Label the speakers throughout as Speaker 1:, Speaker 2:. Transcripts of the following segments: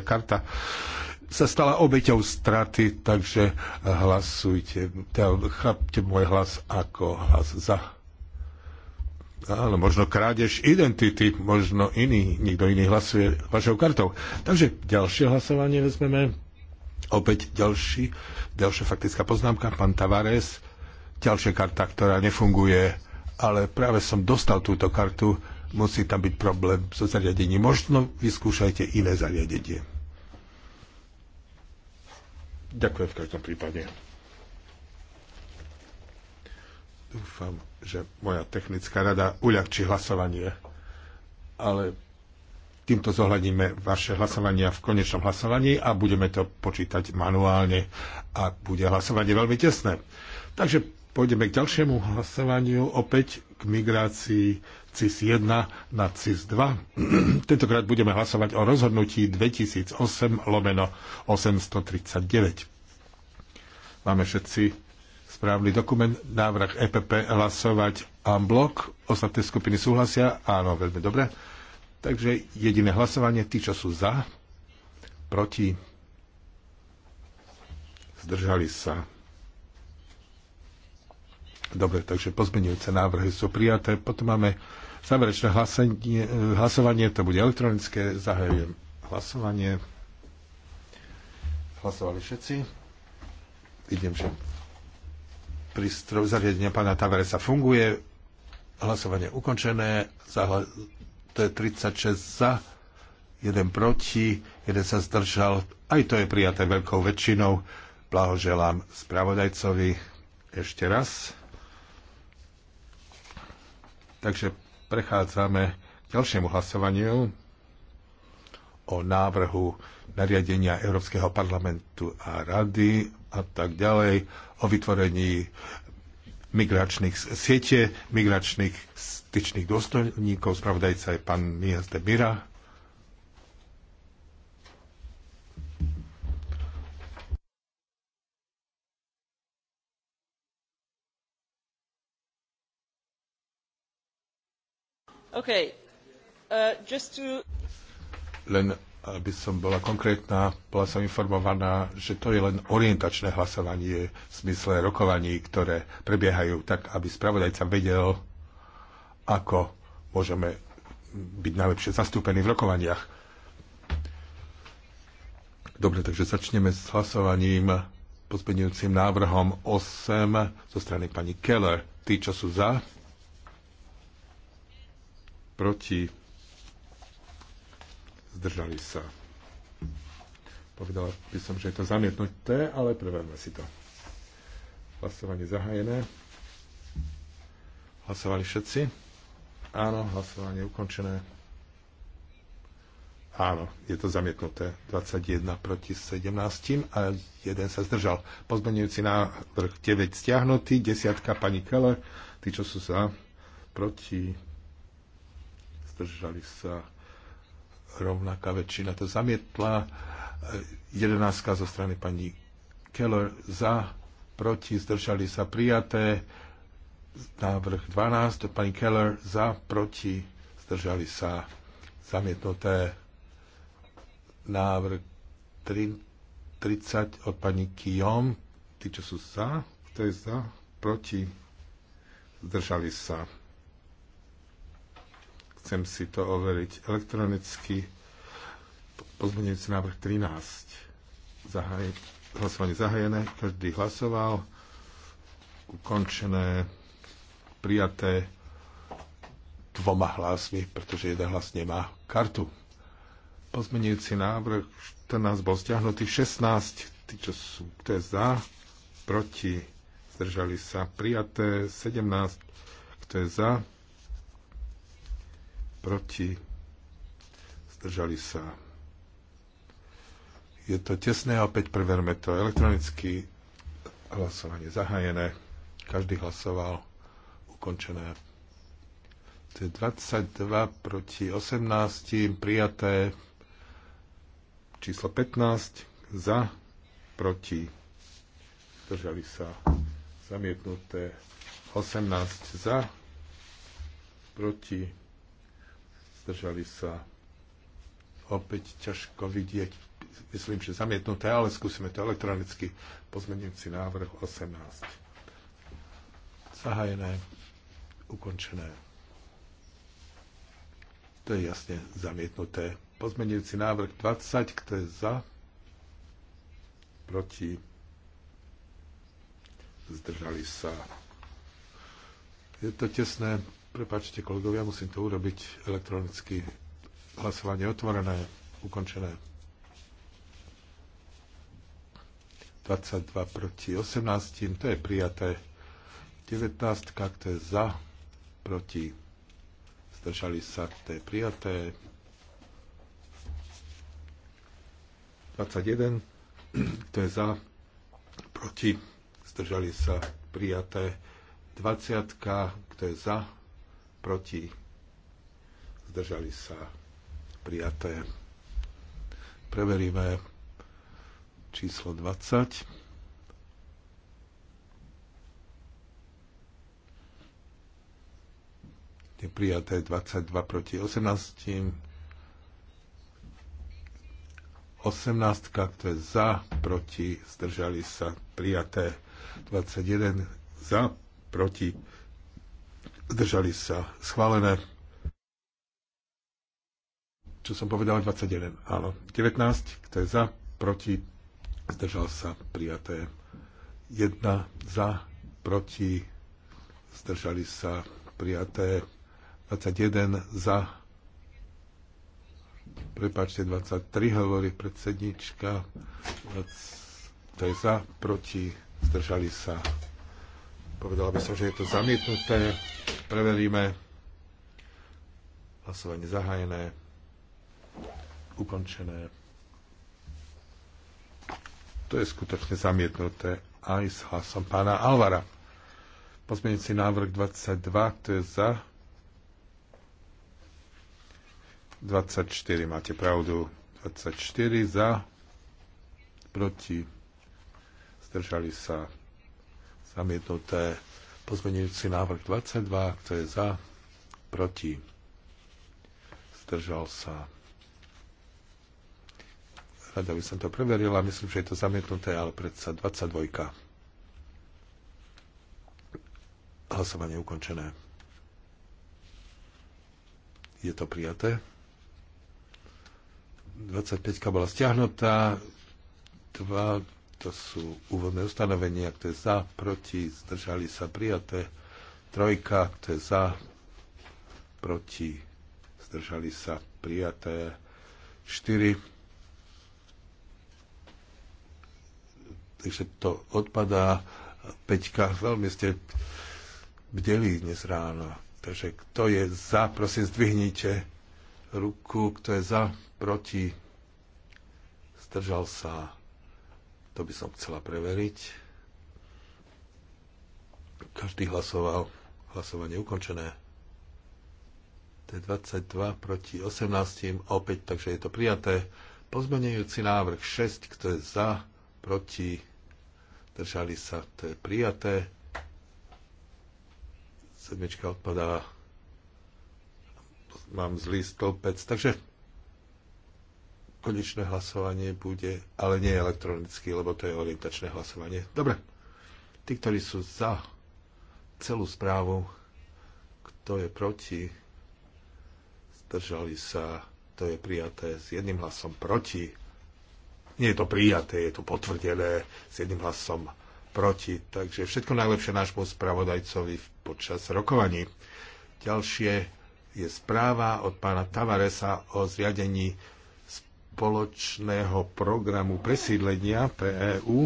Speaker 1: hlasovacia karta sa stala obeťou straty, takže hlasujte, teda chápte môj hlas ako hlas za. Áno, možno krádež identity, možno iný, nikto iný hlasuje vašou kartou. Takže ďalšie hlasovanie vezmeme. Opäť ďalší, ďalšia faktická poznámka, pán Tavares. Ďalšia karta, ktorá nefunguje, ale práve som dostal túto kartu musí tam byť problém so zariadením. Možno vyskúšajte iné zariadenie. Ďakujem v každom prípade. Dúfam, že moja technická rada uľahčí hlasovanie, ale týmto zohľadíme vaše hlasovania v konečnom hlasovaní a budeme to počítať manuálne a bude hlasovanie veľmi tesné. Takže pôjdeme k ďalšiemu hlasovaniu opäť k migrácii CIS 1 na CIS 2. Tentokrát budeme hlasovať o rozhodnutí 2008 lomeno 839. Máme všetci správny dokument, návrh EPP hlasovať en blok. Ostatné skupiny súhlasia? Áno, veľmi dobre. Takže jediné hlasovanie, tí, čo sú za, proti, zdržali sa. Dobre, takže pozmenujúce návrhy sú prijaté. Potom máme Záverečné hlasenie, eh, hlasovanie, to bude elektronické, zahajujem hlasovanie. Hlasovali všetci. Vidím, že prístroj zariadenia pána Tavaresa funguje. Hlasovanie ukončené. Zahla... To je 36 za, 1 proti, 1 sa zdržal. Aj to je prijaté veľkou väčšinou. Blahoželám spravodajcovi ešte raz. Takže prechádzame k ďalšiemu hlasovaniu o návrhu nariadenia Európskeho parlamentu a rady a tak ďalej o vytvorení migračných siete, migračných styčných dôstojníkov. Spravodajca je pán Mias de Mira.
Speaker 2: Uh,
Speaker 1: len aby som bola konkrétna, bola som informovaná, že to je len orientačné hlasovanie v smysle rokovaní, ktoré prebiehajú tak, aby spravodajca vedel, ako môžeme byť najlepšie zastúpení v rokovaniach. Dobre, takže začneme s hlasovaním pozmeňujúcim návrhom 8 zo strany pani Keller. Tí, čo sú za, proti, zdržali sa. Povedal by som, že je to zamietnuté, ale preverme si to. Hlasovanie zahájené. Hlasovali všetci? Áno, hlasovanie ukončené. Áno, je to zamietnuté. 21 proti 17 a jeden sa zdržal. Pozmenujúci návrh 9 stiahnutý, desiatka pani Keller, tí, čo sú za, proti zdržali sa rovnaká väčšina to zamietla. Eh, jedenáctka zo strany pani Keller za, proti, zdržali sa prijaté. Návrh 12, pani Keller za, proti, zdržali sa zamietnuté. Návrh 30 od pani Kijom, tí, čo sú za, kto je za, proti, zdržali sa Chcem si to overiť elektronicky. Pozmeňujúci návrh 13. Zahaj, hlasovanie zahajené. Každý hlasoval. Ukončené. Prijaté dvoma hlasmi, pretože jeden hlas nemá kartu. Pozmenujúci návrh 14 bol stiahnutý, 16, tí, čo sú, kto je za, proti, zdržali sa, prijaté, 17, kto je za, proti, zdržali sa. Je to tesné, opäť preverme to elektronicky. Hlasovanie zahájené. Každý hlasoval. Ukončené. To je 22 proti 18, prijaté číslo 15, za, proti, zdržali sa, zamietnuté 18 za, proti zdržali sa opäť ťažko vidieť. Myslím, že zamietnuté, ale skúsime to elektronicky. Pozmenujúci návrh 18. Zahajené, ukončené. To je jasne zamietnuté. Pozmenujúci návrh 20, kto je za? Proti? Zdržali sa. Je to tesné. Prepačte, kolegovia, musím to urobiť elektronicky. Hlasovanie otvorené, ukončené. 22 proti 18, to je prijaté. 19, kto je za, proti, zdržali sa, to je prijaté. 21, to je za, proti, zdržali sa, prijaté. 20, kto je za, proti, zdržali sa prijaté. Preveríme číslo 20. je prijaté 22 proti 18. 18, to je za, proti, zdržali sa, prijaté 21, za, proti, Zdržali sa. Schválené. Čo som povedal, 21. Áno. 19. Kto je za? Proti. Zdržal sa. Prijaté. 1. Za. Proti. Zdržali sa. Prijaté. 21. Za. Prepačte, 23 hovorí predsednička. To je za. Proti. Zdržali sa Povedala by som, že je to zamietnuté. Preveríme. Hlasovanie zahájené. Ukončené. To je skutočne zamietnuté aj s hlasom pána Alvara. si návrh 22, to je za. 24, máte pravdu. 24 za, proti, zdržali sa zamietnuté. Pozmenujúci návrh 22, kto je za, proti, zdržal sa. Rada by som to preverila, myslím, že je to zamietnuté, ale predsa 22. Hlasovanie ukončené. Je to prijaté. 25 bola stiahnutá, 2, to sú úvodné ustanovenia, kto je za, proti, zdržali sa prijaté. Trojka, kto je za, proti, zdržali sa prijaté. štyri. Takže to odpadá. Peťka, veľmi ste bdeli dnes ráno. Takže kto je za, prosím, zdvihnite ruku. Kto je za, proti, zdržal sa to by som chcela preveriť. Každý hlasoval. Hlasovanie ukončené. t 22 proti 18. Opäť, takže je to prijaté. Pozmenujúci návrh 6, kto je za, proti, držali sa, to je prijaté. Sedmička odpadá. Mám zlý stĺpec. Takže konečné hlasovanie bude, ale nie elektronicky, lebo to je orientačné hlasovanie. Dobre. Tí, ktorí sú za celú správu, kto je proti, zdržali sa, to je prijaté s jedným hlasom proti. Nie je to prijaté, je to potvrdené s jedným hlasom proti. Takže všetko najlepšie nášmu spravodajcovi počas rokovaní. Ďalšie je správa od pána Tavaresa o zriadení spoločného programu presídlenia PEU.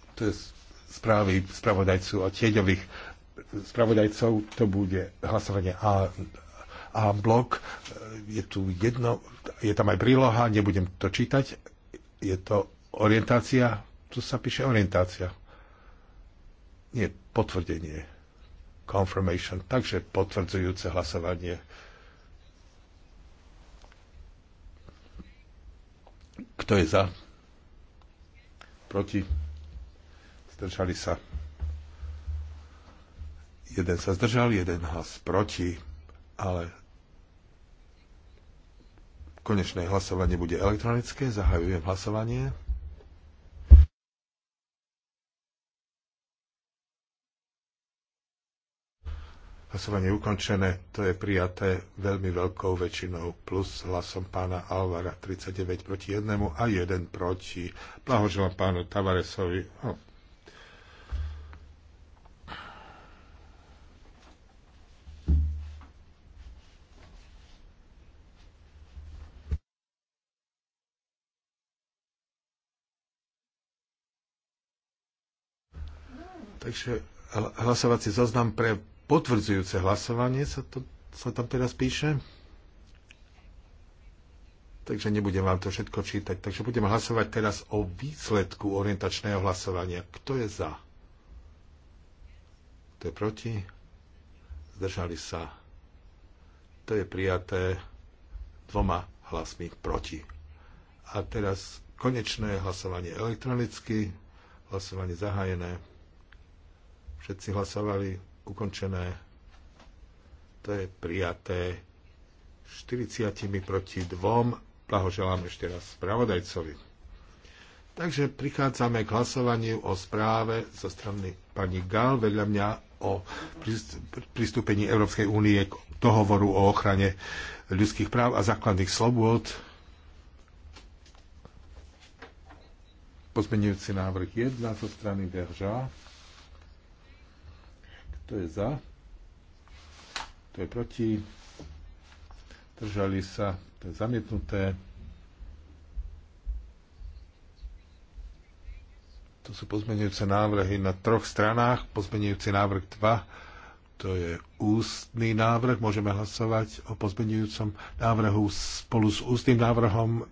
Speaker 1: E to je správy spravodajcu a tieďových spravodajcov. To bude hlasovanie A, a blok. Je tu jedno, je tam aj príloha, nebudem to čítať. Je to orientácia, tu sa píše orientácia. Nie, potvrdenie confirmation, takže potvrdzujúce hlasovanie. Kto je za? Proti? Zdržali sa. Jeden sa zdržal, jeden hlas proti, ale konečné hlasovanie bude elektronické. Zahajujem hlasovanie. Hlasovanie ukončené. To je prijaté veľmi veľkou väčšinou plus hlasom pána Alvara 39 proti 1 a 1 proti. Blahoželám pánu Tavaresovi. Takže hlasovací zoznam pre potvrdzujúce hlasovanie sa, to, sa tam teraz píše. Takže nebudem vám to všetko čítať. Takže budeme hlasovať teraz o výsledku orientačného hlasovania. Kto je za? Kto je proti? Zdržali sa. To je prijaté dvoma hlasmi proti. A teraz konečné hlasovanie elektronicky, hlasovanie zahájené. Všetci hlasovali, ukončené. To je prijaté 40 proti 2. Blahoželám ešte raz spravodajcovi. Takže prichádzame k hlasovaniu o správe zo strany pani Gal vedľa mňa o pristúpení Európskej únie k dohovoru o ochrane ľudských práv a základných slobôd. Pozmenujúci návrh 1 zo strany Derža. Kto je za? Kto je proti? Držali sa? To je zamietnuté. To sú pozmenujúce návrhy na troch stranách. Pozmenujúci návrh 2, to je ústný návrh. Môžeme hlasovať o pozmenujúcom návrhu spolu s ústnym návrhom.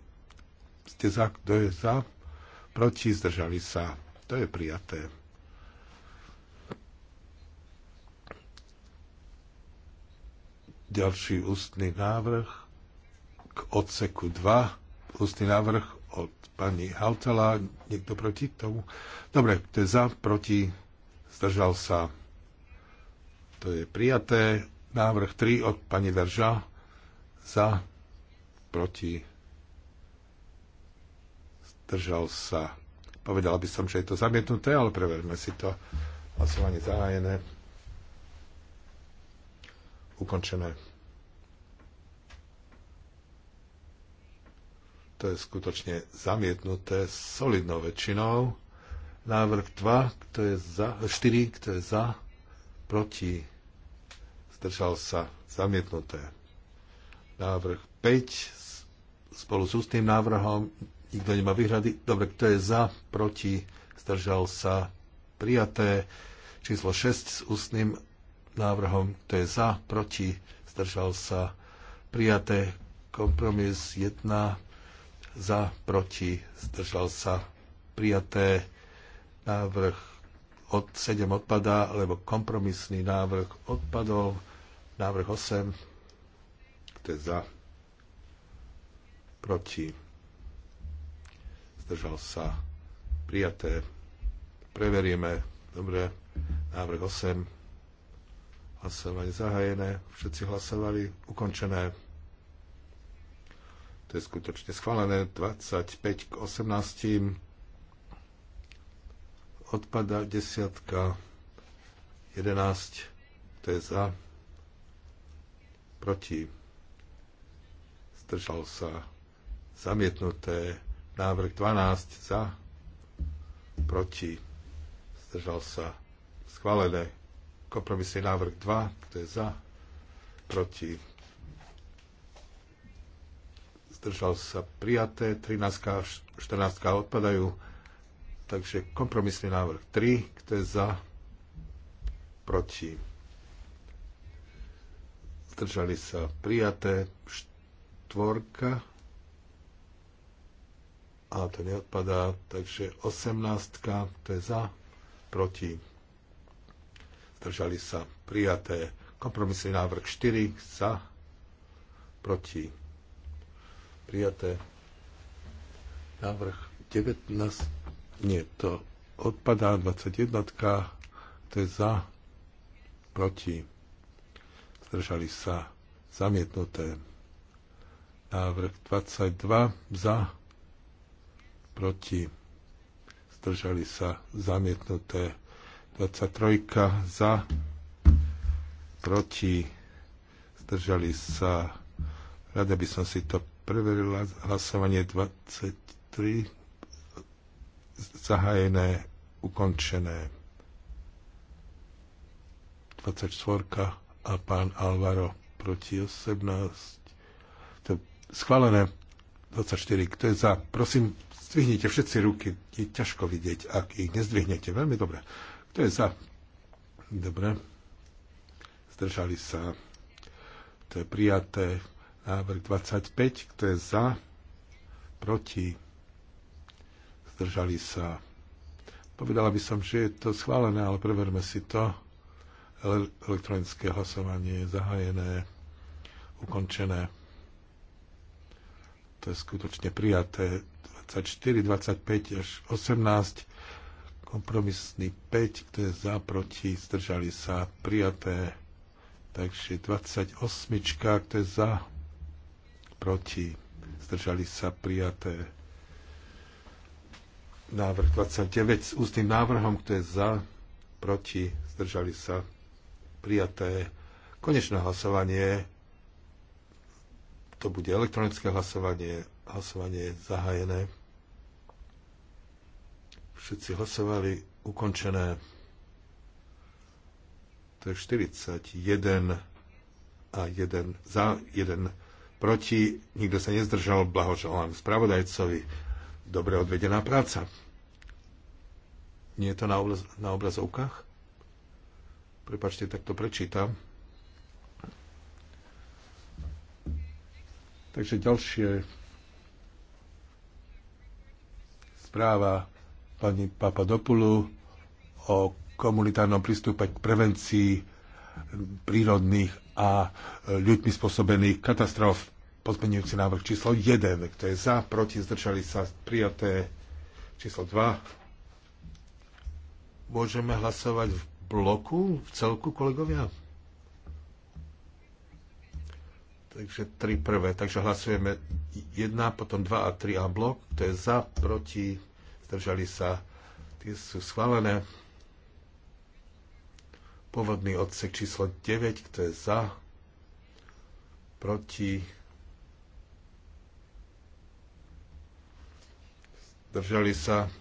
Speaker 1: Ste za, kto je za? Proti? Zdržali sa? To je prijaté. Ďalší ústny návrh k odseku 2. Ústny návrh od pani Hautala. Niekto proti tomu? Dobre, to je za, proti, zdržal sa. To je prijaté. Návrh 3 od pani Verža. Za, proti, zdržal sa. Povedala by som, že je to zamietnuté, ale preverme si to. Hlasovanie zahájené ukončené. To je skutočne zamietnuté solidnou väčšinou. Návrh 2, kto je za, 4, kto je za, proti, zdržal sa, zamietnuté. Návrh 5, spolu s ústnym návrhom, nikto nemá výhrady. Dobre, kto je za, proti, zdržal sa, prijaté. Číslo 6 s ústnym návrhom, kto je za, proti, zdržal sa, prijaté. Kompromis 1, za, proti, zdržal sa, prijaté. Návrh od 7 odpadá, lebo kompromisný návrh odpadol. Návrh 8, kto je za, proti, zdržal sa, prijaté. Preverieme. Dobre, návrh 8. Hlasovanie zahajené. Všetci hlasovali. Ukončené. To je skutočne schválené. 25 k 18. Odpada desiatka. 11. To je za. Proti. Zdržal sa. Zamietnuté. Návrh 12. Za. Proti. Zdržal sa. Schválené. Kompromisný návrh 2, kto je za, proti, zdržal sa prijaté, 13 a 14 odpadajú, takže kompromisný návrh 3, kto je za, proti, zdržali sa prijaté, štvorka, a to neodpadá, takže 18, kto je za, proti, Držali sa prijaté. Kompromisný návrh 4 za, proti prijaté. Návrh 19, nie, to odpadá 21, to je za, proti, zdržali sa zamietnuté. Návrh 22 za, proti, zdržali sa zamietnuté 23 za, proti, zdržali sa. Rada by som si to preverila. Hlasovanie 23 zahájené, ukončené. 24 a pán Alvaro proti 18. To je schválené 24. Kto je za? Prosím, zdvihnite všetci ruky. Je ťažko vidieť, ak ich nezdvihnete. Veľmi dobre. To je za. Dobre. Zdržali sa. To je prijaté. Návrh 25. Kto je za? Proti. Zdržali sa. Povedala by som, že je to schválené, ale preverme si to. Elektronické hlasovanie je zahájené, ukončené. To je skutočne prijaté. 24, 25 až 18 Kompromisný 5, kto je za, proti, zdržali sa, prijaté. Takže 28, kto je za, proti, zdržali sa, prijaté. Návrh 29 s ústnym návrhom, kto je za, proti, zdržali sa, prijaté. Konečné hlasovanie, to bude elektronické hlasovanie, hlasovanie je zahájené. Všetci hlasovali ukončené. To je 41 a 1 za, 1 proti. Nikto sa nezdržal. Blahoželám spravodajcovi. Dobre odvedená práca. Nie je to na, obraz, na obrazovkách? Prepačte, tak to prečítam. Takže ďalšie správa pani Papadopoulou o komunitárnom prístupe k prevencii prírodných a e, ľuďmi spôsobených katastrof. Pozmenujúci návrh číslo 1, kto je za, proti, zdržali sa prijaté číslo 2. Môžeme hlasovať v bloku, v celku, kolegovia? Takže tri prvé. Takže hlasujeme 1, potom 2 a 3 a blok. Kto je za, proti, zdržali sa, tie sú schválené. Pôvodný odsek číslo 9, kto je za, proti, zdržali sa.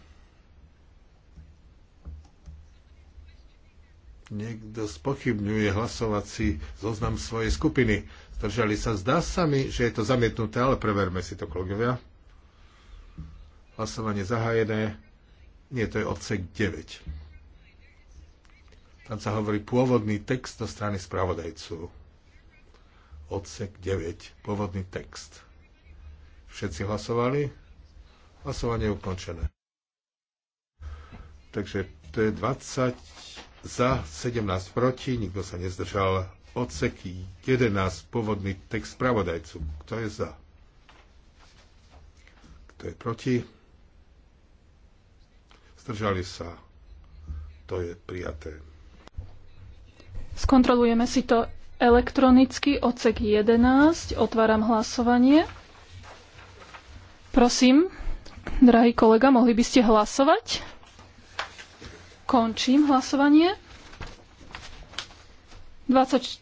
Speaker 1: Niekto spochybňuje hlasovací zoznam svojej skupiny. Zdržali sa. Zdá sa mi, že je to zamietnuté, ale preverme si to, kolegovia. Hlasovanie zahájené. Nie, to je odsek 9. Tam sa hovorí pôvodný text do strany spravodajcu. Odsek 9. Pôvodný text. Všetci hlasovali? Hlasovanie je ukončené. Takže to je 20 za, 17 proti, nikto sa nezdržal. Odsek 11, pôvodný text spravodajcu. Kto je za? Kto je proti? Zdržali sa. To je prijaté.
Speaker 3: Skontrolujeme si to elektronicky. Ocek 11. Otváram hlasovanie. Prosím, drahý kolega, mohli by ste hlasovať? Končím hlasovanie. 24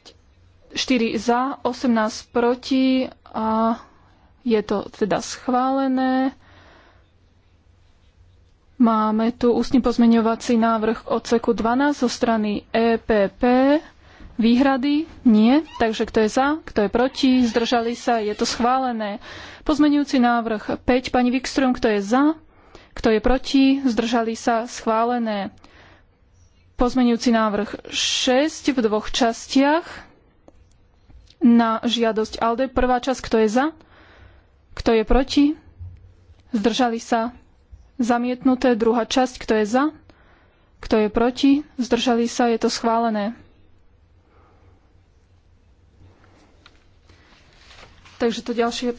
Speaker 3: za, 18 proti a je to teda schválené. Máme tu ústny pozmeňovací návrh odseku 12 zo strany EPP. Výhrady? Nie. Takže kto je za, kto je proti? Zdržali sa? Je to schválené. Pozmeňujúci návrh 5. Pani Wikström, kto je za? Kto je proti? Zdržali sa? Schválené. Pozmeňujúci návrh 6 v dvoch častiach na žiadosť ALDE. Prvá časť, kto je za? Kto je proti? Zdržali sa? Zamietnuté. Druhá časť. Kto je za? Kto je proti? Zdržali sa? Je to schválené. Takže to ďalšie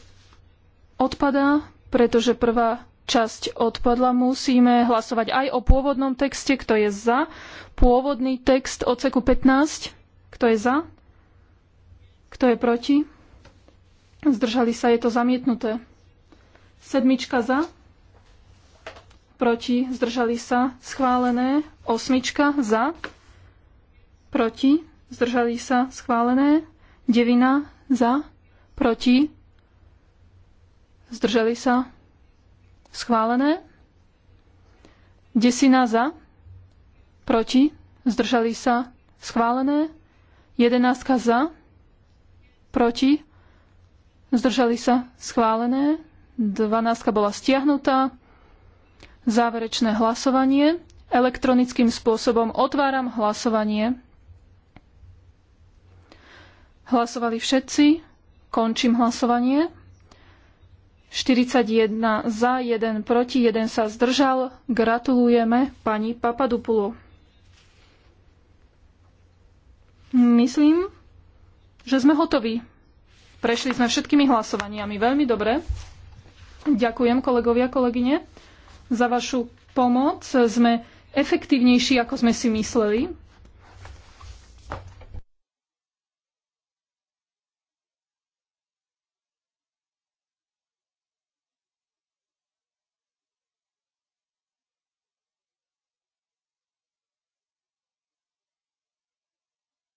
Speaker 3: odpadá, pretože prvá časť odpadla. Musíme hlasovať aj o pôvodnom texte, kto je za. Pôvodný text odseku 15, kto je za? Kto je proti? Zdržali sa, je to zamietnuté. Sedmička za, proti, zdržali sa, schválené. Osmička za, proti, zdržali sa, schválené. Devina za, proti, zdržali sa, schválené. Desina za, proti, zdržali sa, schválené. Jedenáctka za, proti, zdržali sa, schválené. Dvanáctka bola stiahnutá záverečné hlasovanie. Elektronickým spôsobom otváram hlasovanie. Hlasovali všetci. Končím hlasovanie. 41 za, 1 proti, 1 sa zdržal. Gratulujeme pani Papadupulu. Myslím, že sme hotoví. Prešli sme všetkými hlasovaniami. Veľmi dobre. Ďakujem kolegovia, kolegyne za vašu pomoc. Sme efektívnejší, ako sme si mysleli.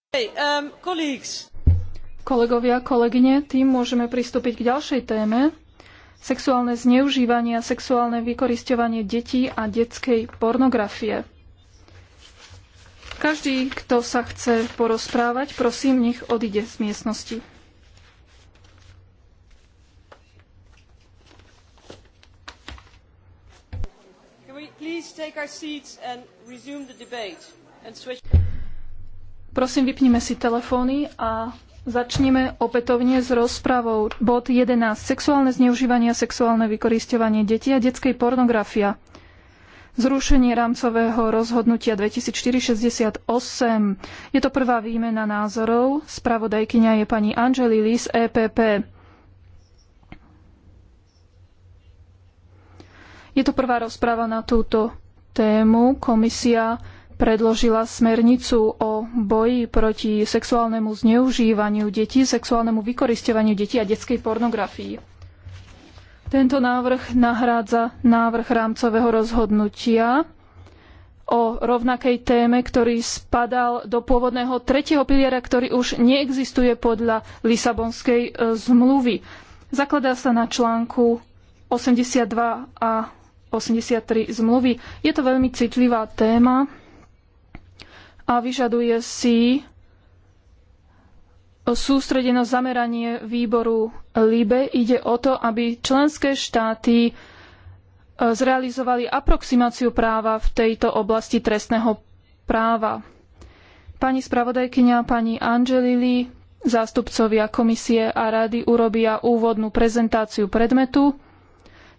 Speaker 2: Hey, um,
Speaker 3: Kolegovia, kolegyne, tým môžeme pristúpiť k ďalšej téme sexuálne zneužívanie a sexuálne vykorisťovanie detí a detskej pornografie. Každý, kto sa chce porozprávať, prosím, nech odíde z miestnosti.
Speaker 2: Can we please take our seats and resume the debate and switch...
Speaker 3: Prosím, vypnime si telefóny a začneme opätovne s rozpravou. Bod 11. Sexuálne zneužívanie a sexuálne vykoristovanie detí a detskej pornografia. Zrušenie rámcového rozhodnutia 2468. Je to prvá výmena názorov. Spravodajkyňa je pani Angelilis EPP. Je to prvá rozpráva na túto tému. Komisia predložila smernicu o boji proti sexuálnemu zneužívaniu detí, sexuálnemu vykoristovaniu detí a detskej pornografii. Tento návrh nahrádza návrh rámcového rozhodnutia o rovnakej téme, ktorý spadal do pôvodného tretieho piliera, ktorý už neexistuje podľa Lisabonskej e, zmluvy. Zakladá sa na článku 82 a 83 zmluvy. Je to veľmi citlivá téma, a vyžaduje si sústredenosť zameranie výboru LIBE. Ide o to, aby členské štáty e, zrealizovali aproximáciu práva v tejto oblasti trestného práva. Pani spravodajkyňa, pani Angelili, zástupcovia komisie a rady urobia úvodnú prezentáciu predmetu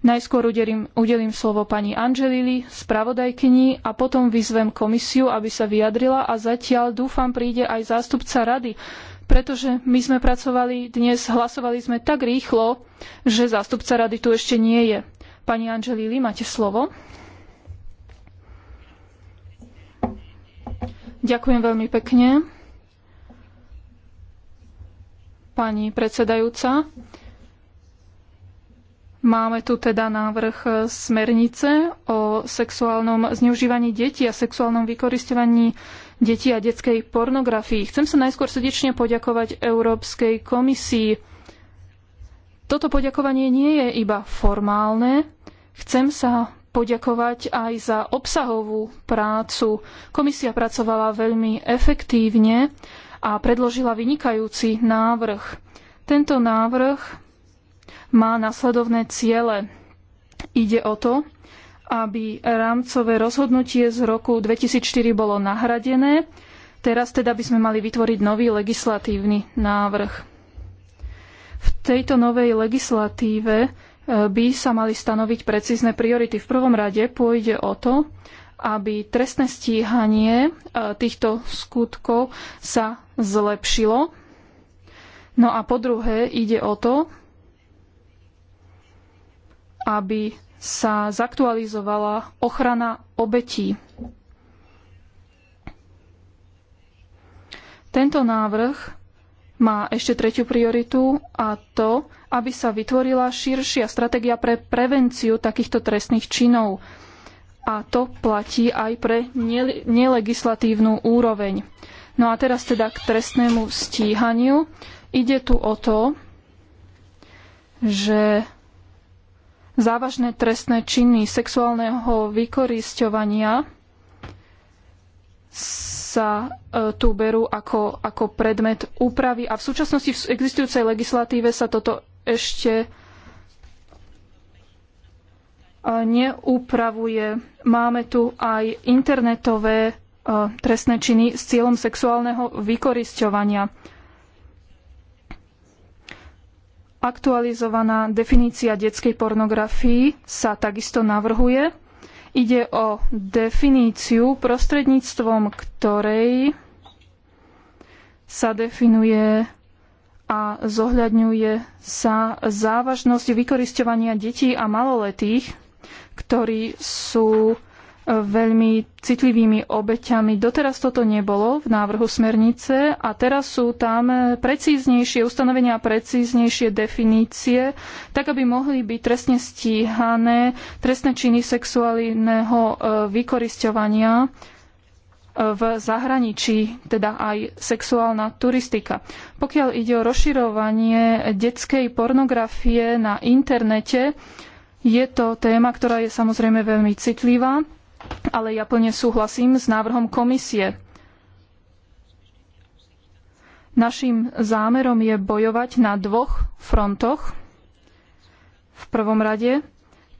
Speaker 3: Najskôr udelím, udelím slovo pani Angelili, spravodajkyni a potom vyzvem komisiu, aby sa vyjadrila a zatiaľ dúfam príde aj zástupca rady, pretože my sme pracovali dnes, hlasovali sme tak rýchlo, že zástupca rady tu ešte nie je. Pani Angelili, máte slovo. Ďakujem veľmi pekne. Pani predsedajúca, Máme tu teda návrh e, smernice o sexuálnom zneužívaní detí a sexuálnom vykoristovaní detí a detskej pornografii. Chcem sa najskôr srdečne poďakovať Európskej komisii. Toto poďakovanie nie je iba formálne. Chcem sa poďakovať aj za obsahovú prácu. Komisia pracovala veľmi efektívne a predložila vynikajúci návrh. Tento návrh má nasledovné ciele. Ide o to, aby rámcové rozhodnutie z roku 2004 bolo nahradené. Teraz teda by sme mali vytvoriť nový legislatívny návrh. V tejto novej legislatíve e, by sa mali stanoviť precízne priority. V prvom rade pôjde o to, aby trestné stíhanie e, týchto skutkov sa zlepšilo. No a po druhé ide o to, aby sa zaktualizovala ochrana obetí. Tento návrh má ešte tretiu prioritu a to, aby sa vytvorila širšia stratégia pre prevenciu takýchto trestných činov. A to platí aj pre nelegislatívnu úroveň. No a teraz teda k trestnému stíhaniu. Ide tu o to, že závažné trestné činy sexuálneho vykorisťovania sa e, tu berú ako, ako predmet úpravy a v súčasnosti v existujúcej legislatíve sa toto ešte e, neupravuje. Máme tu aj internetové e, trestné činy s cieľom sexuálneho vykorisťovania. Aktualizovaná definícia detskej pornografii sa takisto navrhuje. Ide o definíciu, prostredníctvom ktorej sa definuje a zohľadňuje sa závažnosť vykorisťovania detí a maloletých, ktorí sú veľmi citlivými obeťami. Doteraz toto nebolo v návrhu smernice a teraz sú tam precíznejšie ustanovenia a precíznejšie definície, tak aby mohli byť trestne stíhané trestné činy sexuálneho e, vykorisťovania e, v zahraničí, teda aj sexuálna turistika. Pokiaľ ide o rozširovanie detskej pornografie na internete, je to téma, ktorá je samozrejme veľmi citlivá ale ja plne súhlasím s návrhom komisie. Naším zámerom je bojovať na dvoch frontoch. V prvom rade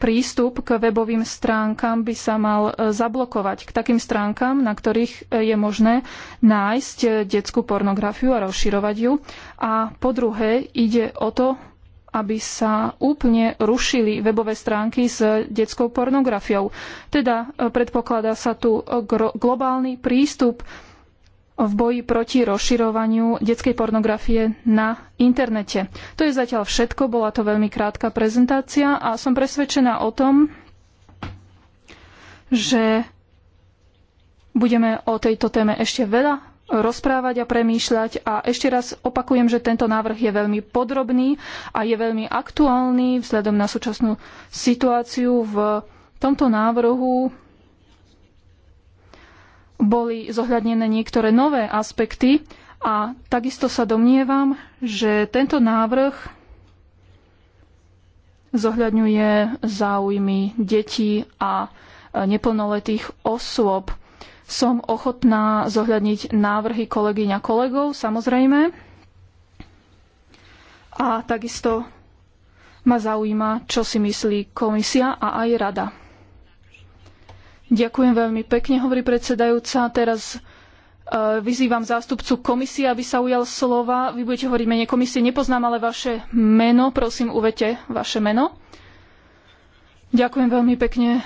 Speaker 3: prístup k webovým stránkam by sa mal e, zablokovať k takým stránkam, na ktorých e, je možné nájsť e, detskú pornografiu a rozširovať ju. A po druhé ide o to aby sa úplne rušili webové stránky s detskou pornografiou. Teda e, predpokladá sa tu globálny prístup v boji proti rozširovaniu detskej pornografie na internete. To je zatiaľ všetko, bola to veľmi krátka prezentácia a som presvedčená o tom, že budeme o tejto téme ešte veľa rozprávať a premýšľať. A ešte raz opakujem, že tento návrh je veľmi podrobný a je veľmi aktuálny vzhľadom na súčasnú situáciu. V tomto návrhu boli zohľadnené niektoré nové aspekty a takisto sa domnievam, že tento návrh zohľadňuje záujmy detí a neplnoletých osôb. Som ochotná zohľadniť návrhy kolegyň a kolegov, samozrejme. A takisto ma zaujíma, čo si myslí komisia a aj rada. Ďakujem veľmi pekne, hovorí predsedajúca. Teraz e, vyzývam zástupcu komisie, aby sa ujal slova. Vy budete hovoriť mene komisie, nepoznám ale vaše meno, prosím, uvete vaše meno. Ďakujem veľmi pekne,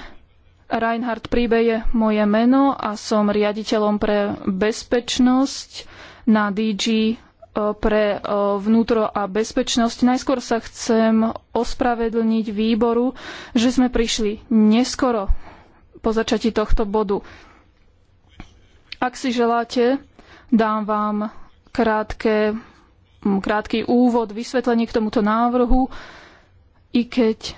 Speaker 3: Reinhard Príbe je moje meno a som riaditeľom pre bezpečnosť na DG e, pre e, vnútro a bezpečnosť. Najskôr sa chcem ospravedlniť výboru, že sme prišli neskoro po začatí tohto bodu. Ak si želáte, dám vám krátke, krátky úvod, vysvetlenie k tomuto návrhu, i keď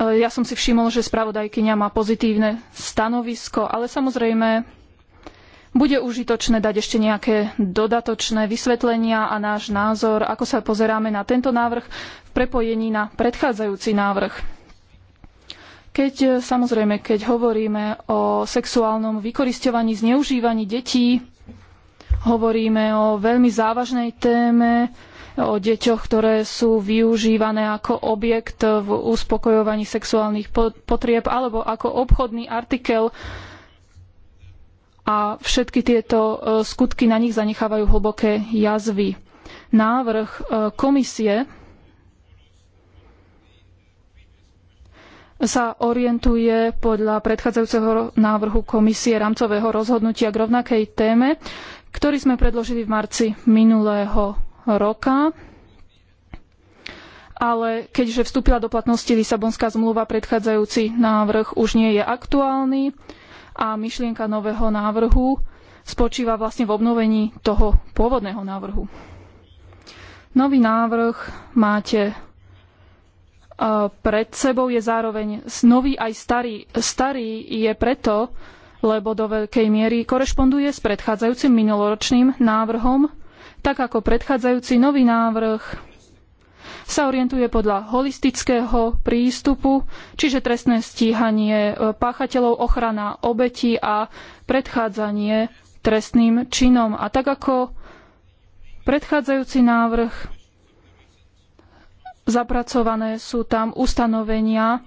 Speaker 3: E, ja som si všimol, že spravodajkyňa má pozitívne stanovisko, ale samozrejme bude užitočné dať ešte nejaké dodatočné vysvetlenia a náš názor, ako sa pozeráme na tento návrh v prepojení na predchádzajúci návrh. Keď e, samozrejme, keď hovoríme o sexuálnom vykoristovaní, zneužívaní detí, hovoríme o veľmi závažnej téme, o deťoch, ktoré sú využívané ako objekt v uspokojovaní sexuálnych potrieb alebo ako obchodný artikel a všetky tieto e, skutky na nich zanechávajú hlboké jazvy. Návrh e, komisie sa orientuje podľa predchádzajúceho návrhu komisie rámcového rozhodnutia k rovnakej téme, ktorý sme predložili v marci minulého roka. Ale keďže vstúpila do platnosti Lisabonská zmluva, predchádzajúci návrh už nie je aktuálny a myšlienka nového návrhu spočíva vlastne v obnovení toho pôvodného návrhu. Nový návrh máte e, pred sebou je zároveň nový aj starý. Starý je preto, lebo do veľkej miery korešponduje s predchádzajúcim minuloročným návrhom tak ako predchádzajúci nový návrh sa orientuje podľa holistického prístupu, čiže trestné stíhanie e, páchateľov, ochrana obetí a predchádzanie trestným činom. A tak ako predchádzajúci návrh zapracované sú tam ustanovenia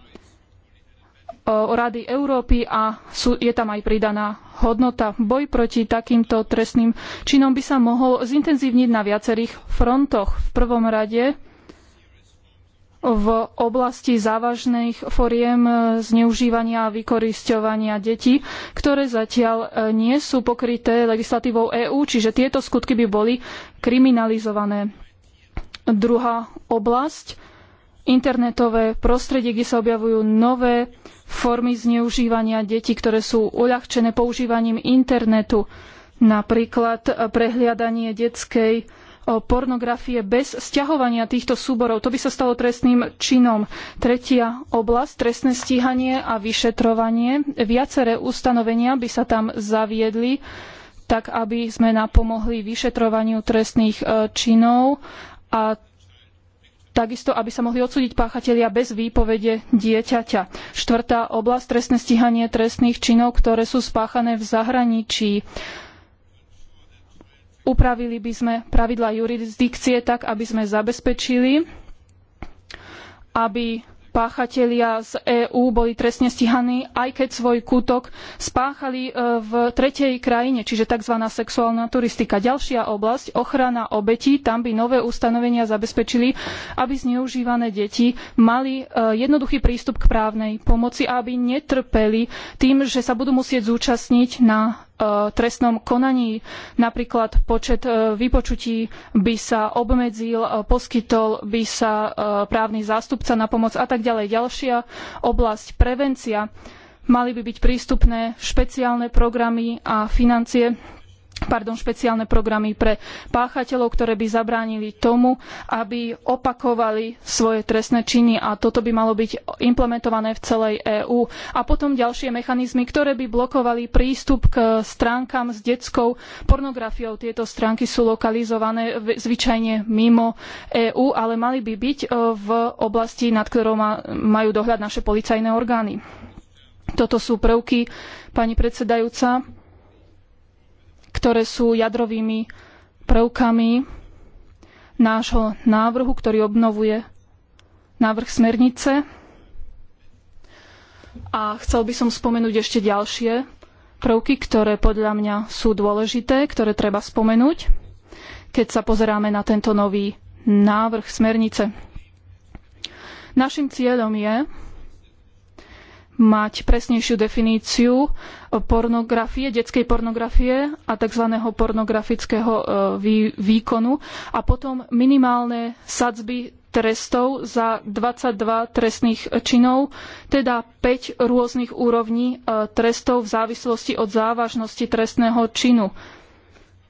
Speaker 3: Rady Európy a sú, je tam aj pridaná hodnota. Boj proti takýmto trestným činom by sa mohol zintenzívniť na viacerých frontoch. V prvom rade v oblasti závažných foriem zneužívania a vykorisťovania detí, ktoré zatiaľ e, nie sú pokryté legislatívou EÚ, čiže tieto skutky by boli kriminalizované. Druhá oblasť internetové prostredie, kde sa objavujú nové formy zneužívania detí, ktoré sú uľahčené používaním internetu, napríklad prehliadanie detskej pornografie bez sťahovania týchto súborov. To by sa stalo trestným činom. Tretia oblasť, trestné stíhanie a vyšetrovanie. Viaceré ustanovenia by sa tam zaviedli, tak aby sme napomohli vyšetrovaniu trestných e, činov a takisto, aby sa mohli odsúdiť páchatelia bez výpovede dieťaťa. Štvrtá oblasť, trestné stíhanie trestných činov, ktoré sú spáchané v zahraničí. Upravili by sme pravidlá jurisdikcie tak, aby sme zabezpečili, aby páchatelia z EÚ boli trestne stíhaní, aj keď svoj kútok spáchali e, v tretej krajine, čiže tzv. sexuálna turistika. Ďalšia oblasť, ochrana obetí, tam by nové ustanovenia zabezpečili, aby zneužívané deti mali e, jednoduchý prístup k právnej pomoci a aby netrpeli tým, že sa budú musieť zúčastniť na E, trestnom konaní. Napríklad počet e, vypočutí by sa obmedzil, e, poskytol by sa právny zástupca na pomoc a tak ďalej. Ďalšia oblasť prevencia. Mali by byť prístupné špeciálne programy a financie pardon, špeciálne programy pre páchateľov, ktoré by zabránili tomu, aby opakovali svoje trestné činy a toto by malo byť implementované v celej EÚ. A potom ďalšie mechanizmy, ktoré by blokovali prístup k stránkam s detskou pornografiou. Tieto stránky sú lokalizované zvyčajne mimo EÚ, ale mali by byť e, v oblasti, nad ktorou majú dohľad naše policajné orgány. Toto sú prvky, pani predsedajúca, ktoré sú jadrovými prvkami nášho návrhu, ktorý obnovuje návrh smernice. A chcel by som spomenúť ešte ďalšie prvky, ktoré podľa mňa sú dôležité, ktoré treba spomenúť, keď sa pozeráme na tento nový návrh smernice. Naším cieľom je mať presnejšiu definíciu pornografie, detskej pornografie a tzv. pornografického e, výkonu a potom minimálne sadzby trestov za 22 trestných činov, teda 5 rôznych úrovní e, trestov v závislosti od závažnosti trestného činu.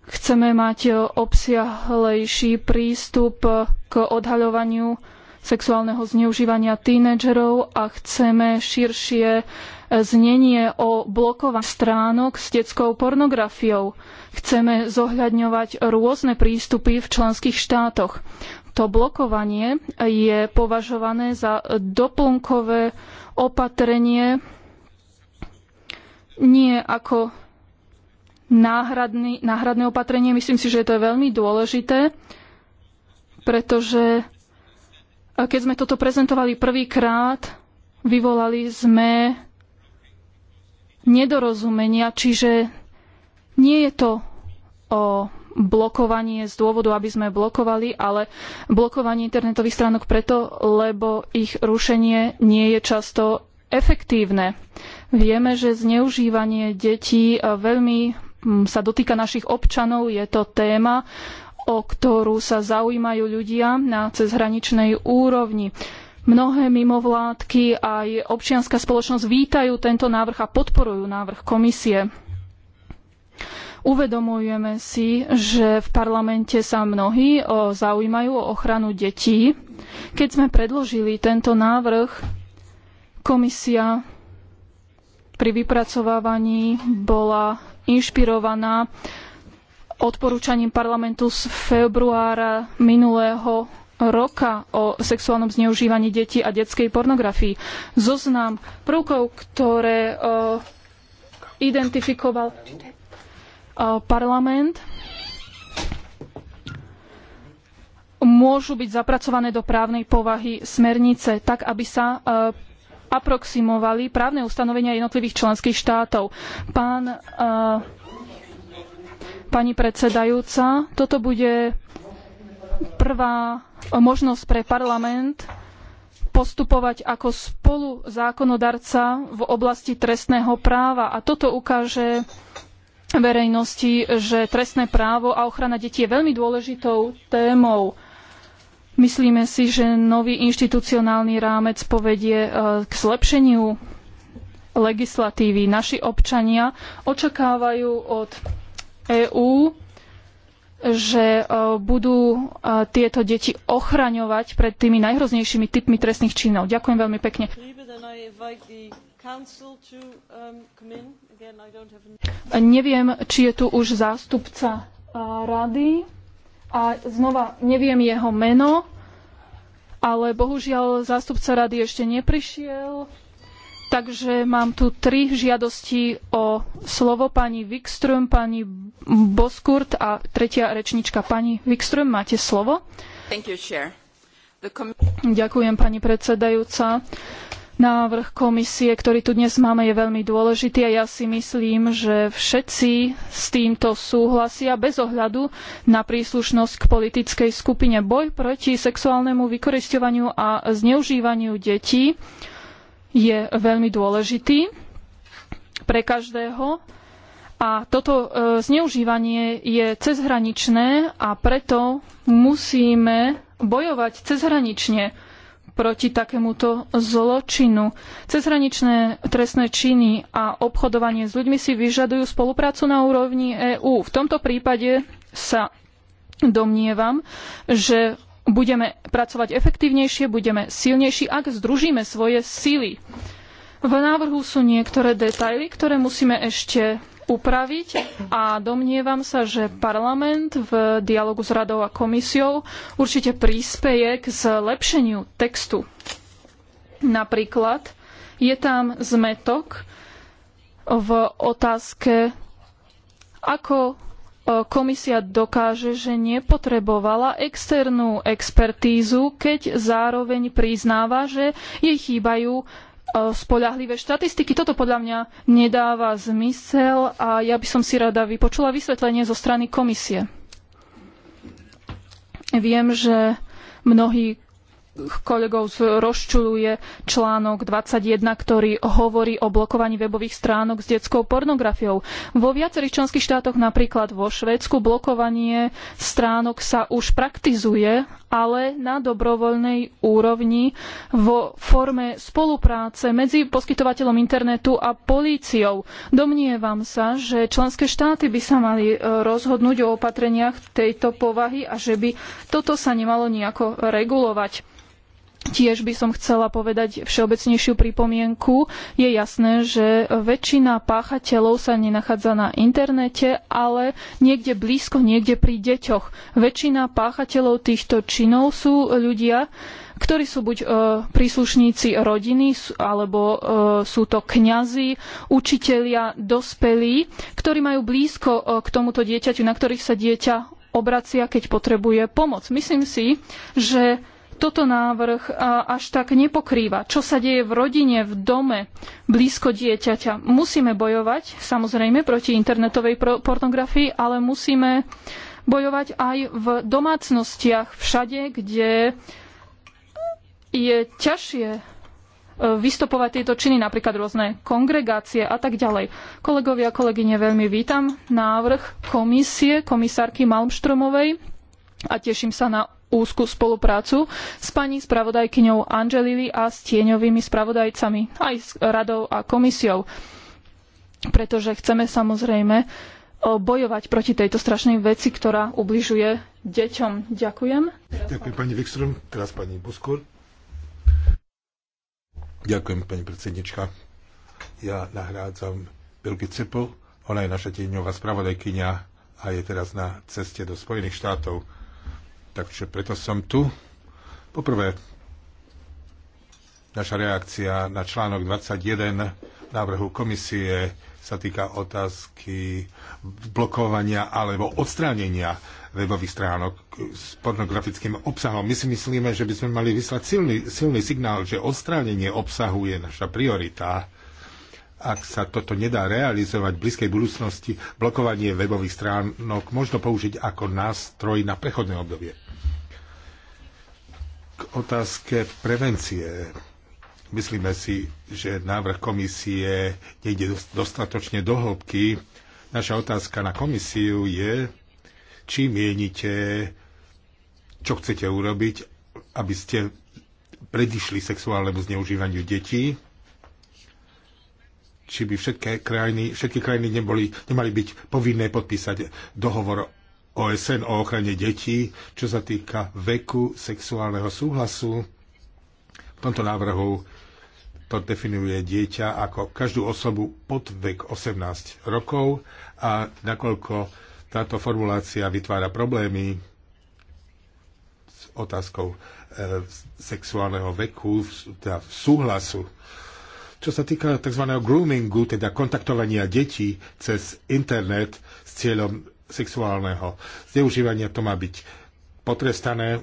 Speaker 3: Chceme mať e, obsiahlejší prístup k odhaľovaniu sexuálneho zneužívania tínedžerov a chceme širšie e, znenie o blokovaní stránok s detskou pornografiou. Chceme zohľadňovať rôzne prístupy v členských štátoch. To blokovanie je považované za doplnkové opatrenie nie ako náhradný, náhradné opatrenie. Myslím si, že to je veľmi dôležité, pretože keď sme toto prezentovali prvýkrát, vyvolali sme nedorozumenia, čiže nie je to o blokovanie z dôvodu, aby sme blokovali, ale blokovanie internetových stránok preto, lebo ich rušenie nie je často efektívne. Vieme, že zneužívanie detí veľmi mm, sa dotýka našich občanov, je to téma, o ktorú sa zaujímajú ľudia na cezhraničnej úrovni. Mnohé mimovládky aj občianska spoločnosť vítajú tento návrh a podporujú návrh komisie. Uvedomujeme si, že v parlamente sa mnohí e, zaujímajú o ochranu detí. Keď sme predložili tento návrh, komisia pri vypracovávaní bola inšpirovaná uh, odporúčaním parlamentu z februára minulého roka o sexuálnom zneužívaní detí a detskej pornografii. Zoznam prvkov, ktoré eh, identifikoval eh, parlament, môžu byť zapracované do právnej povahy smernice, tak aby sa eh, aproximovali právne ustanovenia jednotlivých členských štátov. Pán pani predsedajúca. Toto bude prvá možnosť pre parlament postupovať ako spoluzákonodarca v oblasti trestného práva. A toto ukáže verejnosti, že trestné právo a ochrana detí je veľmi dôležitou témou. Myslíme si, že nový inštitucionálny rámec povedie e, k zlepšeniu legislatívy. Naši občania očakávajú od EÚ, že e, budú e, tieto deti ochraňovať pred tými najhroznejšími typmi trestných činov. Ďakujem veľmi pekne. Neviem, či je tu už zástupca e, rady a znova neviem jeho meno, ale bohužiaľ zástupca rady ešte neprišiel. Takže mám tu tri žiadosti o slovo pani Wikström, pani Boskurt a tretia rečnička. Pani Wikström, máte slovo? You, Ďakujem, pani predsedajúca. Návrh komisie, ktorý tu dnes máme, je veľmi dôležitý a ja si myslím, že všetci s týmto súhlasia bez ohľadu na príslušnosť k politickej skupine. Boj proti sexuálnemu vykorisťovaniu a zneužívaniu detí je veľmi dôležitý pre každého. A toto e, zneužívanie je cezhraničné a preto musíme bojovať cezhranične proti takémuto zločinu. Cezhraničné trestné činy a obchodovanie s ľuďmi si vyžadujú spoluprácu na úrovni EÚ. V tomto prípade sa domnievam, že budeme pracovať efektívnejšie, budeme silnejší, ak združíme svoje síly. V návrhu sú niektoré detaily, ktoré musíme ešte upraviť a domnievam sa, že parlament v dialogu s radou a komisiou určite príspeje k zlepšeniu textu. Napríklad je tam zmetok v otázke, ako E, komisia dokáže, že nepotrebovala externú expertízu, keď zároveň priznáva, že jej chýbajú e, spoľahlivé štatistiky. Toto podľa mňa nedáva zmysel a ja by som si rada vypočula vysvetlenie zo strany komisie. Viem, že mnohí kolegov rozčuluje článok 21, ktorý hovorí o blokovaní webových stránok s detskou pornografiou. Vo viacerých členských štátoch, napríklad vo Švédsku, blokovanie stránok sa už praktizuje, ale na dobrovoľnej úrovni vo forme spolupráce medzi poskytovateľom internetu a políciou. Domnievam sa, že členské štáty by sa mali e, rozhodnúť o opatreniach tejto povahy a že by toto sa nemalo nejako regulovať Tiež by som chcela povedať všeobecnejšiu pripomienku. Je jasné, že väčšina páchateľov sa nenachádza na internete, ale niekde blízko, niekde pri deťoch. Väčšina páchateľov týchto činov sú ľudia, ktorí sú buď e, príslušníci rodiny, alebo e, sú to kňazi, učitelia, dospelí, ktorí majú blízko e, k tomuto dieťaťu, na ktorých sa dieťa obracia, keď potrebuje pomoc. Myslím si, že toto návrh až tak nepokrýva. Čo sa deje v rodine, v dome, blízko dieťaťa. Musíme bojovať samozrejme proti internetovej pornografii, ale musíme bojovať aj v domácnostiach, všade, kde je ťažšie e, vystupovať tieto činy, napríklad rôzne kongregácie a tak ďalej. Kolegovia a kolegyne, veľmi vítam návrh komisie, komisárky Malmštromovej a teším sa na úzku spoluprácu s pani spravodajkyňou Angelili a s tieňovými spravodajcami, aj s radou a komisiou. Pretože chceme samozrejme e, bojovať proti tejto strašnej veci, ktorá ubližuje deťom. Ďakujem.
Speaker 1: Ďakujem pani Wikström, teraz pani Buskur. Ďakujem pani predsednička. Ja nahrádzam Belgi Cepl, ona je naša tieňová spravodajkyňa a je teraz na ceste do Spojených štátov. Takže preto som tu. Poprvé, naša reakcia na článok 21 návrhu komisie sa týka otázky blokovania alebo odstránenia webových stránok s pornografickým obsahom. My si myslíme, že by sme mali vyslať silný, silný signál, že odstránenie obsahu je naša priorita. Ak sa toto nedá realizovať v blízkej budúcnosti, blokovanie webových stránok možno použiť ako nástroj na prechodné obdobie k otázke prevencie. Myslíme si, že návrh komisie nejde dostatočne do hĺbky. Naša otázka na komisiu je, či mienite, čo chcete urobiť, aby ste predišli sexuálnemu zneužívaniu detí, či by všetky krajiny, všetky krajiny neboli, nemali byť povinné podpísať dohovor OSN o ochrane detí, čo sa týka veku sexuálneho súhlasu. V tomto návrhu to definuje dieťa ako každú osobu pod vek 18 rokov a nakoľko táto formulácia vytvára problémy s otázkou e, sexuálneho veku, teda súhlasu. Čo sa týka tzv. groomingu, teda kontaktovania detí cez internet s cieľom sexuálneho zneužívania. To má byť potrestané.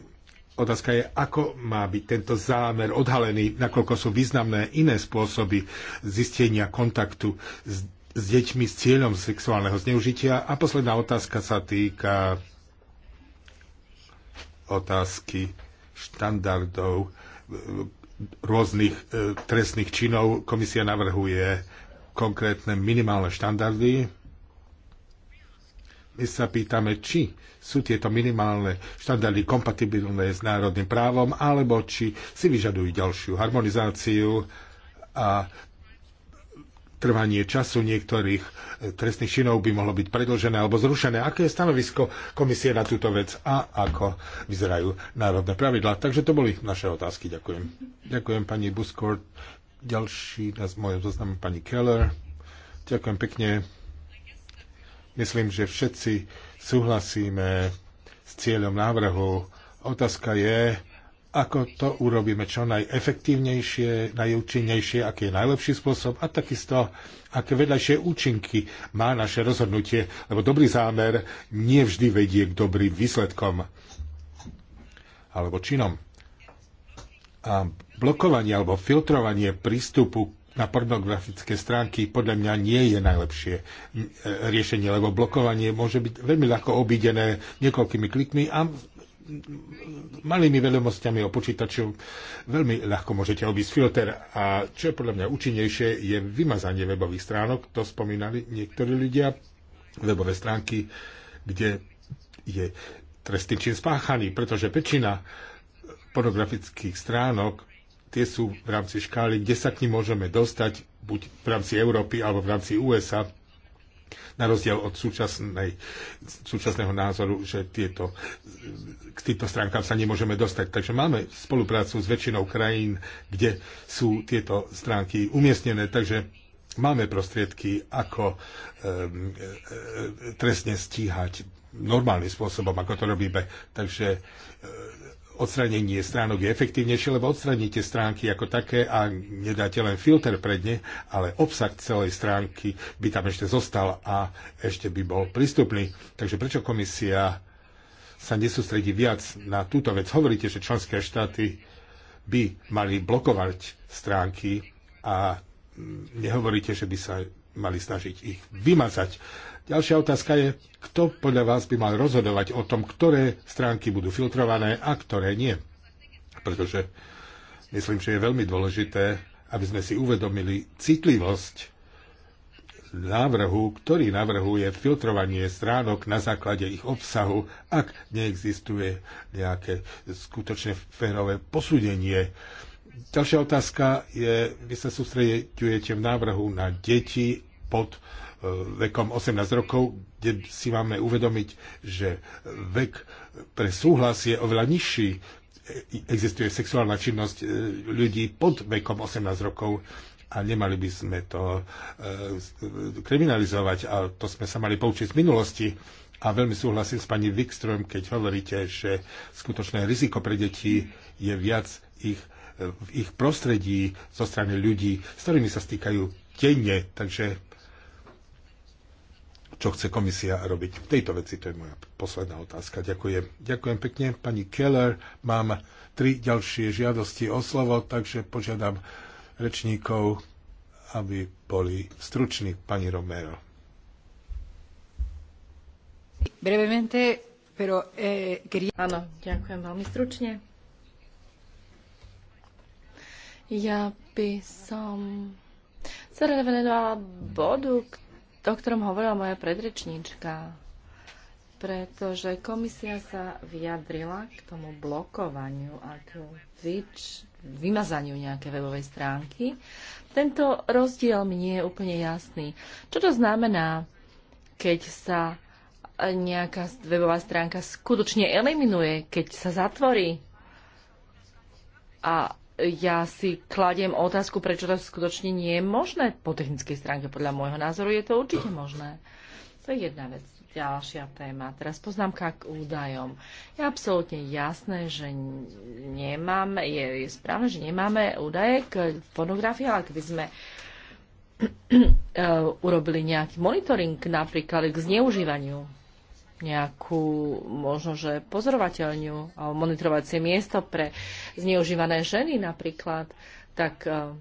Speaker 1: Otázka je, ako má byť tento zámer odhalený, nakoľko sú významné iné spôsoby zistenia kontaktu s, s deťmi s cieľom sexuálneho zneužitia. A posledná otázka sa týka otázky štandardov rôznych eh, trestných činov. Komisia navrhuje konkrétne minimálne štandardy sa pýtame, či sú tieto minimálne štandardy kompatibilné s národným právom, alebo či si vyžadujú ďalšiu harmonizáciu a trvanie času niektorých eh, trestných činov by mohlo byť predlžené alebo zrušené. Aké je stanovisko komisie na túto vec a ako vyzerajú národné pravidlá? Takže to boli naše otázky. Ďakujem. Ďakujem pani Buskort. Ďalší na mojom zoznamu pani Keller. Ďakujem pekne. Myslím, že všetci súhlasíme s cieľom návrhu. Otázka je, ako to urobíme čo najefektívnejšie, najúčinnejšie, aký je najlepší spôsob a takisto, aké vedľajšie účinky má naše rozhodnutie, lebo dobrý zámer nie vždy vedie k dobrým výsledkom alebo činom. A blokovanie alebo filtrovanie prístupu na pornografické stránky podľa mňa nie je najlepšie e, riešenie, lebo blokovanie môže byť veľmi ľahko obídené niekoľkými klikmi a malými vedomostiami o počítaču veľmi ľahko môžete obísť filter a čo je podľa mňa účinnejšie je vymazanie webových stránok, to spomínali niektorí ľudia, webové stránky, kde je trestný čin spáchaný, pretože väčšina pornografických stránok tie sú v rámci škály, kde sa k ním môžeme dostať, buď v rámci Európy alebo v rámci USA, na rozdiel od súčasnej, súčasného názoru, že tieto, k týmto stránkám sa nemôžeme dostať. Takže máme spoluprácu s väčšinou krajín, kde sú tieto stránky umiestnené, takže máme prostriedky, ako e, e, trestne stíhať normálnym spôsobom, ako to robíme. Takže odstranenie stránok je efektívnejšie, lebo odstraníte stránky ako také a nedáte len filter pred ne, ale obsah celej stránky by tam ešte zostal a ešte by bol prístupný. Takže prečo komisia sa nesústredí viac na túto vec? Hovoríte, že členské štáty by mali blokovať stránky a nehovoríte, že by sa mali snažiť ich vymazať. Ďalšia otázka je, kto podľa vás by mal rozhodovať o tom, ktoré stránky budú filtrované a ktoré nie. Pretože myslím, že je veľmi dôležité, aby sme si uvedomili citlivosť návrhu, ktorý navrhuje filtrovanie stránok na základe ich obsahu, ak neexistuje nejaké skutočne férové posúdenie. Ďalšia otázka je, vy sa sústredujete v návrhu na deti pod vekom 18 rokov, kde si máme uvedomiť, že vek pre súhlas je oveľa nižší. Existuje sexuálna činnosť e, ľudí pod vekom 18 rokov a nemali by sme to e, kriminalizovať a to sme sa mali poučiť z minulosti. A veľmi súhlasím s pani Wikström, keď hovoríte, že skutočné riziko pre deti je viac ich, v ich prostredí zo strany ľudí, s ktorými sa stýkajú denne. Takže čo chce komisia robiť v tejto veci. To je moja posledná otázka. Ďakujem. Ďakujem pekne. Pani Keller, mám tri ďalšie žiadosti o slovo, takže požiadam rečníkov, aby boli struční. Pani Romero.
Speaker 2: Brevemente, pero, eh, quería... Áno, ďakujem veľmi stručne. Ja by som sa revenovala bodu, to o ktorom hovorila moja predrečníčka, pretože komisia sa vyjadrila k tomu blokovaniu a k vyč, vymazaniu nejaké webovej stránky. Tento rozdiel mi nie je úplne jasný. Čo to znamená, keď sa e, nejaká webová stránka skutočne eliminuje, keď sa zatvorí? A ja si kladiem otázku, prečo to skutočne nie je možné. Po technickej stránke, podľa môjho názoru, je to určite možné. To je jedna vec. Ďalšia téma. Teraz poznámka k údajom. Je absolútne jasné, že nemáme, je, je správne, že nemáme údaje k pornografii, ale keby sme eh, urobili nejaký monitoring napríklad k zneužívaniu nejakú možno, že pozorovateľňu alebo monitorovacie miesto pre zneužívané ženy napríklad, tak e,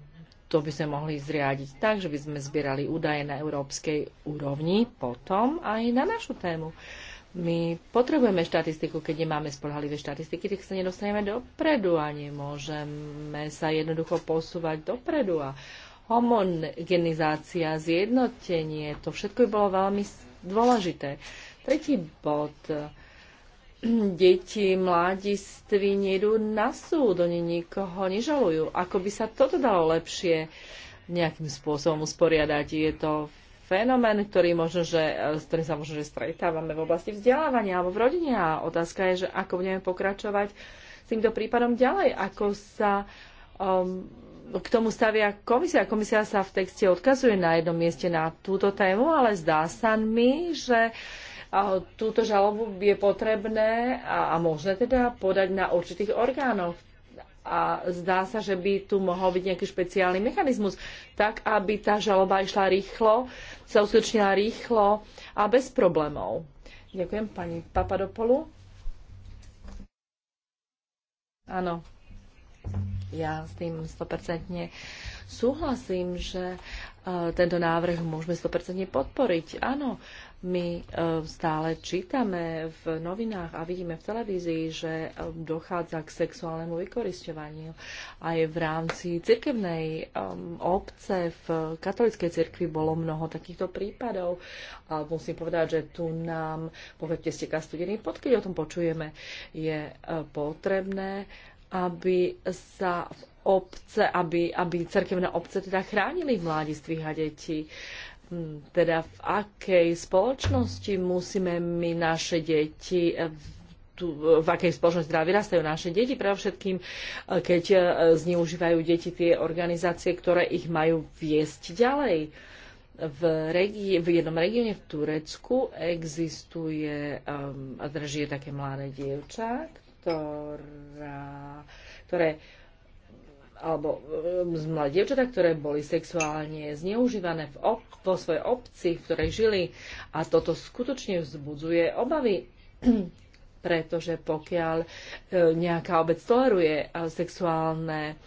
Speaker 2: to by sme mohli zriadiť tak, že by sme zbierali údaje na európskej úrovni, potom aj na našu tému. My potrebujeme štatistiku, keď nemáme spolhalivé štatistiky, tak sa nedostaneme dopredu a nemôžeme sa jednoducho posúvať dopredu a homogenizácia, zjednotenie, to všetko by bolo veľmi dôležité. Tretí bod. Deti, mladiství nejdú na súd, oni nikoho nežalujú. Ako by sa toto dalo lepšie nejakým spôsobom usporiadať? Je to fenomén, ktorý možno, že, s ktorým sa možno, že stretávame v oblasti vzdelávania alebo v rodine. A otázka je, že ako budeme pokračovať s týmto prípadom ďalej, ako sa um, k tomu stavia komisia. Komisia sa v texte odkazuje na jednom mieste na túto tému, ale zdá sa mi, že uh, túto žalobu je potrebné a, a možné teda podať na určitých orgánoch. A zdá sa, že by tu mohol byť nejaký špeciálny mechanizmus, tak aby tá žaloba išla rýchlo, sa uskutočnila rýchlo a bez problémov. Ďakujem pani Papadopolu. Áno, ja s tým 100% súhlasím, že e, tento návrh môžeme 100% podporiť. Áno, my e, stále čítame v novinách a vidíme v televízii, že e, dochádza k sexuálnemu vykoristovaniu aj v rámci cirkevnej e, obce. V katolickej cirkvi bolo mnoho takýchto prípadov a musím povedať, že tu nám, povedzte ste studený pod, keď o tom počujeme, je potrebné, aby sa v obce, aby, aby cerkevné obce teda chránili mladistvých a detí teda v akej spoločnosti musíme my naše deti v akej spoločnosti teda vyrastajú naše deti, predovšetkým, keď e, zneužívajú deti tie organizácie, ktoré ich majú viesť ďalej. V, regi- v jednom regióne v Turecku existuje, um, e, drží teda také mladé dievča, ktorá, ktoré uh, alebo e, mala dievčatá, ktoré boli sexuálne zneužívané v ob, vo svojej obci, v ktorej žili. A toto skutočne vzbudzuje obavy, pretože pokiaľ e, nejaká obec toleruje e, sexuálne,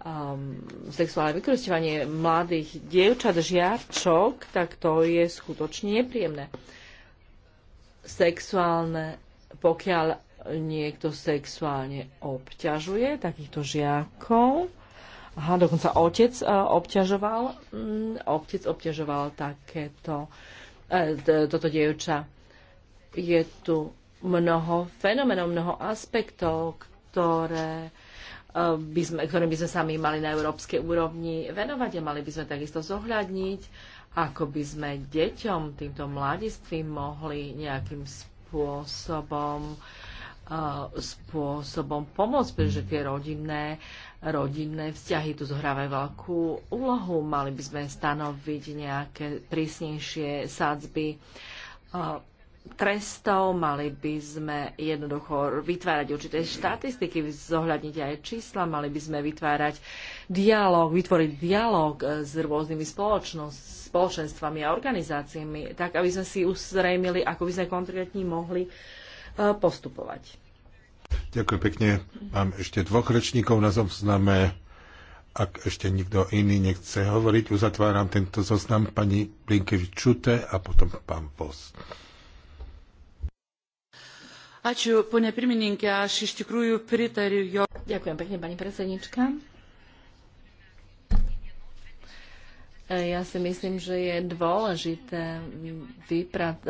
Speaker 2: um, sexuálne vykoristovanie mladých dievčat, žiarčok, tak to je skutočne nepríjemné. Sexuálne, pokiaľ niekto sexuálne obťažuje takýchto žiakov, Aha, dokonca otec e, obťažoval, mm, otec obťažoval takéto, e, toto dievča. Je tu mnoho fenomenov, mnoho aspektov, ktoré e, by sme, ktoré by sme sami mali na európskej úrovni venovať a mali by sme takisto zohľadniť, ako by sme deťom, týmto mladistvím mohli nejakým spôsobom spôsobom pomôcť, pretože tie rodinné uh, rodinné vzťahy tu zohrávajú veľkú úlohu. Mali by sme stanoviť nejaké prísnejšie sádzby trestov, mali by sme jednoducho vytvárať určité štatistiky, zohľadniť aj čísla, mali by sme vytvárať dialog, vytvoriť dialog e, s rôznymi spoločenstvami a organizáciami, tak aby sme si usrejmili, ako by sme konkrétne mohli e, postupovať.
Speaker 1: Ďakujem pekne. Mám ešte dvoch rečníkov na zozname. Ak ešte nikto iný nechce hovoriť, uzatváram tento zoznam pani Blinkevič Čute a potom pán Vos.
Speaker 2: Ačiū, pone pirmininkė, aš iš tikrųjų pritariu jo. Ďakujem pekne, pani predsednička. E, ja si myslím, že je dôležité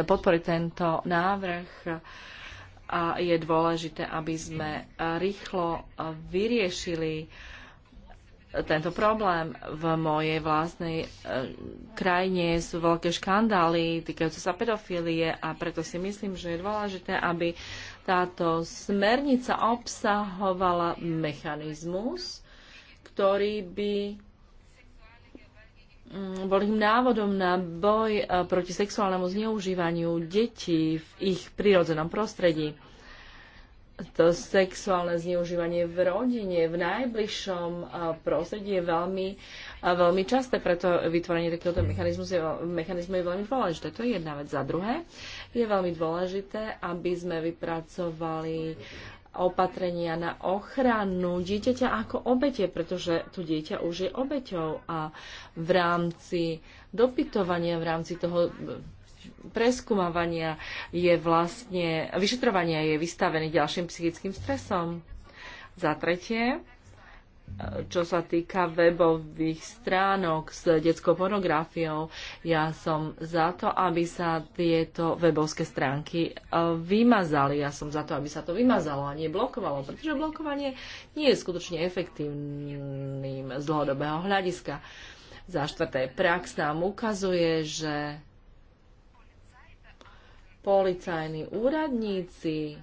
Speaker 2: podporiť tento návrh a je dôležité, aby sme rýchlo vyriešili tento problém. V mojej vlastnej e, krajine sú veľké škandály týkajúce sa pedofílie a preto si myslím, že je dôležité, aby táto smernica obsahovala mechanizmus, ktorý by Mm, bol návodom na boj e, proti sexuálnemu zneužívaniu detí v ich prírodzenom prostredí. To sexuálne zneužívanie v rodine, v najbližšom e, prostredí je veľmi, e, veľmi časté, preto vytvorenie takéhoto mechanizmu je, mechanizmu je veľmi dôležité. To je jedna vec. Za druhé, je veľmi dôležité, aby sme vypracovali opatrenia na ochranu dieťaťa ako obete, pretože to dieťa už je obeťou a v rámci dopytovania, v rámci toho e, preskúmavania je vlastne, vyšetrovania je vystavený ďalším psychickým stresom. Za tretie, čo sa týka webových stránok s detskou pornografiou, ja som za to, aby sa tieto webovské stránky e, vymazali. Ja som za to, aby sa to vymazalo a neblokovalo, pretože blokovanie nie je skutočne efektívnym z dlhodobého hľadiska. Za štvrté, prax nám ukazuje, že policajní úradníci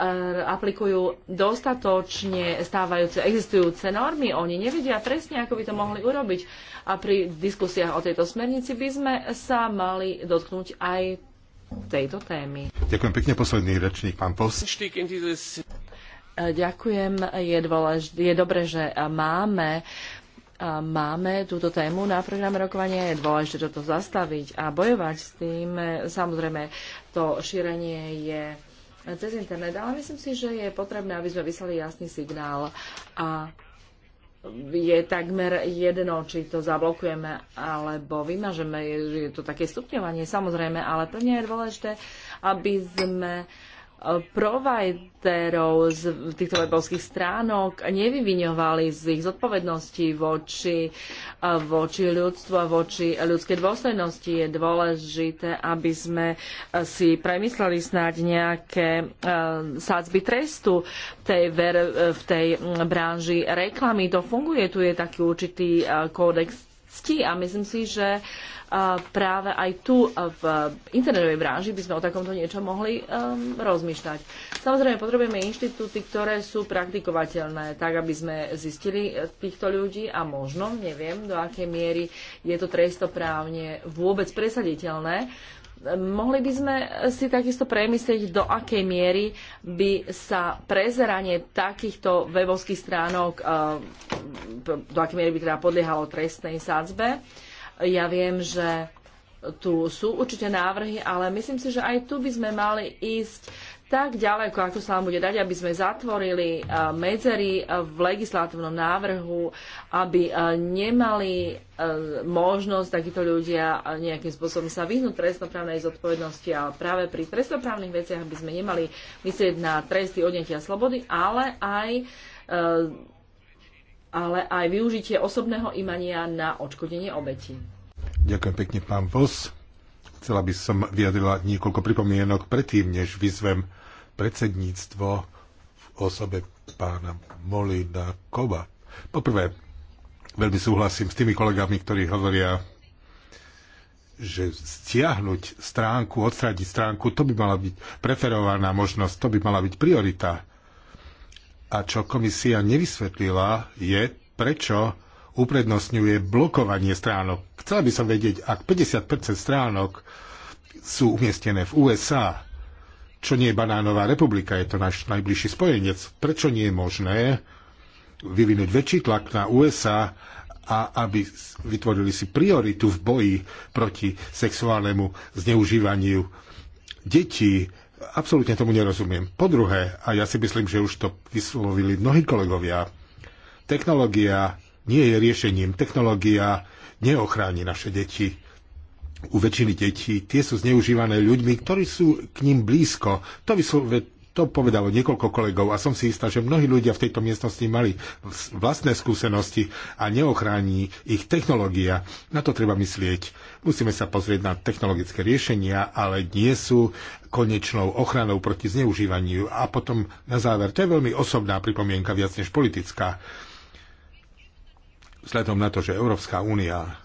Speaker 2: neaplikujú e, e, dostatočne stávajúce existujúce normy. Oni nevedia presne, ako by to mohli urobiť. A pri diskusiách o tejto smernici by sme sa mali dotknúť aj tejto témy.
Speaker 1: Ďakujem pekne, posledný rečník, pán Pos. E,
Speaker 2: ďakujem, je, dôlež- je dobre, že máme máme túto tému na programe rokovania, je dôležité toto zastaviť a bojovať s tým. Samozrejme, to šírenie je cez internet, ale myslím si, že je potrebné, aby sme vyslali jasný signál a je takmer jedno, či to zablokujeme alebo vymažeme. Je, je to také stupňovanie, samozrejme, ale pre mňa je dôležité, aby sme uh, providerov z týchto webovských stránok nevyviňovali z ich zodpovedností voči, voči ľudstvu a voči ľudskej dôstojnosti. Je dôležité, aby sme si premysleli snáď nejaké e, sádzby trestu v tej, ver, v tej branži reklamy. To funguje, tu je taký určitý e, kódex cti a myslím si, že uh, práve aj tu v internetovej branži by sme o takomto niečo mohli um, rozmýšľať. Samozrejme, potrebujeme inštitúty, ktoré sú praktikovateľné, tak aby sme zistili e, týchto ľudí a možno, neviem, do akej miery je to trestoprávne vôbec presaditeľné, mohli by sme si takisto premyslieť, do akej miery by sa prezeranie takýchto webovských stránok, e, do akej miery by teda podliehalo trestnej sádzbe. Ja viem, že tu sú určite návrhy, ale myslím si, že aj tu by sme mali ísť tak ďaleko, ako sa nám bude dať, aby sme zatvorili e, medzery e, v legislatívnom návrhu, aby e, nemali možnosť takíto ľudia nejakým spôsobom sa vyhnúť trestnoprávnej zodpovednosti a práve pri trestnoprávnych veciach by sme nemali myslieť na tresty odnetia slobody, ale aj ale aj využitie osobného imania na odškodenie obeti.
Speaker 1: Ďakujem pekne, pán Vos. Chcela by som vyjadrila niekoľko pripomienok predtým, než vyzvem predsedníctvo v osobe pána Molina Kova. Poprvé, veľmi súhlasím s tými kolegami, ktorí hovoria, že stiahnuť stránku, odstradiť stránku, to by mala byť preferovaná možnosť, to by mala byť priorita a čo komisia nevysvetlila, je, prečo uprednostňuje blokovanie stránok. Chcela by som vedieť, ak 50% stránok sú umiestnené v USA, čo nie je Banánová republika, je to náš najbližší spojenec, prečo nie je možné vyvinúť väčší tlak na USA a aby vytvorili si prioritu v boji proti sexuálnemu zneužívaniu detí absolútne tomu nerozumiem. Po druhé, a ja si myslím, že už to vyslovili mnohí kolegovia, technológia nie je riešením. Technológia neochráni naše deti. U väčšiny detí tie sú zneužívané ľuďmi, ktorí sú k ním blízko. To vyslo- to povedalo niekoľko kolegov a som si istá, že mnohí ľudia v tejto miestnosti mali vlastné skúsenosti a neochrání ich technológia. Na to treba myslieť. Musíme sa pozrieť na technologické riešenia, ale nie sú konečnou ochranou proti zneužívaniu. A potom na záver, to je veľmi osobná pripomienka, viac než politická. Vzhľadom na to, že Európska únia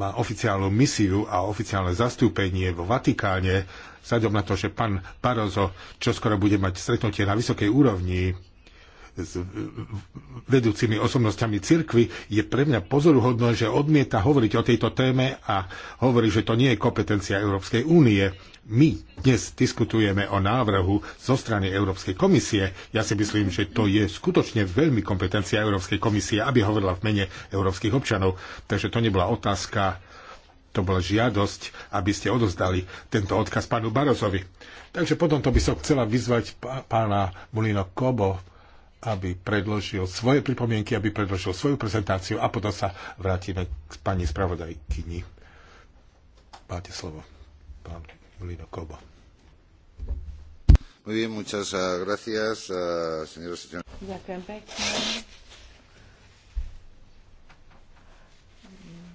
Speaker 1: má oficiálnu misiu a oficiálne zastúpenie vo Vatikáne, vzhľadom na to, že pán Barozo čoskoro bude mať stretnutie na vysokej úrovni s e, vedúcimi osobnosťami cirkvy, je pre mňa pozoruhodné, že odmieta hovoriť o tejto téme a hovorí, že to nie je kompetencia Európskej únie. My dnes diskutujeme o návrhu zo strany Európskej komisie. Ja si myslím, že to je skutočne veľmi kompetencia Európskej komisie, aby hovorila v mene európskych občanov. Takže to nebola otázka to bola žiadosť, aby ste odozdali tento odkaz pánu Barozovi. Takže potom to by som chcela vyzvať pána Mulino Kobo, aby predložil svoje pripomienky, aby predložil svoju prezentáciu a potom sa vrátime k pani spravodajkyni. Máte slovo, pán Lino Kobo. Muy bien, muchas ah, gracias, ah, señoras y
Speaker 2: Ďakujem pekne.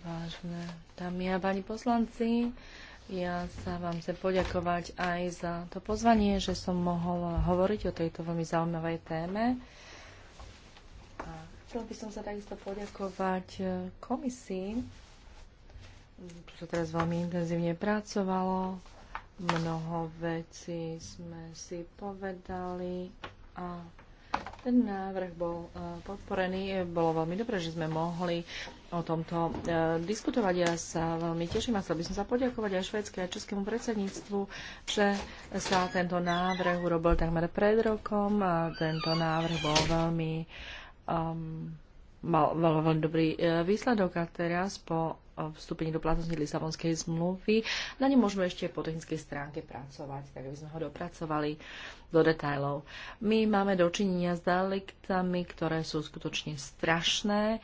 Speaker 2: Vážne dámy a páni poslanci, ja sa vám chcem poďakovať aj za to pozvanie, že som mohol hovoriť o tejto veľmi zaujímavej téme. A chcel by som sa takisto poďakovať e, komisii. Tu sa teraz veľmi intenzívne pracovalo. Mnoho vecí sme si povedali a ten návrh bol e, podporený. Bolo veľmi dobré, že sme mohli o tomto e, diskutovať. Ja sa veľmi teším a chcel by som sa poďakovať aj švédskej a českému predsedníctvu, že sa tento návrh urobil takmer pred rokom. tento návrh bol veľmi um, mal veľmi dobrý e, výsledok a teraz po vstúpení do platnosti Lisabonskej zmluvy. Na ňom môžeme ešte po technickej stránke pracovať, tak aby sme ho dopracovali do detajlov. My máme dočinenia s deliktami, ktoré sú skutočne strašné.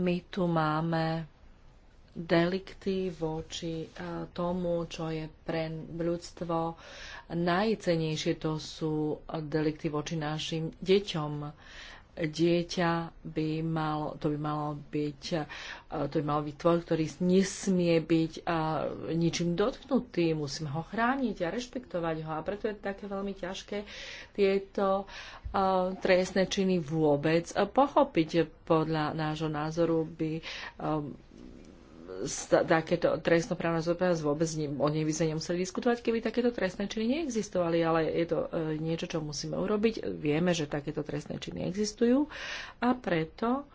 Speaker 2: My tu máme delikty voči e, tomu, čo je pre ľudstvo najcenejšie, to sú delikty voči našim deťom dieťa by malo, to by malo byť, e, to by malo byť tvor, ktorý nesmie byť e, ničím dotknutý, musíme ho chrániť a rešpektovať ho. A preto je také veľmi ťažké tieto e, trestné činy vôbec pochopiť. Podľa nášho názoru by takéto trestnoprávne zodpovednosť vôbec ne, o nej by sme nemuseli diskutovať, keby takéto trestné činy neexistovali, ale je to e, niečo, čo musíme urobiť. Vieme, že takéto trestné činy existujú a preto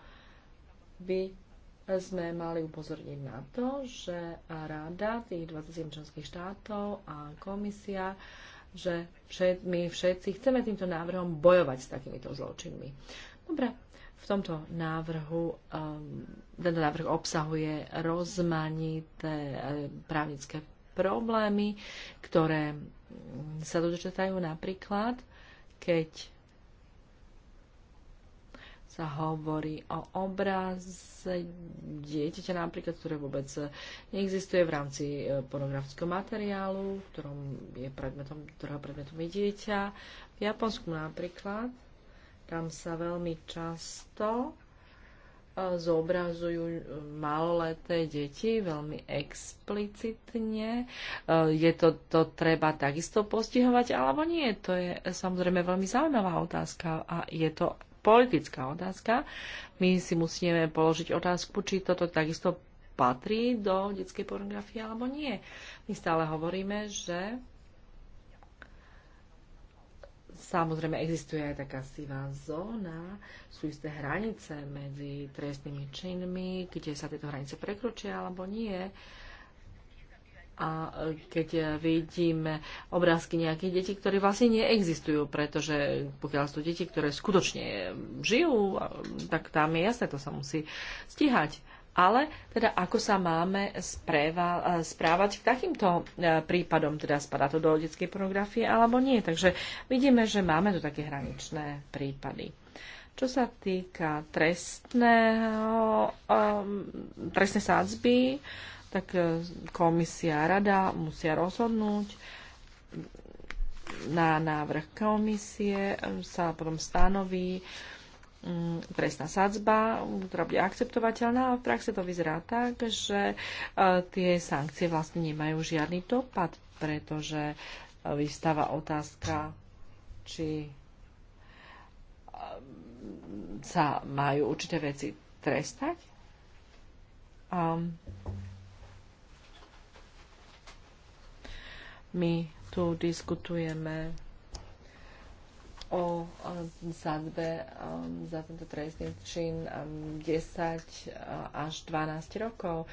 Speaker 2: by sme mali upozorniť na to, že rada tých 27 členských štátov a komisia že všet, my všetci chceme týmto návrhom bojovať s takýmito zločinmi. Dobre, v tomto návrhu, um, tento návrh obsahuje rozmanité um, právnické problémy, ktoré um, sa dočetajú napríklad, keď sa hovorí o obraze dieťaťa napríklad, ktoré vôbec neexistuje v rámci e, pornografického materiálu, v ktorom je predmetom, ktorého predmetom je dieťa. V Japonsku napríklad tam sa veľmi často e, zobrazujú e, maloleté deti veľmi explicitne. E, je to, to treba takisto postihovať, alebo nie? To je samozrejme veľmi zaujímavá otázka a je to politická otázka. My si musíme položiť otázku, či toto takisto patrí do detskej pornografie alebo nie. My stále hovoríme, že Samozrejme, existuje aj taká sivá zóna, sú isté hranice medzi trestnými činmi, kde sa tieto hranice prekročia alebo nie. A keď vidíme obrázky nejakých detí, ktoré vlastne neexistujú, pretože pokiaľ sú deti, ktoré skutočne žijú, tak tam je jasné, to sa musí stíhať ale teda ako sa máme správa, správať k takýmto e, prípadom, teda spadá to do detskej pornografie alebo nie. Takže vidíme, že máme tu také hraničné prípady. Čo sa týka trestného, um, trestné sádzby, tak e, komisia rada musia rozhodnúť. Na návrh komisie e, sa potom stanoví, uh, trestná mm, sadzba, ktorá bude akceptovateľná a v praxe to vyzerá tak, že e, tie sankcie vlastne nemajú žiadny dopad, pretože e, vystáva otázka, či e, sa majú určité veci trestať. Um, my tu diskutujeme o sadbe um, za tento trestný čin 10 um, uh, až 12 rokov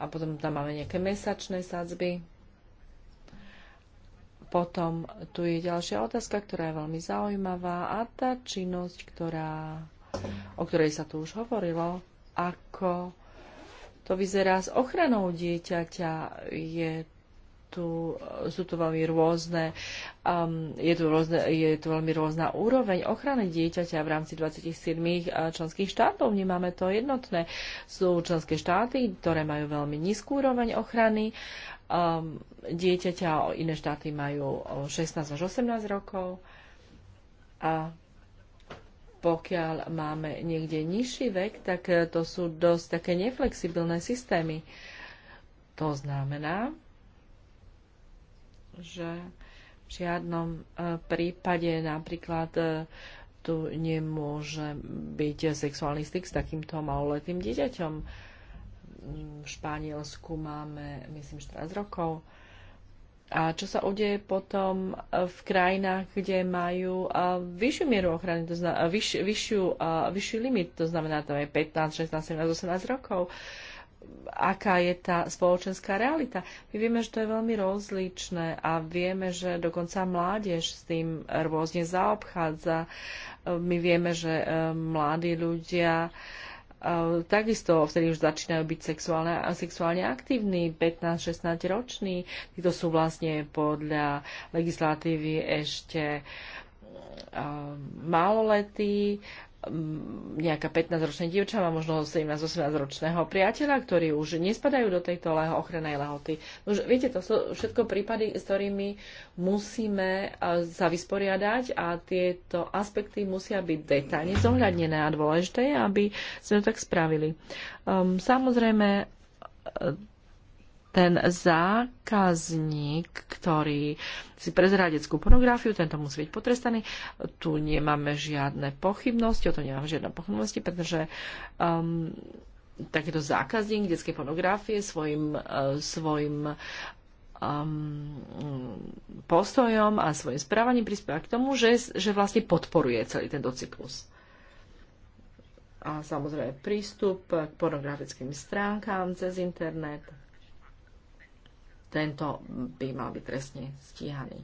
Speaker 2: a potom tam máme nejaké mesačné sadzby. Potom tu je ďalšia otázka, ktorá je veľmi zaujímavá a tá činnosť, ktorá, o ktorej sa tu už hovorilo, ako to vyzerá s ochranou dieťaťa. Je tu, sú tu veľmi rôzne, um, je, tu rôzne, je tu veľmi rôzna úroveň ochrany dieťaťa v rámci 27 uh, členských štátov. Vnímame to jednotné. Sú členské štáty, ktoré majú veľmi nízku úroveň ochrany um, dieťaťa, iné štáty majú 16 až 18 rokov. A pokiaľ máme niekde nižší vek, tak eh, to sú dosť také neflexibilné systémy. To znamená, že v žiadnom e, prípade napríklad e, tu nemôže byť sexuálny styk s takýmto maloletým dieťaťom. V Španielsku máme, myslím, 14 rokov. A čo sa udeje potom v krajinách, kde majú e, vyššiu mieru ochrany, to znamená, vyš, vyššiu, vyšší limit, to znamená, to je 15, 16, 17, 18 rokov aká je tá spoločenská realita. My vieme, že to je veľmi rozličné a vieme, že dokonca mládež s tým rôzne zaobchádza. My vieme, že e, mladí ľudia e, takisto vtedy už začínajú byť sexuálne, sexuálne aktívni, 15-16 roční. Títo sú vlastne podľa legislatívy ešte e, maloletí, Mm, nejaká 15-ročná dievča má možno 17-18 ročného priateľa, ktorí už nespadajú do tejto leho, ochrannej lehoty. Už, no, viete, to sú všetko prípady, s ktorými musíme e, sa vysporiadať a tieto aspekty musia byť detailne zohľadnené a dôležité aby sme to tak spravili. Um, samozrejme, e, ten zákazník, ktorý si prezerá detskú pornografiu, tento musí byť potrestaný. Tu nemáme žiadne pochybnosti, o to nemáme žiadne pochybnosti, pretože um, takýto zákazník detskej pornografie svojim, uh, svojim um, postojom a svojim správaním prispieva k tomu, že, že vlastne podporuje celý tento cyklus. A samozrejme prístup k pornografickým stránkám cez internet tento by mal byť trestne stíhaný.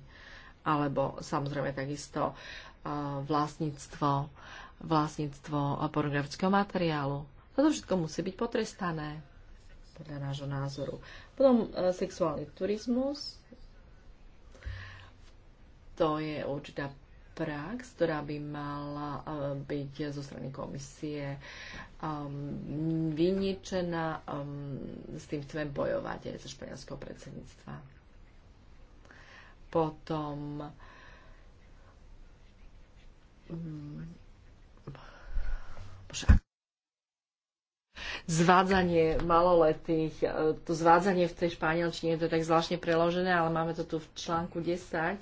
Speaker 2: Alebo samozrejme takisto uh, vlastníctvo, vlastníctvo pornografického materiálu. Toto všetko musí byť potrestané podľa nášho názoru. Potom uh, sexuálny turizmus, to je určitá prax, ktorá by mala eh, byť zo strany komisie um, vyničená. Um, s tým chceme bojovať aj zo španielského predsedníctva. Potom mm, zvádzanie maloletých. Eh, to zvádzanie v tej španielčine je to tak zvláštne preložené, ale máme to tu v článku 10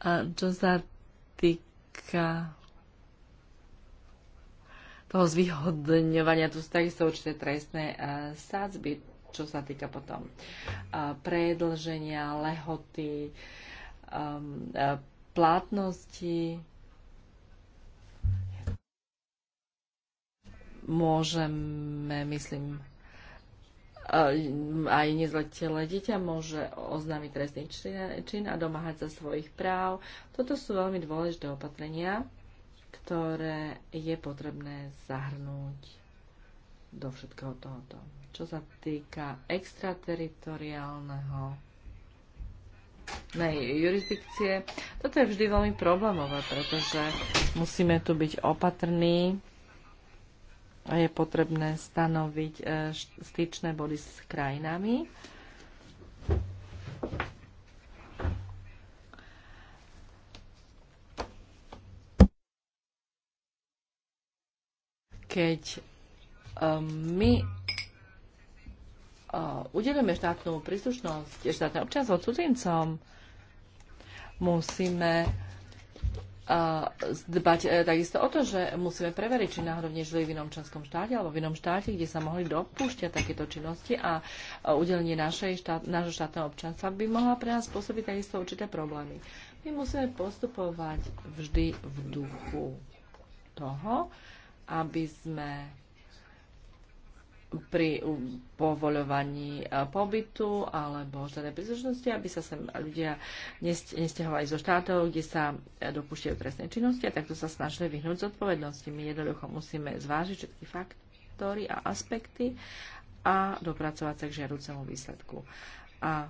Speaker 2: A čo sa týka toho zvyhodňovania, tu sú takisto určité trestné e, sádzby, čo sa týka potom e, predlženia, lehoty, um, e, platnosti. Môžeme, myslím, aj nezletelé dieťa môže oznámiť trestný čin a domáhať sa svojich práv. Toto sú veľmi dôležité opatrenia, ktoré je potrebné zahrnúť do všetkého tohoto. Čo sa týka extrateritoriálneho jurisdikcie, toto je vždy veľmi problémové, pretože musíme tu byť opatrní je potrebné stanoviť e, styčné body s krajinami. Keď e, my e, udelujeme štátnu príslušnosť, štátne občanstvo cudzincom, musíme dbať e, takisto o to, že musíme preveriť, či náhodou nežili v inom členskom štáte alebo v inom štáte, kde sa mohli dopúšťať takéto činnosti a udelenie našej štát, nášho štátneho občanstva by mohla pre nás spôsobiť takisto určité problémy. My musíme postupovať vždy v duchu toho, aby sme pri povoľovaní eh, pobytu alebo štátnej príslušnosti, aby sa sem ľudia nestiahovali zo štátov, kde sa eh, dopúšťajú trestné činnosti a takto sa snažili vyhnúť zodpovednosti. My jednoducho musíme zvážiť všetky faktory a aspekty a dopracovať sa k žiaducemu výsledku. A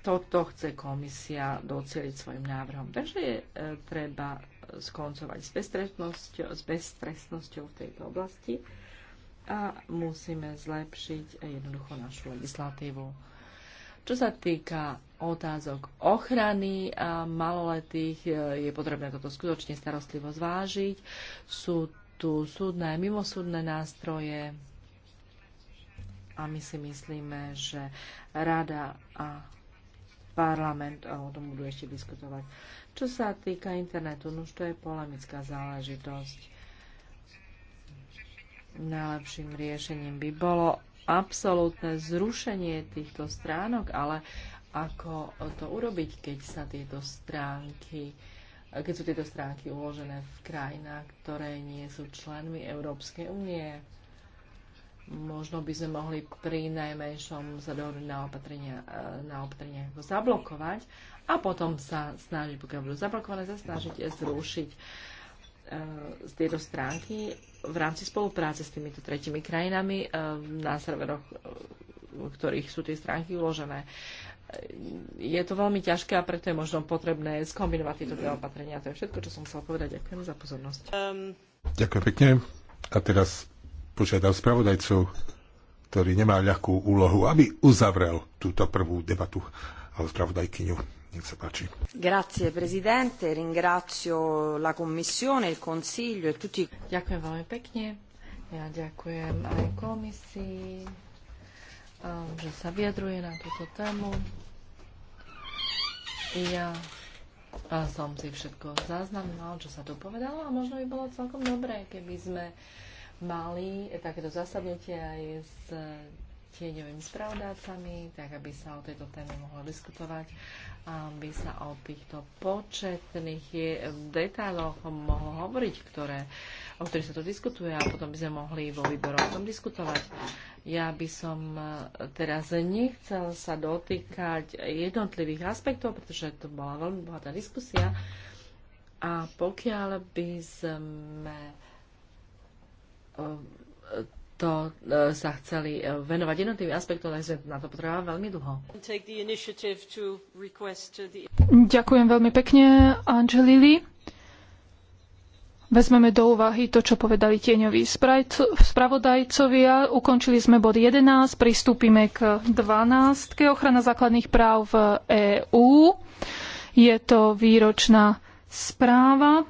Speaker 2: toto chce komisia doceliť svojim návrhom. Takže je eh, treba skoncovať s bezstresnosťou s v tejto oblasti a musíme zlepšiť jednoducho našu legislatívu. Čo sa týka otázok ochrany maloletých, e, je potrebné toto skutočne starostlivo zvážiť. Sú tu súdne a mimosúdne nástroje a my si myslíme, že rada a parlament o tom budú ešte diskutovať. Čo sa týka internetu, no už to je polemická záležitosť. Najlepším riešením by bolo absolútne zrušenie týchto stránok, ale ako to urobiť, keď sa tieto stránky keď sú tieto stránky uložené v krajinách, ktoré nie sú členmi Európskej únie. Možno by sme mohli pri najmenšom sa dohodnúť na opatrenia, na opatrenia ako zablokovať a potom sa snažiť, pokiaľ budú zablokované, sa snažiť zrušiť. Uh, z tejto stránky v rámci spolupráce s týmito tretimi krajinami eh, na serveroch, v ktorých sú tie stránky uložené. Je to veľmi ťažké a preto je možno potrebné skombinovať tieto dve opatrenia. To je všetko, čo som chcel povedať. Ďakujem za pozornosť. Um...
Speaker 1: Ďakujem pekne. A teraz požiadam spravodajcu, ktorý nemá ľahkú úlohu, aby uzavrel túto prvú debatu o spravodajkyňu.
Speaker 2: Grazie, Ringrazio la commissione, il consiglio e tutti... Ďakujem veľmi pekne. Ja ďakujem aj komisii, um, že sa vyjadruje na túto tému. Ja som si všetko zaznamenala, čo sa tu povedalo a možno by bolo celkom dobré, keby sme mali takéto zasadnutie aj s tieňovými spravodávcami, tak aby sa o tejto téme mohlo diskutovať aby sa o týchto početných eh, detailoch mohlo hovoriť, ktoré, o ktorých sa tu diskutuje a potom by sme mohli vo výboru o tom diskutovať. Ja by som eh, teraz nechcel sa dotýkať jednotlivých aspektov, pretože to bola veľmi bohatá diskusia. A pokiaľ by sme eh, to e, sa chceli e, venovať jednotlivým aspektom, takže na to potrebovala veľmi dlho.
Speaker 3: Ďakujem veľmi pekne, Angelili. Vezmeme do úvahy to, čo povedali tieňoví spravodajcovia. Ukončili sme bod 11, pristúpime k 12. Ochrana základných práv v EÚ. Je to výročná správa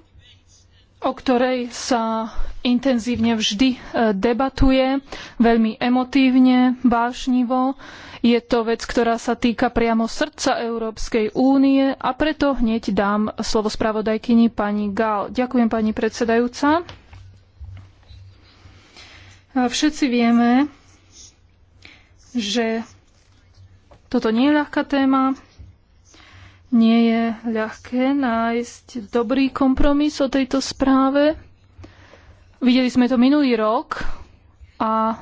Speaker 3: o ktorej sa intenzívne vždy e, debatuje, veľmi emotívne, vášnivo. Je to vec, ktorá sa týka priamo srdca Európskej únie a preto hneď dám slovo spravodajkyni pani Gál. Ďakujem pani predsedajúca. E, všetci vieme, že toto nie je ľahká téma, nie je ľahké nájsť dobrý kompromis o tejto správe. Videli sme to minulý rok a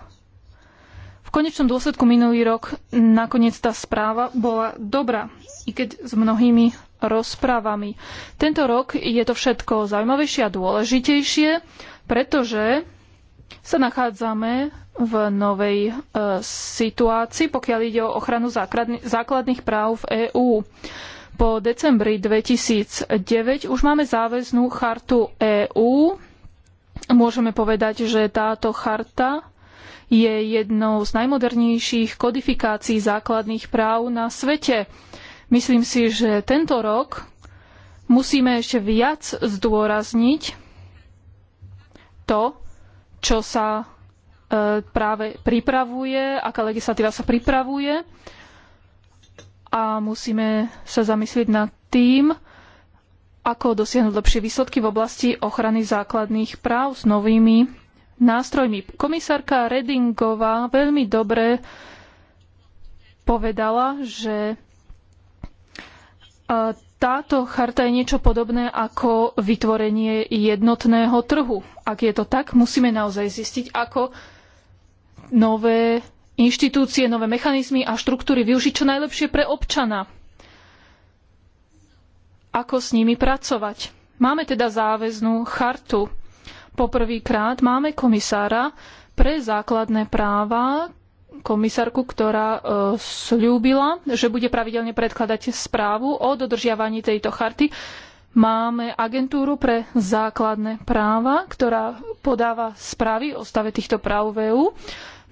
Speaker 3: v konečnom dôsledku minulý rok nakoniec tá správa bola dobrá, i keď s mnohými rozprávami. Tento rok je to všetko zaujímavejšie a dôležitejšie, pretože sa nachádzame v novej e, situácii, pokiaľ ide o ochranu základných práv v EÚ. Po decembri 2009 už máme záväznú chartu EÚ. Môžeme povedať, že táto charta je jednou z najmodernejších kodifikácií základných práv na svete. Myslím si, že tento rok musíme ešte viac zdôrazniť to, čo sa e, práve pripravuje, aká legislatíva sa pripravuje a musíme sa zamyslieť nad tým, ako dosiahnuť lepšie výsledky v oblasti ochrany základných práv s novými nástrojmi. Komisárka Redingová veľmi dobre povedala, že e, táto charta je niečo podobné ako vytvorenie jednotného trhu. Ak je to tak, musíme naozaj zistiť, ako nové inštitúcie, nové mechanizmy a štruktúry využiť čo najlepšie pre občana. Ako s nimi pracovať? Máme teda záväznú chartu. Poprvýkrát máme komisára pre základné práva, komisárku, ktorá e, slúbila, že bude pravidelne predkladať správu o dodržiavaní tejto charty. Máme agentúru pre základné práva, ktorá podáva správy o stave týchto práv v EÚ.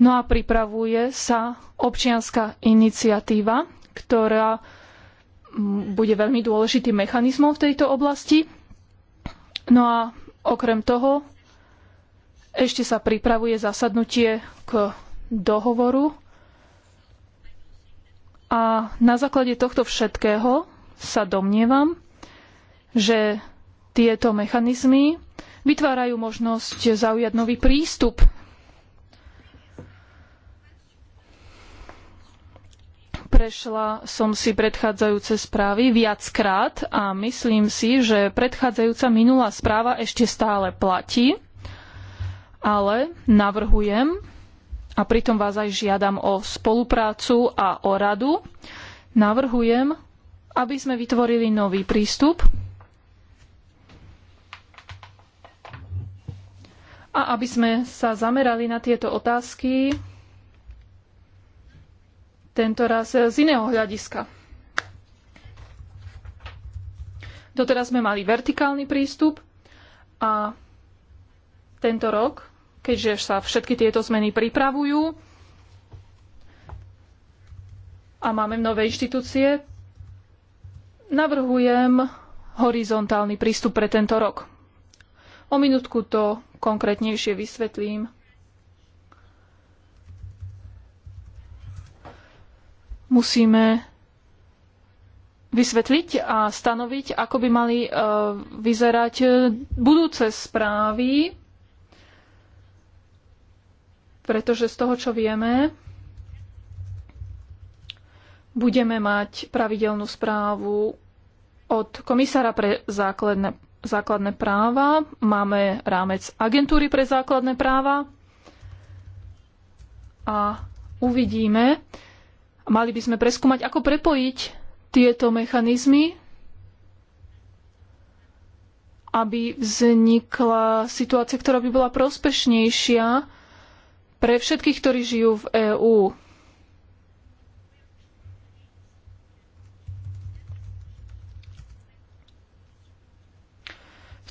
Speaker 3: No a pripravuje sa občianska iniciatíva, ktorá bude veľmi dôležitým mechanizmom v tejto oblasti. No a okrem toho ešte sa pripravuje zasadnutie k dohovoru a na základe tohto všetkého sa domnievam, že tieto mechanizmy vytvárajú možnosť zaujať nový prístup Prešla som si predchádzajúce správy viackrát a myslím si, že predchádzajúca minulá správa ešte stále platí, ale navrhujem a pritom vás aj žiadam o spoluprácu a o radu. Navrhujem, aby sme vytvorili nový prístup a aby sme sa zamerali na tieto otázky tento raz z iného hľadiska. Doteraz sme mali vertikálny prístup a tento rok, keďže sa všetky tieto zmeny pripravujú a máme nové inštitúcie, navrhujem horizontálny prístup pre tento rok. O minútku to konkrétnejšie vysvetlím. musíme vysvetliť a stanoviť, ako by mali e, vyzerať budúce správy, pretože z toho, čo vieme, budeme mať pravidelnú správu od komisára pre základné, základné práva, máme rámec agentúry pre základné práva a uvidíme, Mali by sme preskúmať, ako prepojiť tieto mechanizmy, aby vznikla situácia, ktorá by bola prospešnejšia pre všetkých, ktorí žijú v EÚ.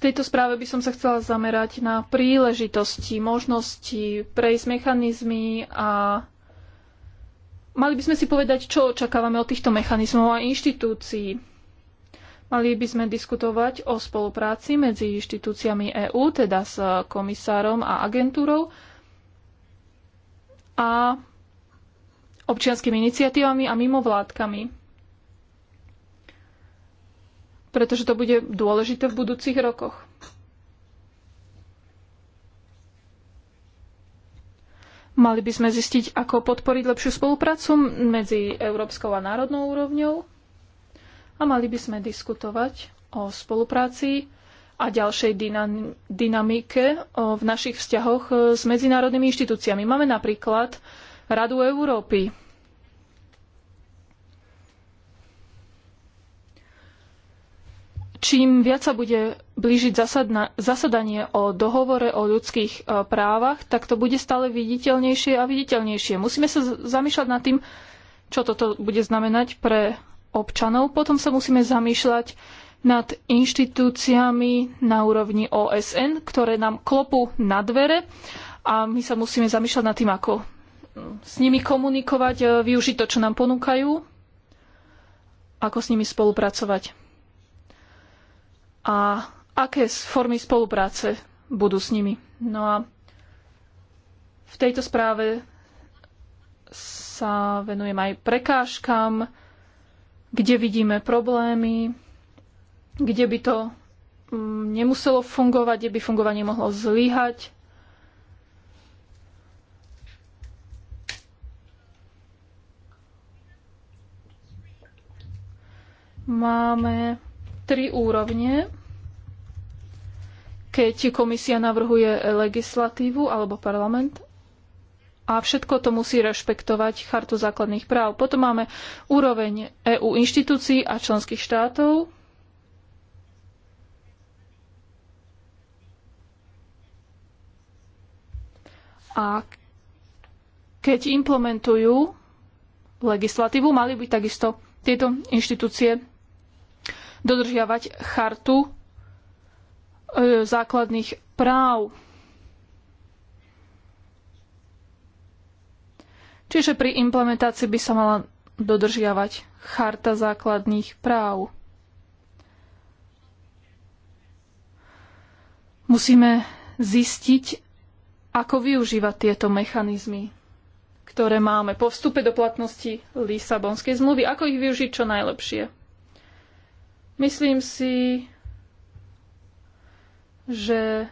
Speaker 3: V tejto správe by som sa chcela zamerať na príležitosti, možnosti prejsť mechanizmy a Mali by sme si povedať, čo očakávame od týchto mechanizmov a inštitúcií. Mali by sme diskutovať o spolupráci medzi inštitúciami EÚ, teda s komisárom a agentúrou a občianskými iniciatívami a mimovládkami. Pretože to bude dôležité v budúcich rokoch. Mali by sme zistiť, ako podporiť lepšiu spoluprácu medzi európskou a národnou úrovňou a mali by sme diskutovať o spolupráci a ďalšej dynamike v našich vzťahoch e, s medzinárodnými inštitúciami. Máme napríklad Radu Európy, Čím viac sa bude blížiť zasadna, zasadanie o dohovore o ľudských e, právach, tak to bude stále viditeľnejšie a viditeľnejšie. Musíme sa zamýšľať nad tým, čo toto bude znamenať pre občanov. Potom sa musíme zamýšľať nad inštitúciami na úrovni OSN, ktoré nám klopú na dvere a my sa musíme zamýšľať nad tým, ako mm, s nimi komunikovať, e, využiť to, čo nám ponúkajú, ako s nimi spolupracovať a aké formy spolupráce budú s nimi. No a v tejto správe sa venujem aj prekážkam, kde vidíme problémy, kde by to mm, nemuselo fungovať, kde by fungovanie mohlo zlyhať. Máme tri úrovne, keď komisia navrhuje legislatívu alebo parlament a všetko to musí rešpektovať Chartu základných práv. Potom máme úroveň EU inštitúcií a členských štátov. A keď implementujú legislatívu, mali by takisto tieto inštitúcie dodržiavať chartu e, základných práv. Čiže pri implementácii by sa mala dodržiavať charta základných práv. Musíme zistiť, ako využívať tieto mechanizmy, ktoré máme po vstupe do platnosti Lisabonskej zmluvy, ako ich využiť čo najlepšie. Myslím si, že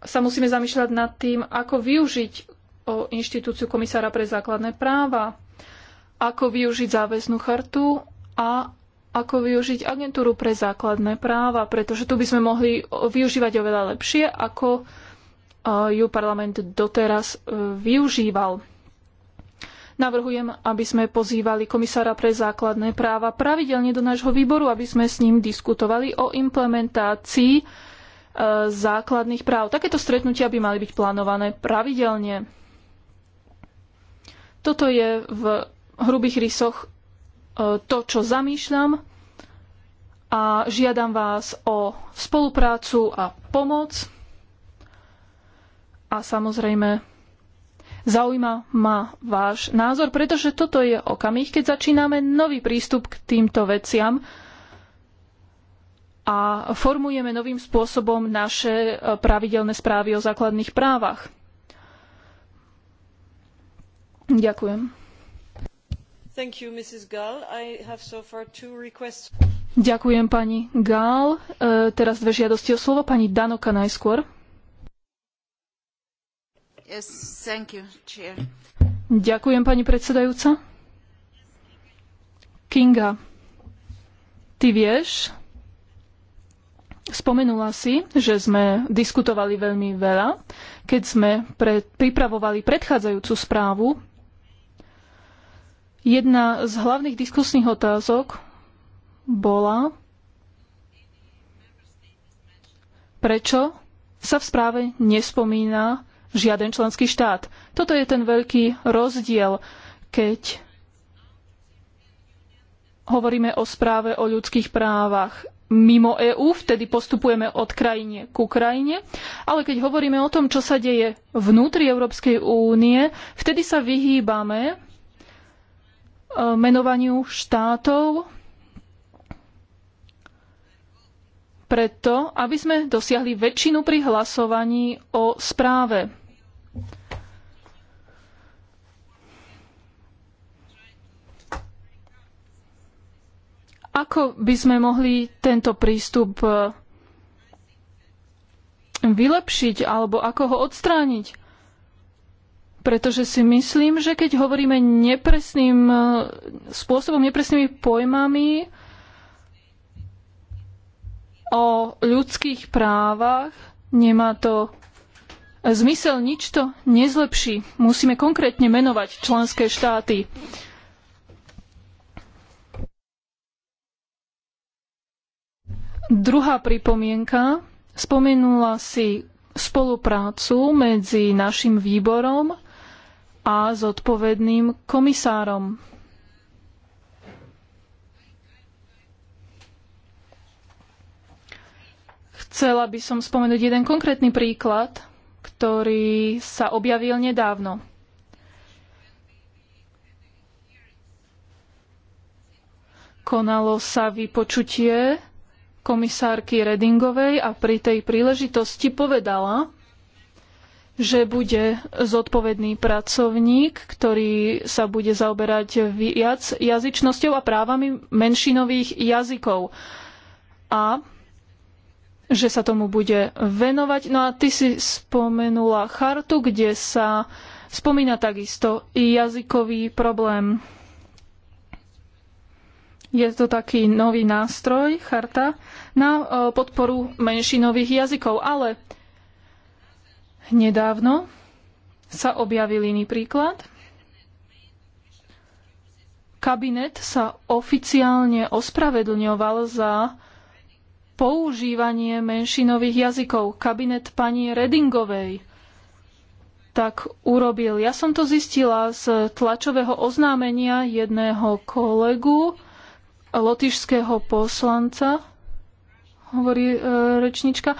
Speaker 3: sa musíme zamýšľať nad tým, ako využiť o inštitúciu komisára pre základné práva, ako využiť záväznú chartu a ako využiť agentúru pre základné práva, pretože tu by sme mohli využívať oveľa lepšie, ako ju parlament doteraz e, využíval. Navrhujem, aby sme pozývali komisára pre základné práva pravidelne do nášho výboru, aby sme s ním diskutovali o implementácii e, základných práv. Takéto stretnutia by mali byť plánované pravidelne. Toto je v hrubých rysoch e, to, čo zamýšľam a žiadam vás o spoluprácu a pomoc a samozrejme Zaujíma ma váš názor, pretože toto je okamih, keď začíname nový prístup k týmto veciam a formujeme novým spôsobom naše e, pravidelné správy o základných právach. Ďakujem.
Speaker 2: You, so
Speaker 3: Ďakujem pani Gál. E, teraz dve žiadosti o slovo. Pani Danoka najskôr. Ďakujem, pani predsedajúca. Kinga, ty vieš, spomenula si, že sme diskutovali veľmi veľa, keď sme pripravovali predchádzajúcu správu. Jedna z hlavných diskusných otázok bola, prečo sa v správe nespomína žiaden členský štát. Toto je ten veľký rozdiel, keď hovoríme o správe o ľudských právach mimo EÚ, vtedy postupujeme od krajine k krajine, ale keď hovoríme o tom, čo sa deje vnútri Európskej únie, vtedy sa vyhýbame e, menovaniu štátov preto, aby sme dosiahli väčšinu pri hlasovaní o správe. Ako by sme mohli tento prístup e, vylepšiť alebo ako ho odstrániť? Pretože si myslím, že keď hovoríme nepresným e, spôsobom, nepresnými pojmami o ľudských právach, nemá to zmysel, nič to nezlepší. Musíme konkrétne menovať členské štáty. Druhá pripomienka. Spomenula si spoluprácu medzi našim výborom a zodpovedným komisárom. Chcela by som spomenúť jeden konkrétny príklad, ktorý sa objavil nedávno. Konalo sa vypočutie komisárky Redingovej a pri tej príležitosti povedala, že bude zodpovedný pracovník, ktorý sa bude zaoberať viac jazyčnosťou a právami menšinových jazykov. A že sa tomu bude venovať. No a ty si spomenula chartu, kde sa spomína takisto jazykový problém. Je to taký nový nástroj, charta, na e, podporu menšinových jazykov, ale nedávno sa objavil iný príklad. Kabinet sa oficiálne ospravedlňoval za používanie menšinových jazykov. Kabinet pani Redingovej tak urobil. Ja som to zistila z tlačového oznámenia jedného kolegu, lotyšského poslanca, hovorí e, rečnička.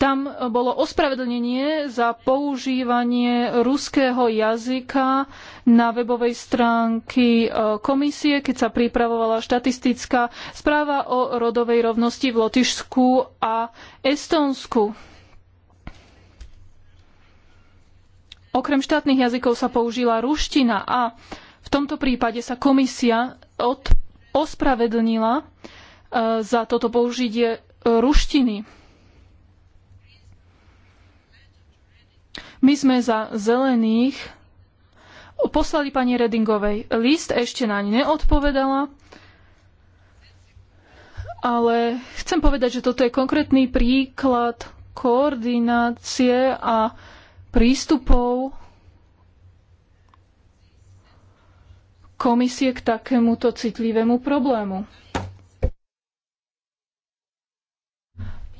Speaker 3: Tam bolo ospravedlnenie za používanie ruského jazyka na webovej stránky e, komisie, keď sa pripravovala štatistická správa o rodovej rovnosti v Lotyšsku a Estonsku. Okrem štátnych jazykov sa použila ruština a v tomto prípade sa komisia od ospravedlnila eh, za toto použitie ruštiny. My sme za zelených poslali pani Redingovej list, ešte na ne neodpovedala, ale chcem povedať, že toto je konkrétny príklad koordinácie a prístupov komisie k takémuto citlivému problému.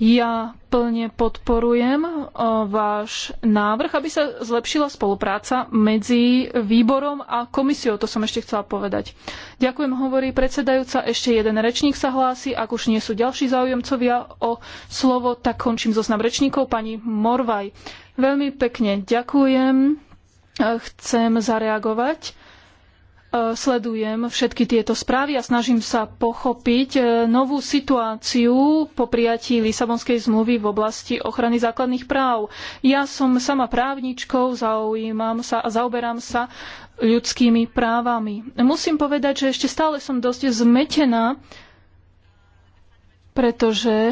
Speaker 3: Ja plne podporujem váš návrh, aby sa zlepšila spolupráca medzi výborom a komisiou. To som ešte chcela povedať. Ďakujem, hovorí predsedajúca. Ešte jeden rečník sa hlási. Ak už nie sú ďalší záujemcovia o slovo, tak končím zoznam rečníkov. Pani Morvaj, veľmi pekne ďakujem. Chcem zareagovať E, sledujem všetky tieto správy a snažím sa pochopiť e, novú situáciu po prijatí Lisabonskej zmluvy v oblasti ochrany základných práv. Ja som sama právničkou, zaujímam sa a zaoberám sa ľudskými právami. Musím povedať, že ešte stále som dosť zmetená, pretože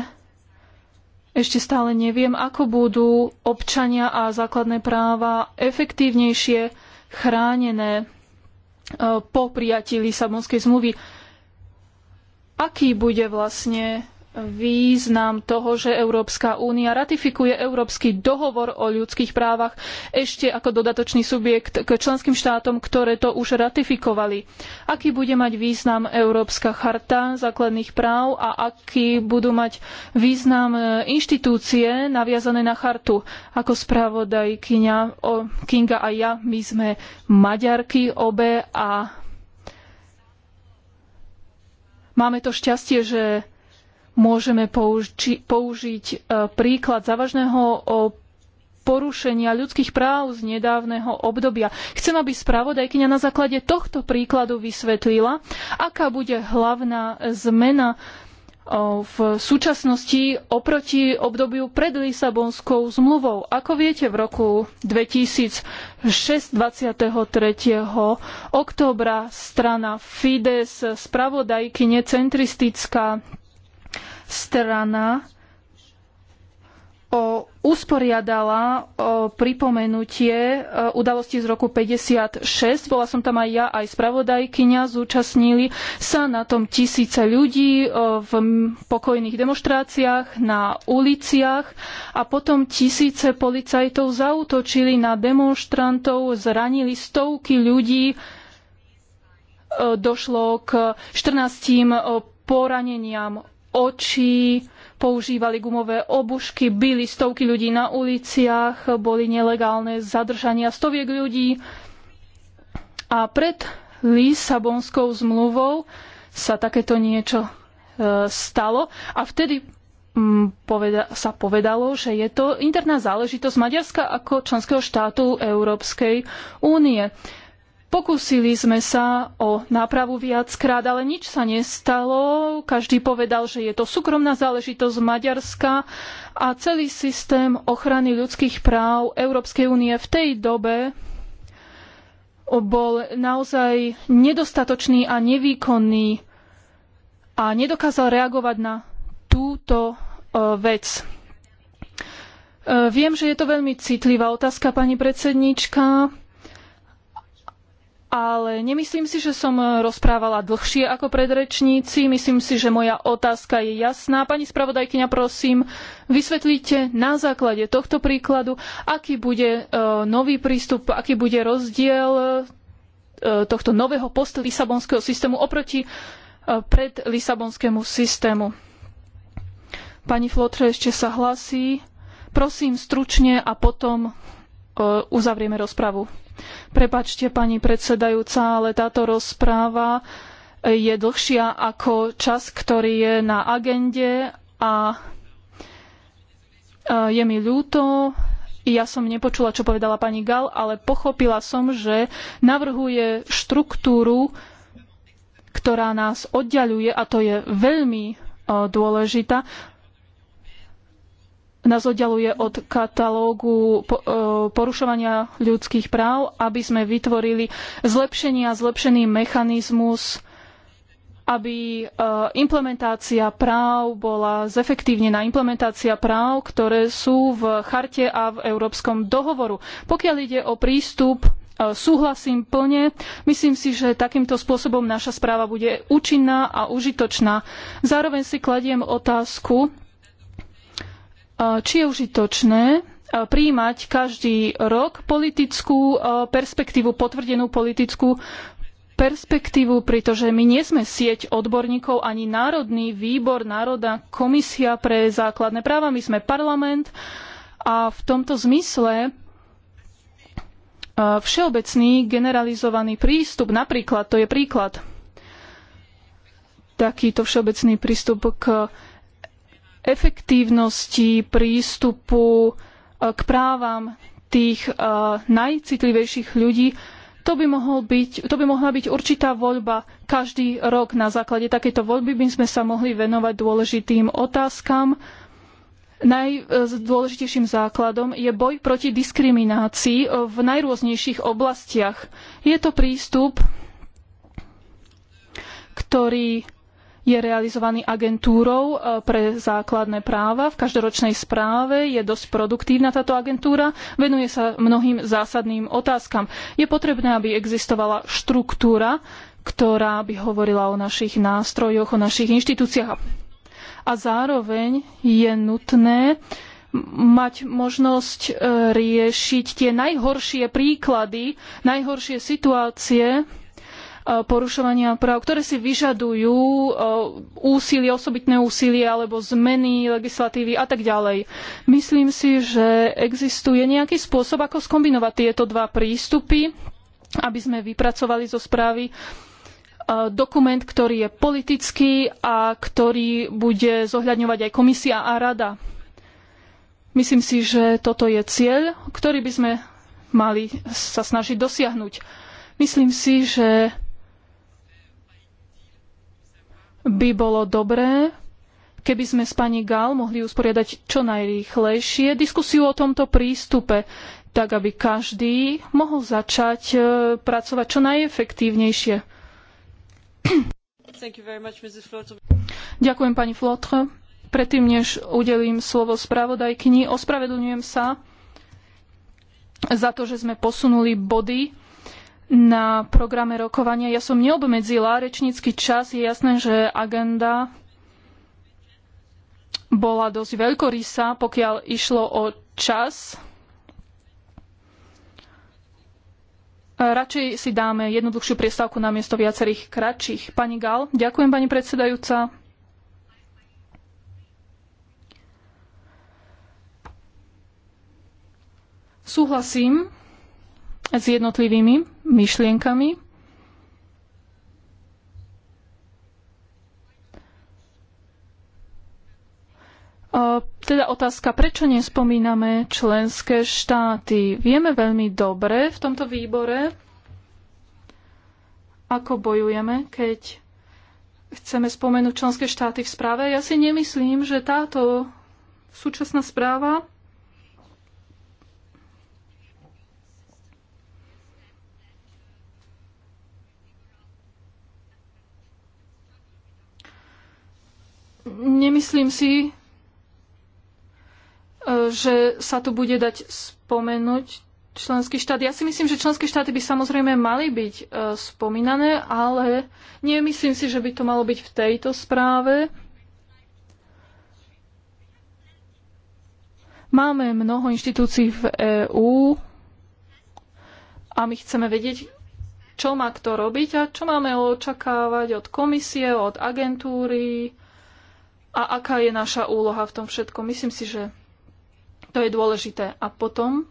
Speaker 3: ešte stále neviem, ako budú občania a základné práva efektívnejšie chránené po prijatí Lisabonskej zmluvy. Aký bude vlastne význam toho, že Európska únia ratifikuje Európsky dohovor o ľudských právach ešte ako dodatočný subjekt k členským štátom, ktoré to už ratifikovali. Aký bude mať význam Európska charta základných práv a aký budú mať význam e, inštitúcie naviazané na chartu? Ako spravodaj Kinga a ja, my sme Maďarky obe a máme to šťastie, že môžeme použi- použiť e, príklad závažného porušenia ľudských práv z nedávneho obdobia. Chcem, aby spravodajkyňa na základe tohto príkladu vysvetlila, aká bude hlavná zmena v súčasnosti oproti obdobiu pred Lisabonskou zmluvou. Ako viete, v roku 2006 23. októbra strana Fides, spravodajkyne centristická strana o, usporiadala o, pripomenutie o, e, udalosti z roku 56. Bola som tam aj ja, aj spravodajkyňa. Zúčastnili sa na tom tisíce ľudí o, e, v pokojných demonštráciách, na uliciach a potom tisíce policajtov zautočili na demonštrantov, zranili stovky ľudí. O, e, došlo k 14 poraneniam očí, používali gumové obušky, byli stovky ľudí na uliciach, boli nelegálne zadržania stoviek ľudí. A pred Lisabonskou zmluvou sa takéto niečo e, stalo a vtedy m, mm, poveda, sa povedalo, že je to interná záležitosť Maďarska ako členského štátu Európskej únie. Pokúsili sme sa o nápravu viackrát, ale nič sa nestalo. Každý povedal, že je to súkromná záležitosť Maďarska a celý systém ochrany ľudských práv Európskej únie v tej dobe bol naozaj nedostatočný a nevýkonný a nedokázal reagovať na túto e, vec. E, viem, že je to veľmi citlivá otázka, pani predsedníčka ale nemyslím si, že som eh, rozprávala dlhšie ako predrečníci. Myslím si, že moja otázka je jasná. Pani spravodajkyňa, prosím, vysvetlite na základe tohto príkladu, aký bude eh, nový prístup, aký bude rozdiel eh, tohto nového post-Lisabonského systému oproti pred-Lisabonskému systému. Pani Flotre ešte sa hlasí. Prosím stručne a potom uzavrieme rozpravu. Prepačte, pani predsedajúca, ale táto rozpráva je dlhšia ako čas, ktorý je na agende a e, je mi ľúto, ja som nepočula, čo povedala pani Gal, ale pochopila som, že navrhuje štruktúru, ktorá nás oddaľuje a to je veľmi e, dôležitá nás oddeluje od katalógu e, porušovania ľudských práv, aby sme vytvorili zlepšenie a zlepšený mechanizmus aby e, implementácia práv bola zefektívnená implementácia práv, ktoré sú v charte a v Európskom dohovoru. Pokiaľ ide o prístup e, súhlasím plne. Myslím si, že takýmto spôsobom naša správa bude účinná a užitočná. Zároveň si kladiem otázku, E, či je užitočné e, prijímať každý rok politickú e, perspektívu, potvrdenú politickú perspektívu, pretože my nie sme sieť odborníkov ani Národný výbor, Národná komisia pre základné práva, my sme parlament a v tomto zmysle všeobecný generalizovaný prístup, napríklad, to je príklad, takýto všeobecný prístup k efektívnosti prístupu eh, k právam tých eh, najcitlivejších ľudí, to by, byť, to by, mohla byť určitá voľba každý rok. Na základe takejto voľby by sme sa mohli venovať dôležitým otázkam. Najdôležitejším základom je boj proti diskriminácii v najrôznejších oblastiach. Je to prístup, ktorý je realizovaný agentúrou e, pre základné práva. V každoročnej správe je dosť produktívna táto agentúra, venuje sa mnohým zásadným otázkam. Je potrebné, aby existovala štruktúra, ktorá by hovorila o našich nástrojoch, o našich inštitúciách. A zároveň je nutné mať možnosť e, riešiť tie najhoršie príklady, najhoršie situácie, E, porušovania práv, ktoré si vyžadujú e, úsilie, osobitné úsilie alebo zmeny legislatívy a tak ďalej. Myslím si, že existuje nejaký spôsob, ako skombinovať tieto dva prístupy, aby sme vypracovali zo správy e, dokument, ktorý je politický a ktorý bude zohľadňovať aj komisia a rada. Myslím si, že toto je cieľ, ktorý by sme mali sa snažiť dosiahnuť. Myslím si, že by bolo dobré, keby sme s pani Gál mohli usporiadať čo najrýchlejšie diskusiu o tomto prístupe, tak aby každý mohol začať e, pracovať čo najefektívnejšie. Much, Ďakujem pani Flotre. Predtým, než udelím slovo spravodajkyni, ospravedlňujem sa za to, že sme posunuli body na programe rokovania. Ja som neobmedzila rečnícky čas. Je jasné, že agenda bola dosť veľkorysá, pokiaľ išlo o čas. Radšej si dáme jednoduchšiu priestavku na miesto viacerých kratších. Pani Gal, ďakujem pani predsedajúca. Súhlasím s jednotlivými myšlienkami. Teda otázka, prečo nespomíname členské štáty? Vieme veľmi dobre v tomto výbore, ako bojujeme, keď chceme spomenúť členské štáty v správe. Ja si nemyslím, že táto súčasná správa nemyslím si, e, že sa tu bude dať spomenúť členský štát. Ja si myslím, že členské štáty by samozrejme mali byť e, spomínané, ale nemyslím si, že by to malo byť v tejto správe. Máme mnoho inštitúcií v EÚ a my chceme vedieť, čo má kto robiť a čo máme očakávať od komisie, od agentúry, a aká je naša úloha v tom všetkom. Myslím si, že to je dôležité. A potom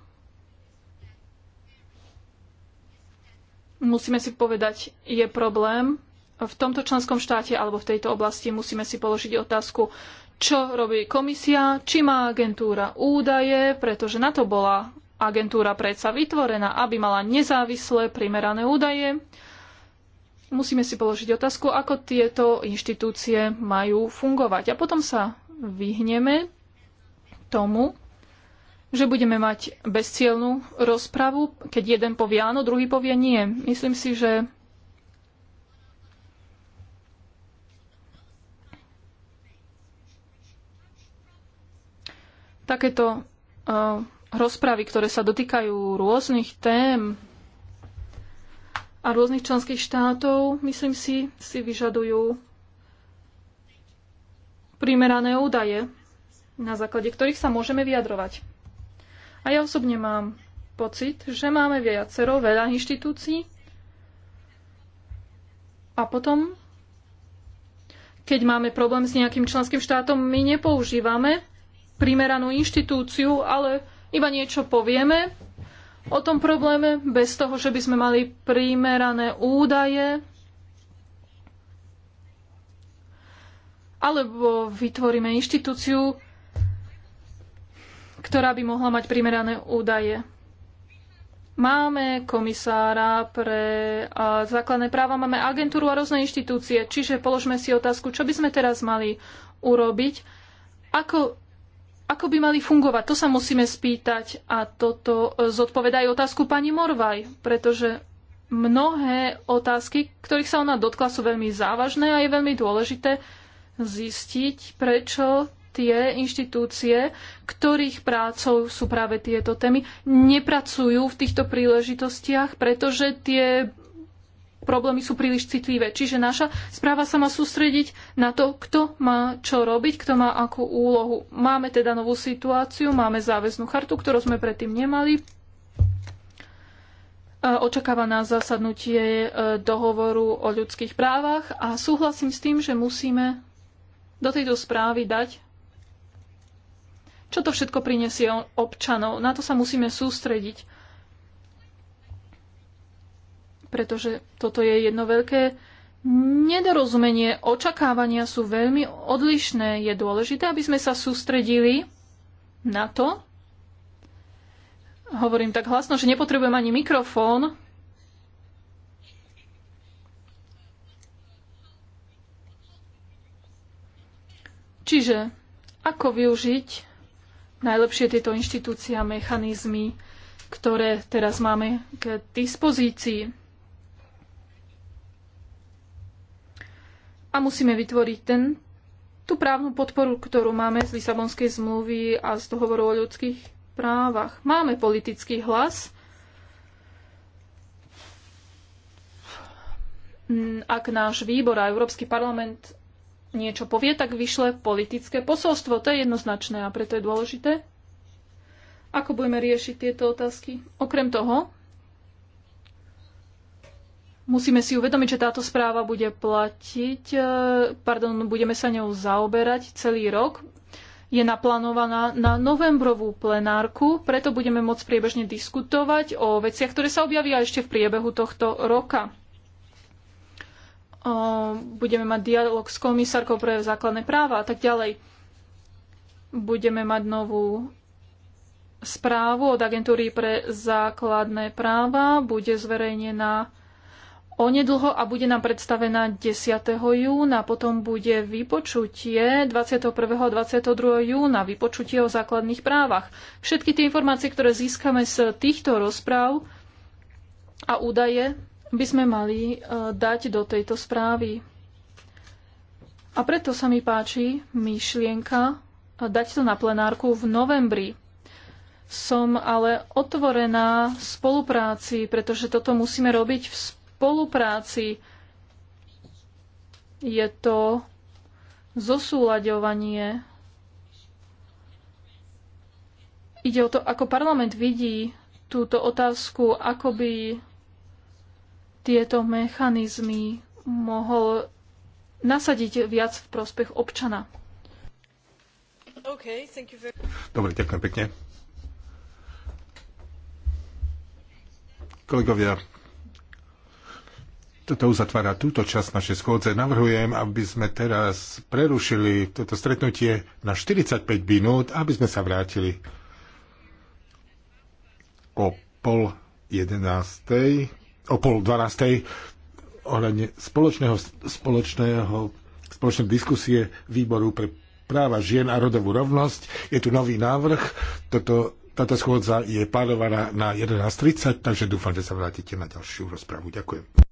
Speaker 3: musíme si povedať, je problém v tomto členskom štáte alebo v tejto oblasti. Musíme si položiť otázku, čo robí komisia, či má agentúra údaje, pretože na to bola agentúra predsa vytvorená, aby mala nezávislé primerané údaje musíme si položiť otázku, ako tieto inštitúcie majú fungovať. A potom sa vyhneme tomu, že budeme mať bezcielnú rozpravu, keď jeden povie áno, druhý povie nie. Myslím si, že takéto uh, rozpravy, ktoré sa dotýkajú rôznych tém, a rôznych členských štátov, myslím si, si vyžadujú primerané údaje, na základe ktorých sa môžeme vyjadrovať. A ja osobne mám pocit, že máme viacero, veľa inštitúcií a potom, keď máme problém s nejakým členským štátom, my nepoužívame primeranú inštitúciu, ale iba niečo povieme o tom probléme bez toho, že by sme mali primerané údaje alebo vytvoríme inštitúciu, ktorá by mohla mať primerané údaje. Máme komisára pre základné práva, máme agentúru a rôzne inštitúcie, čiže položme si otázku, čo by sme teraz mali urobiť, ako ako by mali fungovať? To sa musíme spýtať a toto e, zodpovedá aj otázku pani Morvaj, pretože mnohé otázky, ktorých sa ona dotkla, sú veľmi závažné a je veľmi dôležité zistiť, prečo tie inštitúcie, ktorých prácou sú práve tieto témy, nepracujú v týchto príležitostiach, pretože tie problémy sú príliš citlivé. Čiže naša správa sa má sústrediť na to, kto má čo robiť, kto má akú úlohu. Máme teda novú situáciu, máme záväznú chartu, ktorú sme predtým nemali. E, očakáva nás zasadnutie e, dohovoru o ľudských právach a súhlasím s tým, že musíme do tejto správy dať, čo to všetko prinesie občanov. Na to sa musíme sústrediť pretože toto je jedno veľké nedorozumenie. Očakávania sú veľmi odlišné. Je dôležité, aby sme sa sústredili na to, hovorím tak hlasno, že nepotrebujem ani mikrofón, Čiže ako využiť najlepšie tieto inštitúcie a mechanizmy, ktoré teraz máme k dispozícii. a musíme vytvoriť ten, tú právnu podporu, ktorú máme z Lisabonskej zmluvy a z dohovoru o ľudských právach. Máme politický hlas. Mm, ak náš výbor a Európsky parlament niečo povie, tak vyšle politické posolstvo. To je jednoznačné a preto je dôležité, ako budeme riešiť tieto otázky. Okrem toho, Musíme si uvedomiť, že táto správa bude platiť, e, pardon, budeme sa ňou zaoberať celý rok. Je naplánovaná na novembrovú plenárku, preto budeme môcť priebežne diskutovať o veciach, ktoré sa objavia ešte v priebehu tohto roka. E, budeme mať dialog s komisárkou pre základné práva a tak ďalej. Budeme mať novú správu od agentúry pre základné práva, bude zverejnená onedlho a bude nám predstavená 10. júna. Potom bude vypočutie 21. a 22. júna, vypočutie o základných právach. Všetky tie informácie, ktoré získame z týchto rozpráv a údaje, by sme mali e, dať do tejto správy. A preto sa mi páči myšlienka e, dať to na plenárku v novembri som ale otvorená spolupráci, pretože toto musíme robiť v spolupráci. Je to zosúľaďovanie. Ide o to, ako parlament vidí túto otázku, ako by tieto mechanizmy mohol nasadiť viac v prospech občana.
Speaker 4: Okay, very...
Speaker 1: Dobre, ďakujem pekne. Kolegovia, toto uzatvára túto časť našej schôdze. Navrhujem, aby sme teraz prerušili toto stretnutie na 45 minút, aby sme sa vrátili o pol jedenástej, o pol dvanástej ohľadne spoločného, spoločného, spoločnej diskusie výboru pre práva žien a rodovú rovnosť. Je tu nový návrh. Toto, táto schôdza je plánovaná na 11.30, takže dúfam, že sa vrátite na ďalšiu rozpravu. Ďakujem.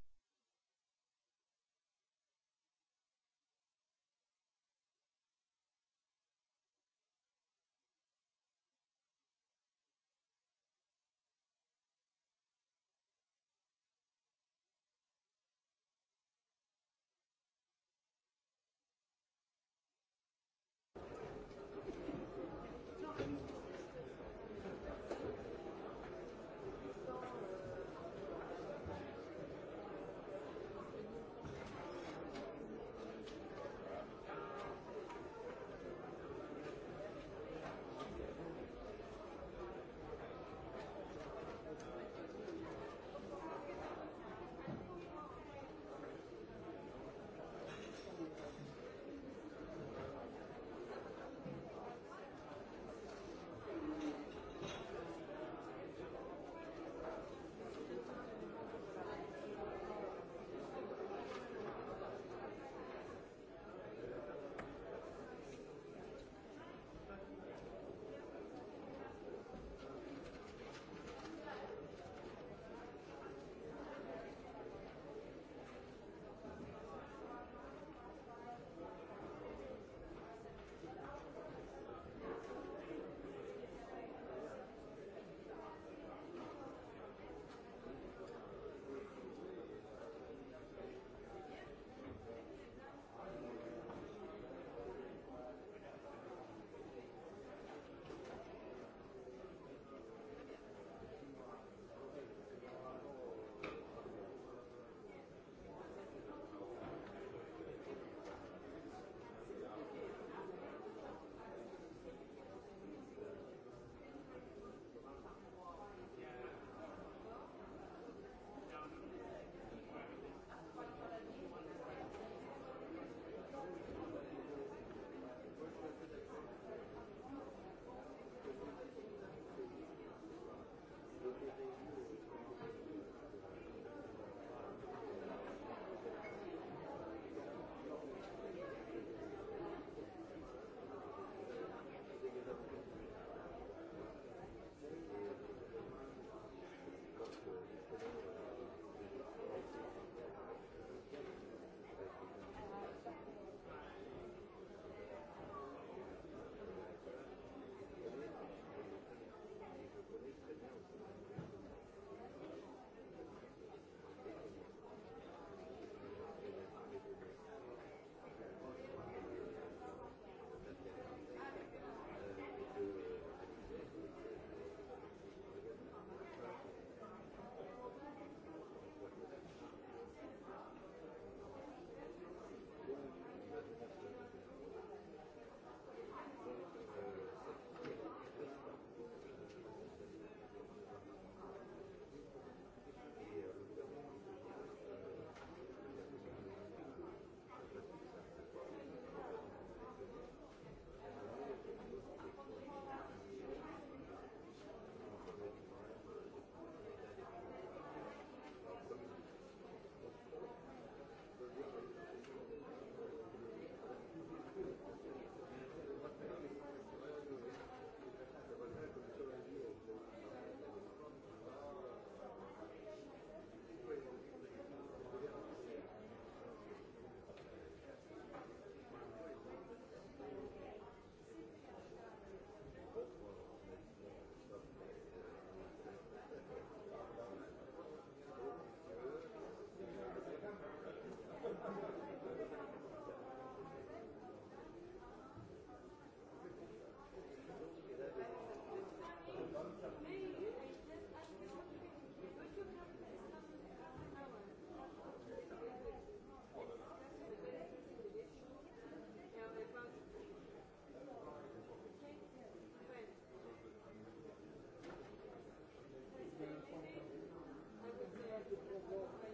Speaker 4: Thank you.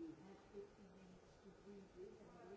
Speaker 4: we have 15 minutes to do this and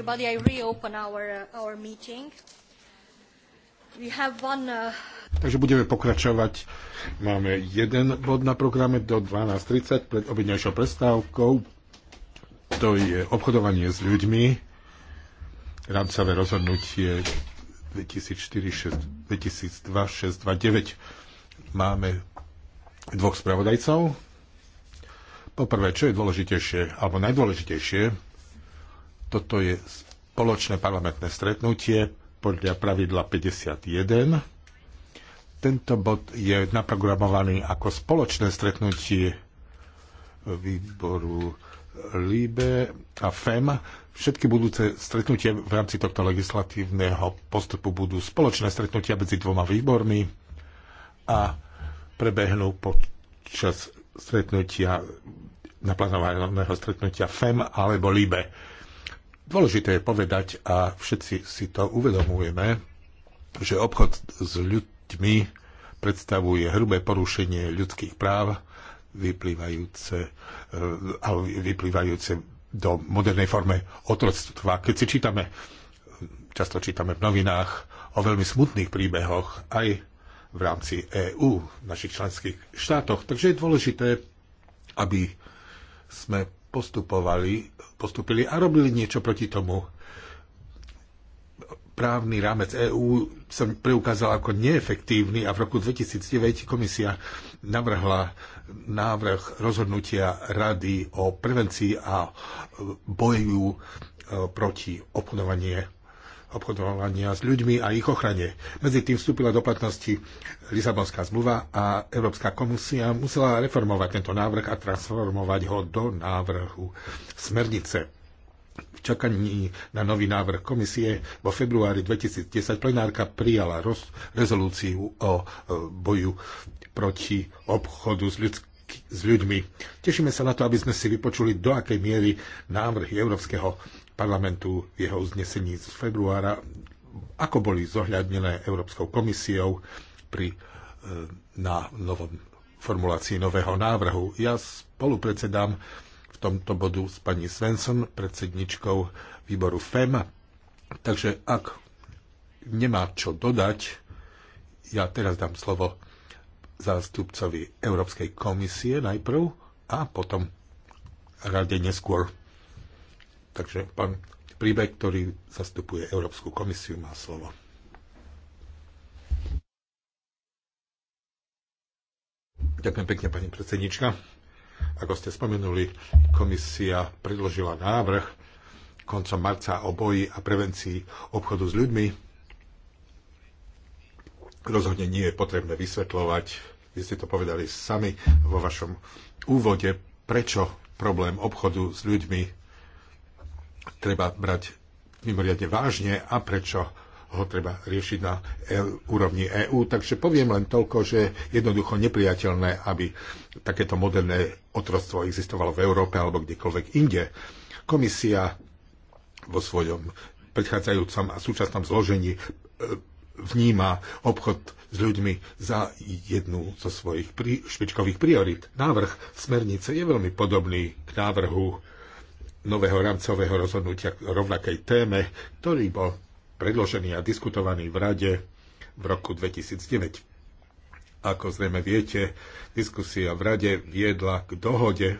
Speaker 4: everybody. I reopen our, uh, our meeting. We have one, uh...
Speaker 1: Takže budeme pokračovať. Máme jeden bod na programe do 12.30 pred obidnejšou prestávkou. To je obchodovanie s ľuďmi. Rámcové rozhodnutie 2002, 629. Máme dvoch spravodajcov. Poprvé, čo je dôležitejšie, alebo najdôležitejšie, toto je spoločné parlamentné stretnutie podľa pravidla 51. Tento bod je naprogramovaný ako spoločné stretnutie výboru LIBE a FEM. Všetky budúce stretnutie v rámci tohto legislatívneho postupu budú spoločné stretnutia medzi dvoma výbormi a prebehnú počas stretnutia naplánovaného stretnutia FEM alebo LIBE Dôležité je povedať, a všetci si to uvedomujeme, že obchod s ľuďmi predstavuje hrubé porušenie ľudských práv, vyplývajúce, eh, ale vyplývajúce do modernej forme otroctva. Keď si čítame, často čítame v novinách o veľmi smutných príbehoch aj v rámci EÚ, v našich členských štátoch. Takže je dôležité, aby sme postupovali postupili a robili niečo proti tomu. Právny rámec EÚ sa preukázal ako neefektívny a v roku 2009 komisia navrhla návrh rozhodnutia Rady o prevencii a boju e, proti obchodovanie obchodovania s ľuďmi a ich ochrane. Medzi tým vstúpila do platnosti Lisabonská zmluva a Európska komisia musela reformovať tento návrh a transformovať ho do návrhu smernice. V čakaní na nový návrh komisie vo februári 2010 plenárka prijala roz, rezolúciu o e, boju proti obchodu s ľudským s ľuďmi. Tešíme sa na to, aby sme si vypočuli, do akej miery návrhy Európskeho parlamentu v jeho uznesení z februára, ako boli zohľadnené Európskou komisiou pri, e, na novom formulácii nového návrhu. Ja spolupredsedám v tomto bodu s pani Svensson, predsedničkou výboru FEM. Takže ak nemá čo dodať, ja teraz dám slovo zástupcovi Európskej komisie najprv a potom rade neskôr. Takže pán Príbek, ktorý zastupuje Európsku komisiu, má slovo. Ďakujem pekne, pani predsednička. Ako ste spomenuli, komisia predložila návrh koncom marca o boji a prevencii obchodu s ľuďmi. Rozhodne nie je potrebné vysvetľovať, vy ste to povedali sami vo vašom úvode, prečo problém obchodu s ľuďmi treba brať mimoriadne vážne a prečo ho treba riešiť na e úrovni EÚ. Takže poviem len toľko, že jednoducho nepriateľné, aby takéto moderné otroctvo existovalo v Európe alebo kdekoľvek inde. Komisia vo svojom predchádzajúcom a súčasnom zložení e, vníma obchod s ľuďmi za jednu zo svojich špičkových priorit. Návrh smernice je veľmi podobný k návrhu nového rámcového rozhodnutia k rovnakej téme, ktorý bol predložený a diskutovaný v Rade v roku 2009. Ako zrejme viete, diskusia v Rade viedla k dohode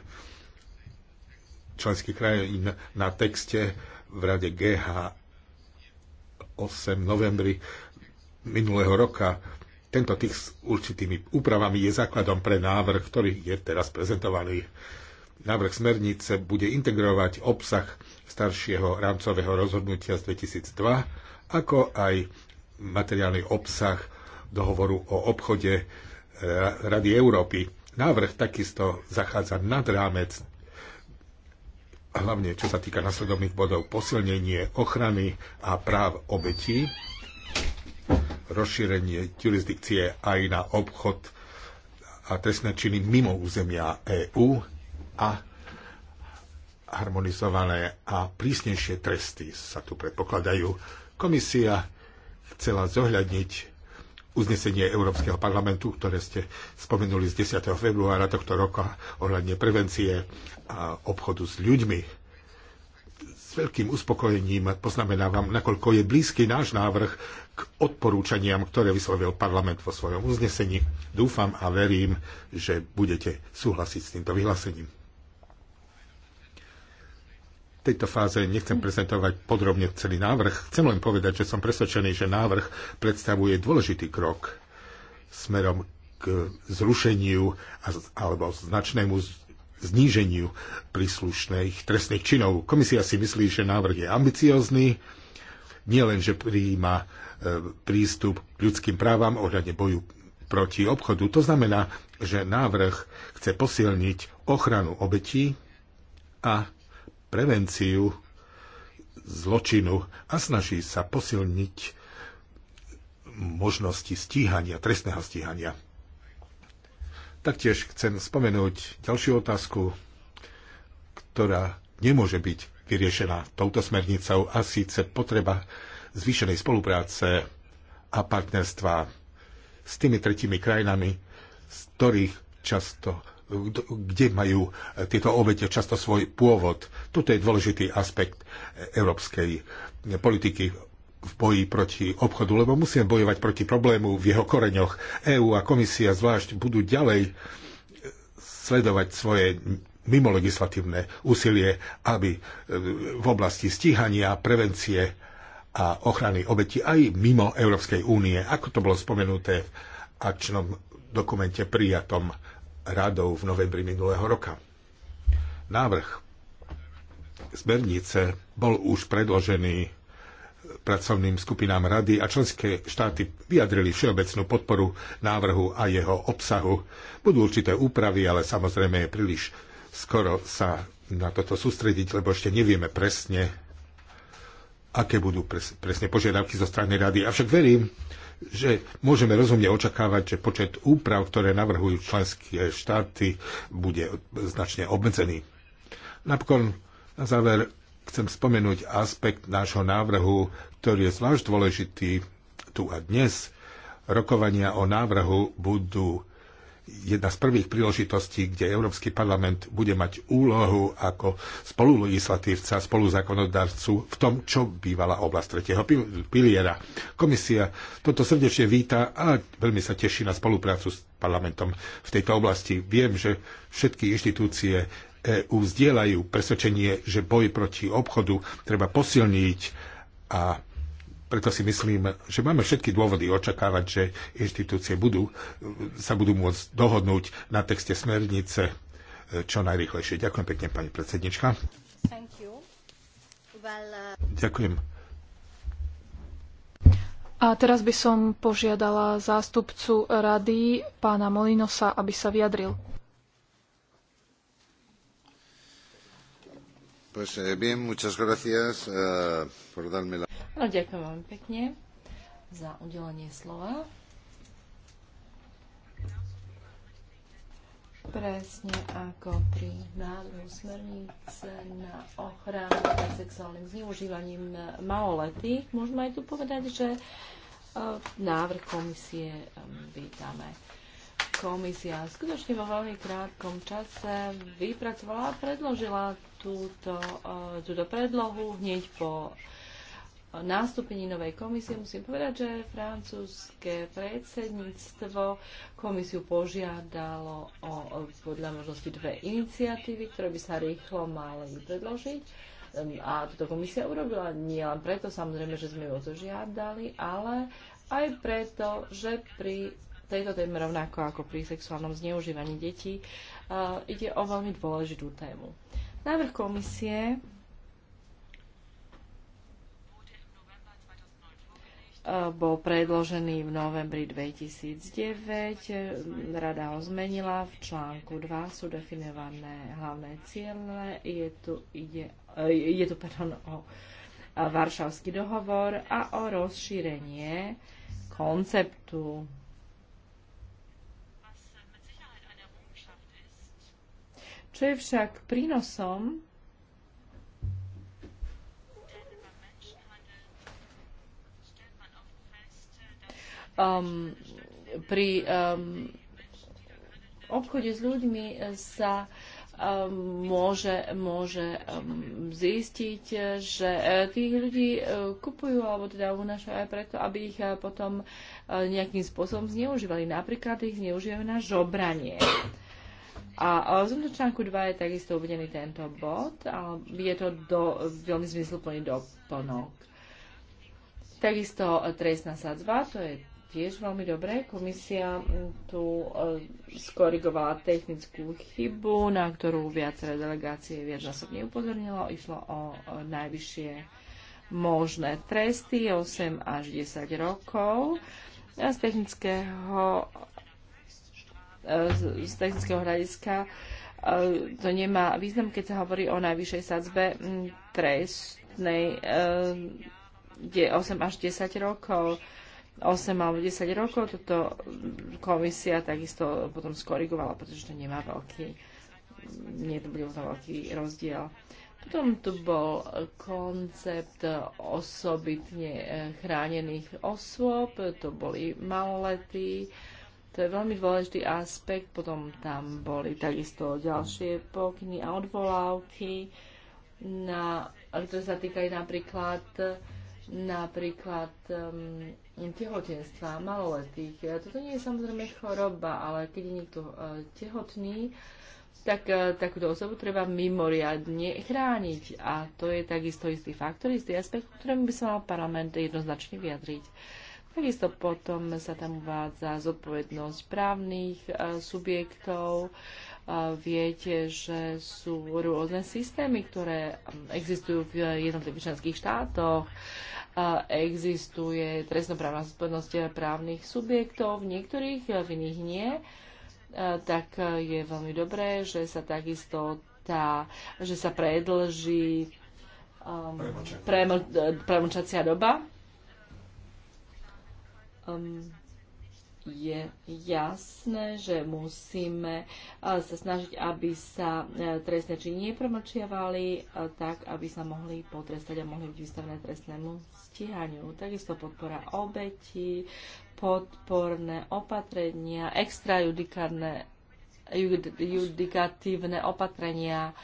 Speaker 1: členských krajín na texte v Rade GH 8 novembri minulého roka. Tento text s určitými úpravami je základom pre návrh, ktorý je teraz prezentovaný návrh smernice bude integrovať obsah staršieho rámcového rozhodnutia z 2002, ako aj materiálny obsah dohovoru o obchode eh, Rady Európy. Návrh takisto zachádza nad rámec hlavne čo sa týka nasledovných bodov posilnenie ochrany a práv obetí, rozšírenie jurisdikcie aj na obchod a trestné činy mimo územia EÚ, a harmonizované a prísnejšie tresty sa tu predpokladajú. Komisia chcela zohľadniť uznesenie Európskeho parlamentu, ktoré ste spomenuli z 10. februára tohto roka ohľadne prevencie a obchodu s ľuďmi. S veľkým uspokojením poznamenávam, nakoľko je blízky náš návrh k odporúčaniam, ktoré vyslovil parlament vo svojom uznesení. Dúfam a verím, že budete súhlasiť s týmto vyhlásením tejto fáze nechcem prezentovať podrobne celý návrh. Chcem len povedať, že som presvedčený, že návrh predstavuje dôležitý krok smerom k zrušeniu alebo značnému zníženiu príslušných trestných činov. Komisia si myslí, že návrh je ambiciózny, len že prijíma e, prístup k ľudským právam ohľadne boju proti obchodu. To znamená, že návrh chce posilniť ochranu obetí a prevenciu zločinu a snaží sa posilniť možnosti stíhania, trestného stíhania. Taktiež chcem spomenúť ďalšiu otázku, ktorá nemôže byť vyriešená touto smernicou a síce potreba zvýšenej spolupráce a partnerstva s tými tretími krajinami, z ktorých často kde majú e, tieto obete často svoj pôvod. Toto je dôležitý aspekt e, európskej e, politiky v boji proti obchodu, lebo musíme bojovať proti problému v jeho koreňoch. EÚ a komisia zvlášť budú ďalej sledovať svoje mimolegislatívne úsilie, aby v oblasti stíhania, prevencie a ochrany obeti aj mimo Európskej únie, ako to bolo spomenuté v akčnom dokumente prijatom radou v novembri minulého roka. Návrh smernice bol už predložený pracovným skupinám rady a členské štáty vyjadrili všeobecnú podporu návrhu a jeho obsahu. Budú určité úpravy, ale samozrejme je príliš skoro sa na toto sústrediť, lebo ešte nevieme presne, aké budú presne požiadavky zo strany rady. Avšak verím, že môžeme rozumne očakávať, že počet úprav, ktoré navrhujú členské štáty, bude značne obmedzený. Napokon na záver chcem spomenúť aspekt nášho návrhu, ktorý je zvlášť dôležitý tu a dnes. Rokovania o návrhu budú jedna z prvých príležitostí, kde Európsky parlament bude mať úlohu ako spolulegislatívca, spoluzákonodarcu v tom, čo bývala oblasť tretieho piliera. Komisia toto srdečne víta a veľmi sa teší na spoluprácu s parlamentom v tejto oblasti. Viem, že všetky inštitúcie EU zdieľajú presvedčenie, že boj proti obchodu treba posilniť a preto si myslím, že máme všetky dôvody očakávať, že inštitúcie budú, sa budú môcť dohodnúť na texte smernice e, čo najrychlejšie. Ďakujem pekne, pani predsednička. Well, uh... Ďakujem.
Speaker 3: A teraz by som požiadala zástupcu rady, pána Molinosa, aby sa vyjadril.
Speaker 1: Eh, eh,
Speaker 2: no, ďakujem veľmi pekne za udelenie slova. Presne ako pri návrhu smernice na ochranu pred sexuálnym zneužívaním maloletých, môžeme aj tu povedať, že e, návrh komisie vítame. Komisia skutočne vo veľmi krátkom čase vypracovala a predložila túto, e, túto predlohu hneď po nástupení novej komisie. Musím povedať, že francúzske predsedníctvo komisiu požiadalo o, podľa možnosti dve iniciatívy, ktoré by sa rýchlo mali predložiť. A toto komisia urobila nie len preto, samozrejme, že sme ju o to žiadali, ale aj preto, že pri tejto téme rovnako ako pri sexuálnom zneužívaní detí uh, ide o veľmi dôležitú tému. Uh, Návrh komisie e, bol predložený v novembri 2009. Rada ho zmenila. V článku 2 sú definované hlavné ciele. Je tu, ide, e, je tu pardon, o Varšavský dohovor a o rozšírenie konceptu Čo je však prínosom um, pri um, obchode s ľuďmi sa um, môže, môže um, zistiť, že e, tých ľudí e, kupujú alebo teda unášajú aj preto, aby ich e, potom nejakým spôsobom zneužívali. Napríklad ich zneužívajú na žobranie. A v tomto článku 2 je takisto uvedený tento bod a je to do, veľmi zmysluplný doplnok. Takisto e, trestná sadzba, to je tiež veľmi dobré. Komisia tu e, skorigovala technickú chybu, na ktorú viaceré delegácie viacnásobne upozornilo. Išlo o najvyššie možné tresty 8 až 10 rokov. A z technického E, z technického hľadiska e, to nemá význam, keď sa hovorí o najvyššej sadzbe trestnej, kde e, 8 až 10 rokov. 8 alebo 10 rokov toto komisia takisto potom skorigovala, pretože to nemá veľký, nie to bude to veľký rozdiel. Potom tu bol koncept osobitne chránených osôb, to boli maloletí, to je veľmi dôležitý aspekt. Potom tam boli takisto ďalšie pokyny a odvolávky, na, ktoré sa týkali napríklad napríklad um, tehotenstva maloletých. Toto nie je samozrejme choroba, ale keď je niekto uh, tehotný, tak uh, takúto osobu treba mimoriadne chrániť. A to je takisto istý faktor, istý aspekt, ktorému by sa mal parlament jednoznačne vyjadriť. Uh, Takisto potom sa tam uvádza zodpovednosť právnych e, subjektov. E, viete, že sú rôzne systémy, ktoré existujú v jednotlivých členských štátoch. E, existuje trestnoprávna zodpovednosť právnych subjektov, v niektorých, v iných nie. Tak je veľmi dobré, že sa takisto tá, že sa predlží um, premlčacia doba um, je jasné, že musíme eh, sa snažiť, aby sa eh, trestné činy nepremlčiavali eh, tak, aby sa mohli potrestať a mohli byť vystavené trestnému stíhaniu. Takisto podpora obetí, podporné opatrenia, extrajudikárne judikatívne opatrenia,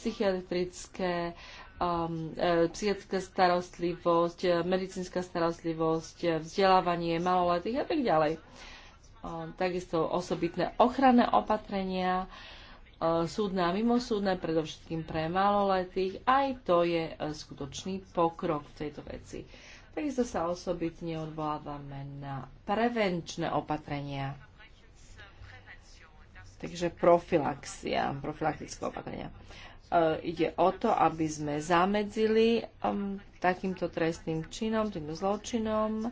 Speaker 2: psychiatrické um, psychická e, starostlivosť, e, medicínska starostlivosť, e, vzdelávanie maloletých a tak ďalej. Um, takisto osobitné ochranné opatrenia, uh, súdne a mimosúdne, predovšetkým pre maloletých. Aj to je uh, skutočný pokrok v tejto veci. Takisto sa osobitne odvolávame na prevenčné opatrenia. Takže profilaxia, profilaktické opatrenia. E, ide o to, aby sme zamedzili takýmto trestným činom, týmto zločinom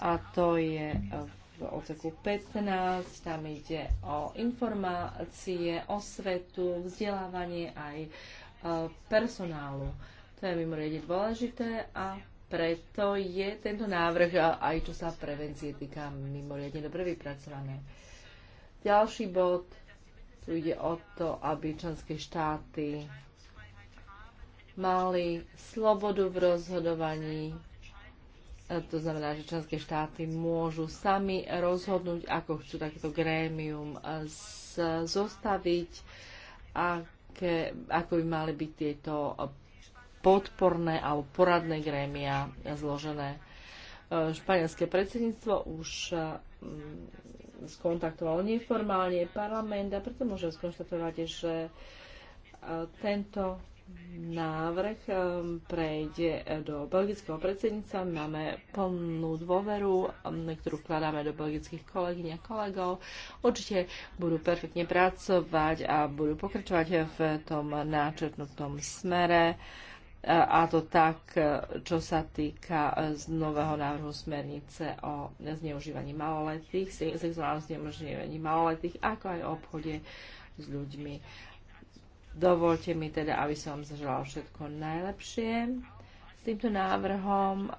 Speaker 2: a to je e, v odseku 15, tam ide o informácie, o svetu, vzdelávanie aj e, personálu. To je mimoriadne dôležité a preto je tento návrh aj čo sa prevencie týka mimoriadne dobre vypracované. Ďalší bod tu ide o to, aby členské štáty mali slobodu v rozhodovaní. To znamená, že členské štáty môžu sami rozhodnúť, ako chcú takéto grémium e, zostaviť, aké, ako by mali byť tieto podporné alebo poradné grémia zložené. E, španielské predsedníctvo už skontaktovalo neformálne parlament a preto môžem skonštatovať, že e, tento návrh e, prejde do belgického predsednica. Máme plnú dôveru, ktorú vkladáme do belgických kolegyň a kolegov. Určite budú perfektne pracovať a budú pokračovať v tom náčrtnutom smere a to tak, e, čo sa týka e, z nového návrhu smernice o zneužívaní maloletých, sexuálnom zneužívaní maloletých, ako aj o obchode s ľuďmi. Dovolte mi teda, aby som vám zaželal všetko najlepšie s týmto návrhom.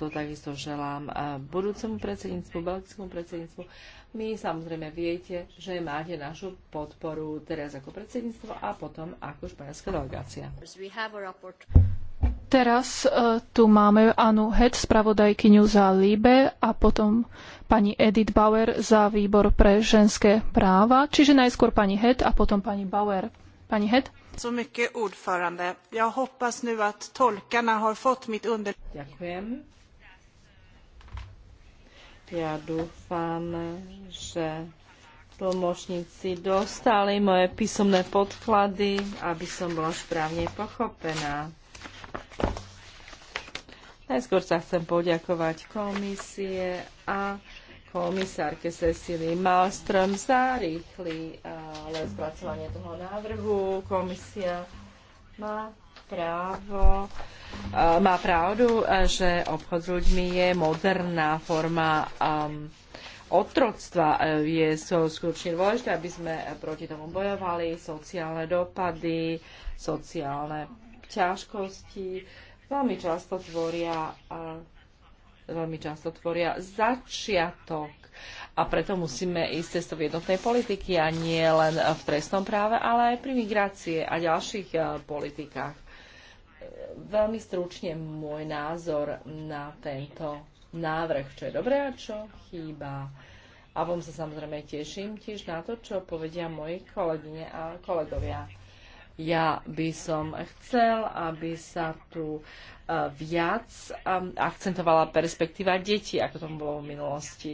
Speaker 2: To takisto želám e, budúcemu predsedníctvu, belgickému predsedníctvu my samozrejme viete, že máte našu podporu teraz ako predsedníctvo a potom ako španielská delegácia.
Speaker 3: Teraz uh, tu máme Anu Het, spravodajkyňu za Líbe a potom pani Edith Bauer za výbor pre ženské práva. Čiže najskôr pani Het a potom pani Bauer. Pani Het? Så mycket ordförande. Jag hoppas nu att tolkarna har fått mitt under... Ďakujem
Speaker 2: ja dúfam, že tlmočníci dostali moje písomné podklady, aby som bola správne pochopená. Najskôr sa chcem poďakovať komisie a komisárke Cecily Malström za rýchly eh, ale spracovanie toho návrhu. Komisia má právo e, má pravdu, e, že obchod s ľuďmi je moderná forma otroctva. E, je to skutočne dôležité, aby sme proti tomu bojovali, sociálne dopady, sociálne ťažkosti veľmi často tvoria veľmi často tvoria začiatok a preto musíme ísť cestou jednotnej politiky a nie len v trestnom práve, ale aj pri migrácie a ďalších politikách veľmi stručne môj názor na tento návrh, čo je dobré a čo chýba. A vám sa samozrejme teším tiež na to, čo povedia moji kolegyne a kolegovia. Ja by som chcel, aby sa tu e, viac akcentovala perspektíva detí, ako tomu bolo v minulosti.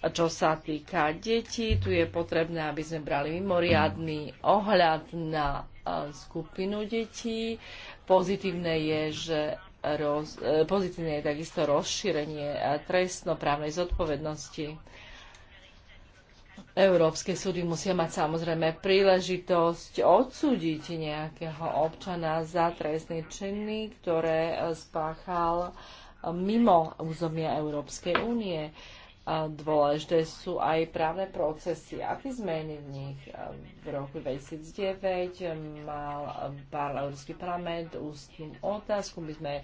Speaker 2: Čo sa týka detí, tu je potrebné, aby sme brali mimoriadný ohľad na e, skupinu detí, Pozitívne je, že roz, e, pozitívne je takisto rozšírenie trestnoprávnej zodpovednosti. Európske súdy musia mať samozrejme príležitosť odsúdiť nejakého občana za trestné činy, ktoré spáchal mimo územia Európskej únie. Dôležité sú aj právne procesy. Aké zmeny v nich? V roku 2009 mal Európsky parlament ústnú otázku. My sme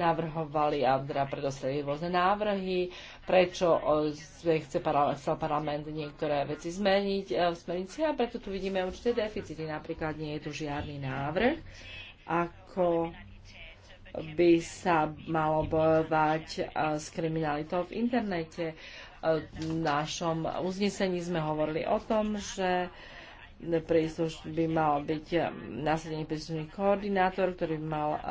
Speaker 2: navrhovali a teda predostali rôzne návrhy, prečo chce chcel parlament niektoré veci zmeniť e, v smernici a preto tu vidíme určité deficity. Napríklad nie je tu žiadny návrh, ako by sa malo bojovať e, s kriminalitou v internete našom uznesení sme hovorili o tom, že prísluž by mal byť um, následne príslušný koordinátor, ktorý by mal um,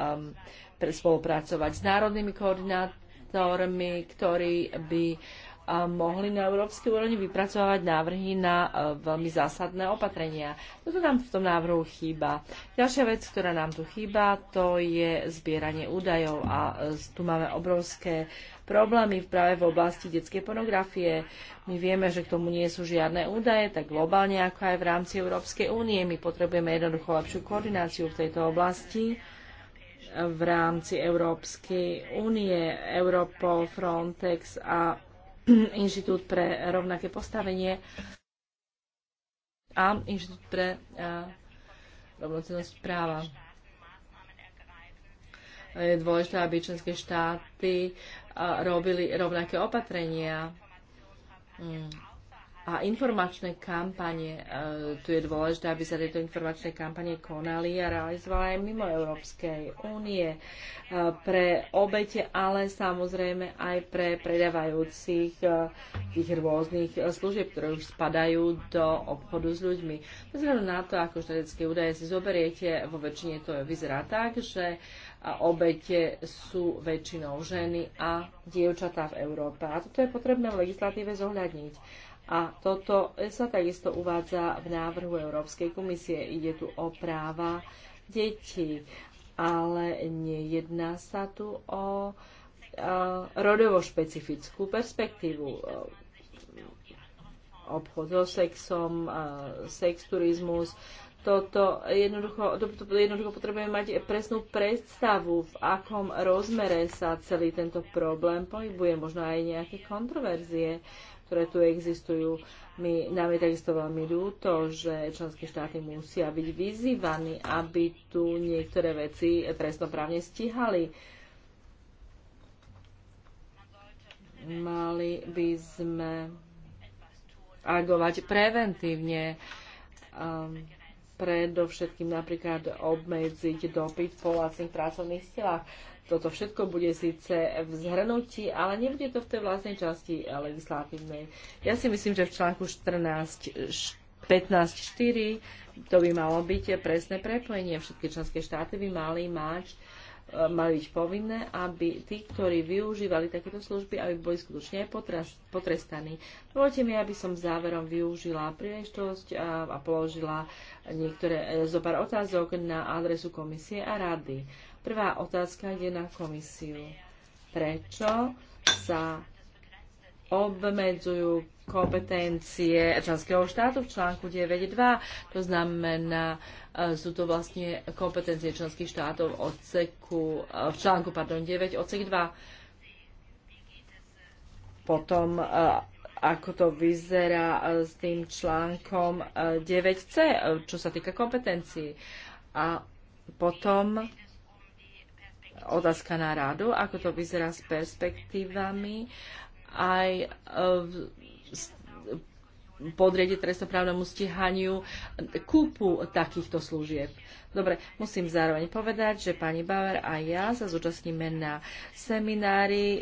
Speaker 2: spolupracovať s národnými koordinátormi, ktorí by uh, mohli na európskej úrovni vypracovať návrhy na e, veľmi zásadné opatrenia. Toto nám v tom návrhu chýba. Ďalšia vec, ktorá nám tu chýba, to je zbieranie údajov a e, tu máme obrovské problémy práve v oblasti detskej pornografie. My vieme, že k tomu nie sú žiadne údaje, tak globálne ako aj v rámci Európskej únie. My potrebujeme jednoducho lepšiu koordináciu v tejto oblasti v rámci Európskej únie, Europol, Frontex a Inštitút pre rovnaké postavenie a Inštitút pre eh, rovnocenosť práva. Je dôležité, aby členské štáty eh, robili rovnaké opatrenia mm. A informačné kampanie, e, tu je dôležité, aby sa tieto informačné kampanie konali a realizovali aj mimo Európskej únie e, pre obete, ale samozrejme aj pre predávajúcich e, tých rôznych služieb, ktoré už spadajú do obchodu s ľuďmi. Vzhľadom na to, ako štatecké údaje si zoberiete, vo väčšine to vyzerá tak, že a obete sú väčšinou ženy a dievčatá v Európe. A toto je potrebné v legislatíve zohľadniť. A toto sa takisto uvádza v návrhu Európskej komisie. Ide tu o práva detí, ale nejedná sa tu o rodovo špecifickú perspektívu obchod so sexom, sex turizmus. Toto jednoducho, to, to jednoducho potrebujeme mať presnú predstavu, v akom rozmere sa celý tento problém pohybuje, možno aj nejaké kontroverzie ktoré tu existujú. My, nám je takisto veľmi ľúto, že členské štáty musia byť vyzývaní, aby tu niektoré veci trestnoprávne stíhali. Mali by sme agovať preventívne, um, predovšetkým napríklad obmedziť dopyt po vlastných pracovných silách toto všetko bude síce v zhrnutí, ale nebude to v tej vlastnej časti legislatívnej. Ja si myslím, že v článku 14, 4 to by malo byť presné prepojenie. Všetky členské štáty by mali mať e, mali byť povinné, aby tí, ktorí využívali takéto služby, aby boli skutočne aj potrestaní. Dovolte mi, aby som záverom využila príležitosť a, a položila niektoré e, zo pár otázok na adresu komisie a rady. Prvá otázka je na komisiu. Prečo sa obmedzujú kompetencie členského štátu v článku 9.2. To znamená, e, sú to vlastne kompetencie členských štátov v, odseku, e, v článku pardon, 9 odsek 2. Potom, e, ako to vyzerá s tým článkom 9c, čo sa týka kompetencií. A potom otázka na rádu, ako to vyzerá s perspektívami aj e, podriede trestnoprávnemu stíhaniu kúpu takýchto služieb. Dobre, musím zároveň povedať, že pani Bauer a ja sa zúčastníme na seminári, e,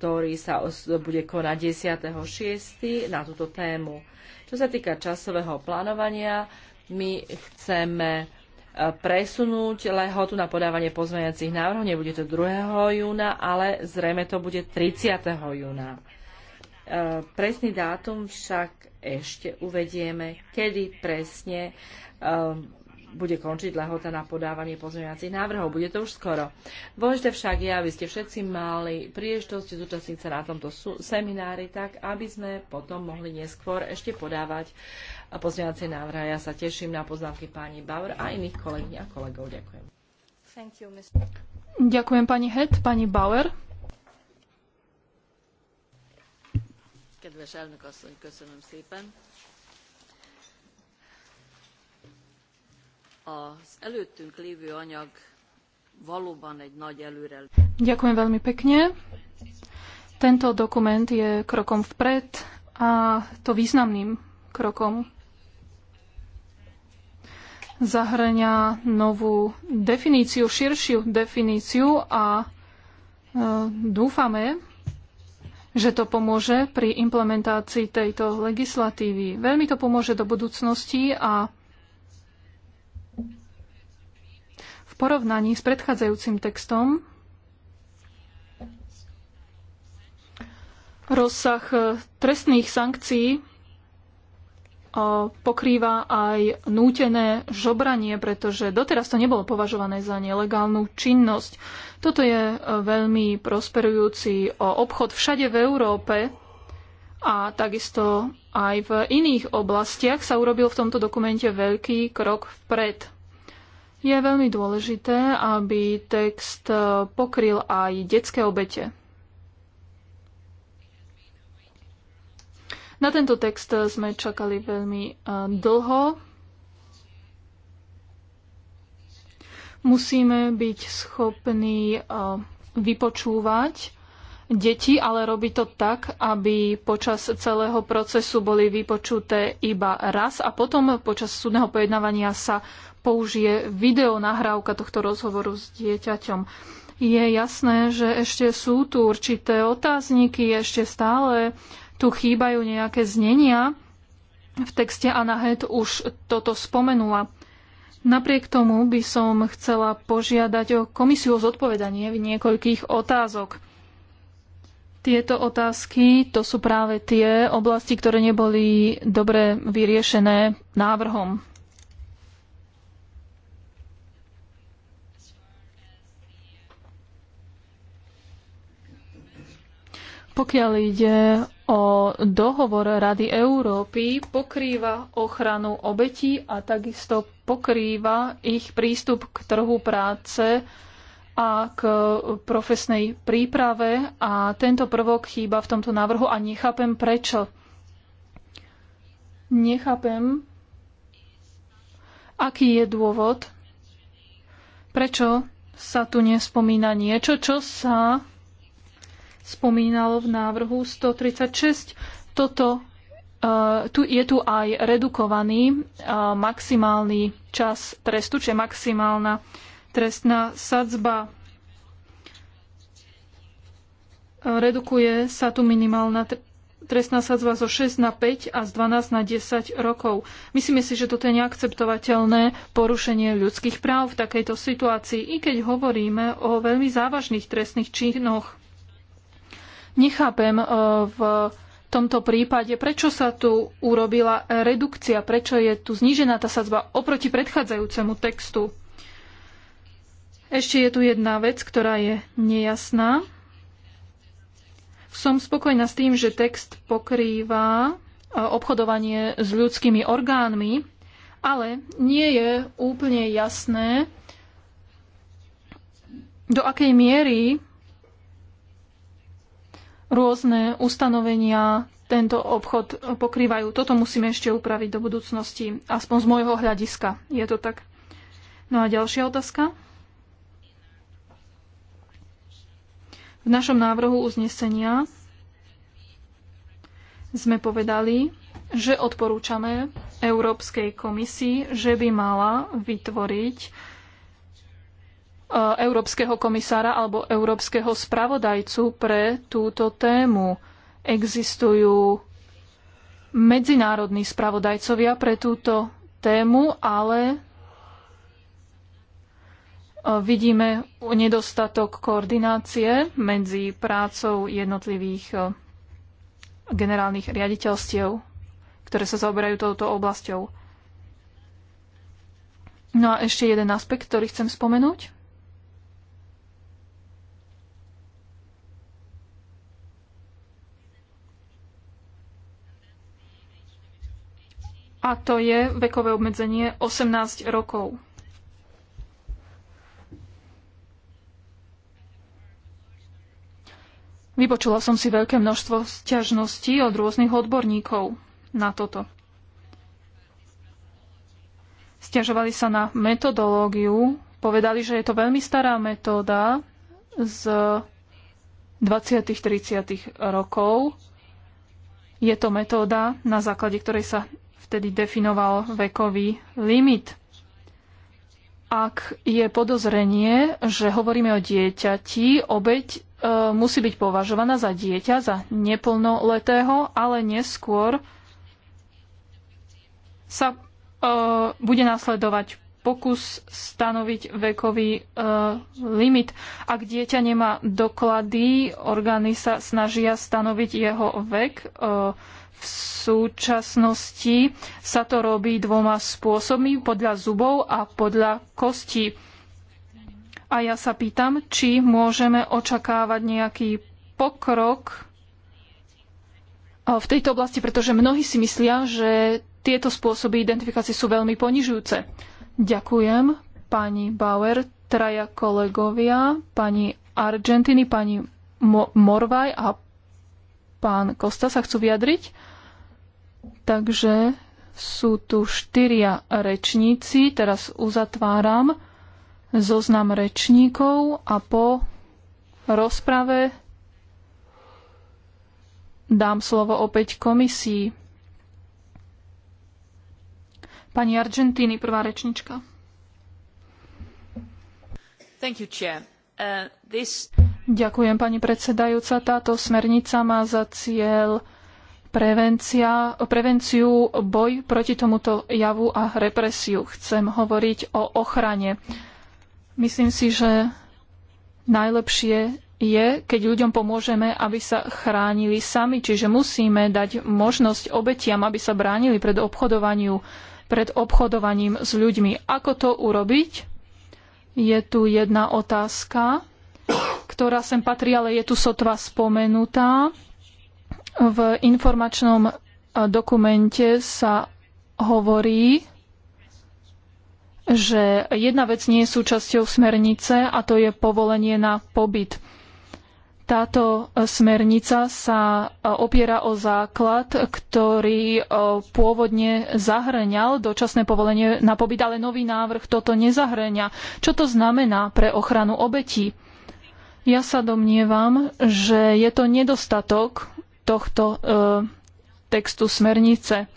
Speaker 2: ktorý sa bude konať 10.6. na túto tému. Čo sa týka časového plánovania, my chceme presunúť lehotu na podávanie pozmeňacích návrhov. Nebude to 2. júna, ale zrejme to bude 30. júna. E, presný dátum však ešte uvedieme, kedy presne e, bude končiť lehota na podávanie pozmeňovacích návrhov. Bude to už skoro. Dôležité však je, aby ste všetci mali príležitosť zúčastniť sa na tomto seminári, tak aby sme potom mohli neskôr ešte podávať pozmeňovacie návrhy. Ja sa teším na poznámky pani Bauer a iných kolegyň a kolegov. Ďakujem.
Speaker 3: You, Ďakujem pani Het, pani Bauer.
Speaker 2: Kedves elnök asszony, köszönöm szépen. az előttünk lévő anyag valóban egy nagy Ďakujem veľmi
Speaker 3: pekne. Tento dokument je krokom vpred a to významným krokom. Zahrania novú definíciu, širšiu definíciu a e, dúfame, že to pomôže pri implementácii tejto legislatívy. Veľmi to pomôže do budúcnosti a porovnaní s predchádzajúcim textom rozsah e, trestných sankcií e, pokrýva aj nútené žobranie, pretože doteraz to nebolo považované za nelegálnu činnosť. Toto je e, veľmi prosperujúci obchod všade v Európe a takisto aj v iných oblastiach sa urobil v tomto dokumente veľký krok vpred. Je veľmi dôležité, aby text e, pokryl aj detské obete. Na tento text e, sme čakali veľmi e, dlho. Musíme byť schopní vypočúvať deti, ale robí to tak, aby počas celého procesu boli vypočuté iba raz a potom počas súdneho pojednávania sa použije videonahrávka tohto rozhovoru s dieťaťom. Je jasné, že ešte sú tu určité otázniky, ešte stále tu chýbajú nejaké znenia. V texte Anna Het už toto spomenula. Napriek tomu by som chcela požiadať o komisiu o zodpovedanie v niekoľkých otázok. Tieto otázky to sú práve tie oblasti, ktoré neboli dobre vyriešené návrhom. Pokiaľ ide o dohovor Rady Európy, pokrýva ochranu obetí a takisto pokrýva ich prístup k trhu práce a k profesnej príprave a tento prvok chýba v tomto návrhu a nechápem prečo. Nechápem, aký je dôvod, prečo sa tu nespomína niečo, čo sa spomínalo v návrhu 136. Toto e, tu je tu aj redukovaný e, maximálny čas trestu, čiže maximálna trestná sadzba. Redukuje sa tu minimálna trestná sadzba zo 6 na 5 a z 12 na 10 rokov. Myslíme si, že toto je neakceptovateľné porušenie ľudských práv v takejto situácii, i keď hovoríme o veľmi závažných trestných činoch. Nechápem eh, v tomto prípade, prečo sa tu urobila redukcia, prečo je tu znížená tá sadzba oproti predchádzajúcemu textu. Ešte je tu jedna vec, ktorá je nejasná. Som spokojná s tým, že text pokrýva e, obchodovanie s ľudskými orgánmi, ale nie je úplne jasné, do akej miery rôzne ustanovenia tento obchod pokrývajú. Toto musíme ešte upraviť do budúcnosti, aspoň z môjho hľadiska. Je to tak. No a ďalšia otázka. V našom návrhu uznesenia sme povedali, že odporúčame Európskej komisii, že by mala vytvoriť e, európskeho komisára alebo európskeho spravodajcu pre túto tému. Existujú medzinárodní spravodajcovia pre túto tému, ale vidíme nedostatok koordinácie medzi prácou jednotlivých generálnych riaditeľstiev, ktoré sa zaoberajú touto oblasťou. No a ešte jeden aspekt, ktorý chcem spomenúť. A to je vekové obmedzenie 18 rokov. Vypočula som si veľké množstvo sťažností od rôznych odborníkov na toto. Sťažovali sa na metodológiu, povedali, že je to veľmi stará metóda z 20. 30. rokov. Je to metóda, na základe ktorej sa vtedy definoval vekový limit. Ak je podozrenie, že hovoríme o dieťati, obeď E, musí byť považovaná za dieťa, za neplnoletého, ale neskôr sa e, bude nasledovať pokus stanoviť vekový e, limit. Ak dieťa nemá doklady, orgány sa snažia stanoviť jeho vek. E, v súčasnosti sa to robí dvoma spôsobmi, podľa zubov a podľa kostí. A ja sa pýtam, či môžeme očakávať nejaký pokrok eh, v tejto oblasti, pretože mnohí si myslia, že tieto spôsoby identifikácie sú veľmi ponižujúce. Ďakujem, pani Bauer, traja kolegovia, pani Argentiny, pani Mo- Morvaj a pán Kosta sa chcú vyjadriť. Takže sú tu štyria rečníci, teraz uzatváram zoznam rečníkov a po rozprave dám slovo opäť komisii. Pani Argentíny, prvá rečnička. Thank you, chair. Uh, this... Ďakujem, pani predsedajúca. Táto smernica má za cieľ prevenciu, boj proti tomuto javu a represiu. Chcem hovoriť o ochrane. Uh, Myslím si, že najlepšie je, keď ľuďom pomôžeme, aby sa chránili sami. Čiže musíme dať možnosť obetiam, aby sa bránili pred obchodovaniu, pred obchodovaním s ľuďmi. Ako to urobiť? Je tu jedna otázka, ktorá sem patrí, ale je tu sotva spomenutá. V informačnom dokumente sa hovorí, že jedna vec nie je súčasťou smernice a to je povolenie na pobyt. Táto smernica sa e, opiera o základ, ktorý e, pôvodne zahŕňal dočasné povolenie na pobyt, ale nový návrh toto nezahŕňa. Čo to znamená pre ochranu obetí? Ja sa domnievam, že je to nedostatok tohto e, textu smernice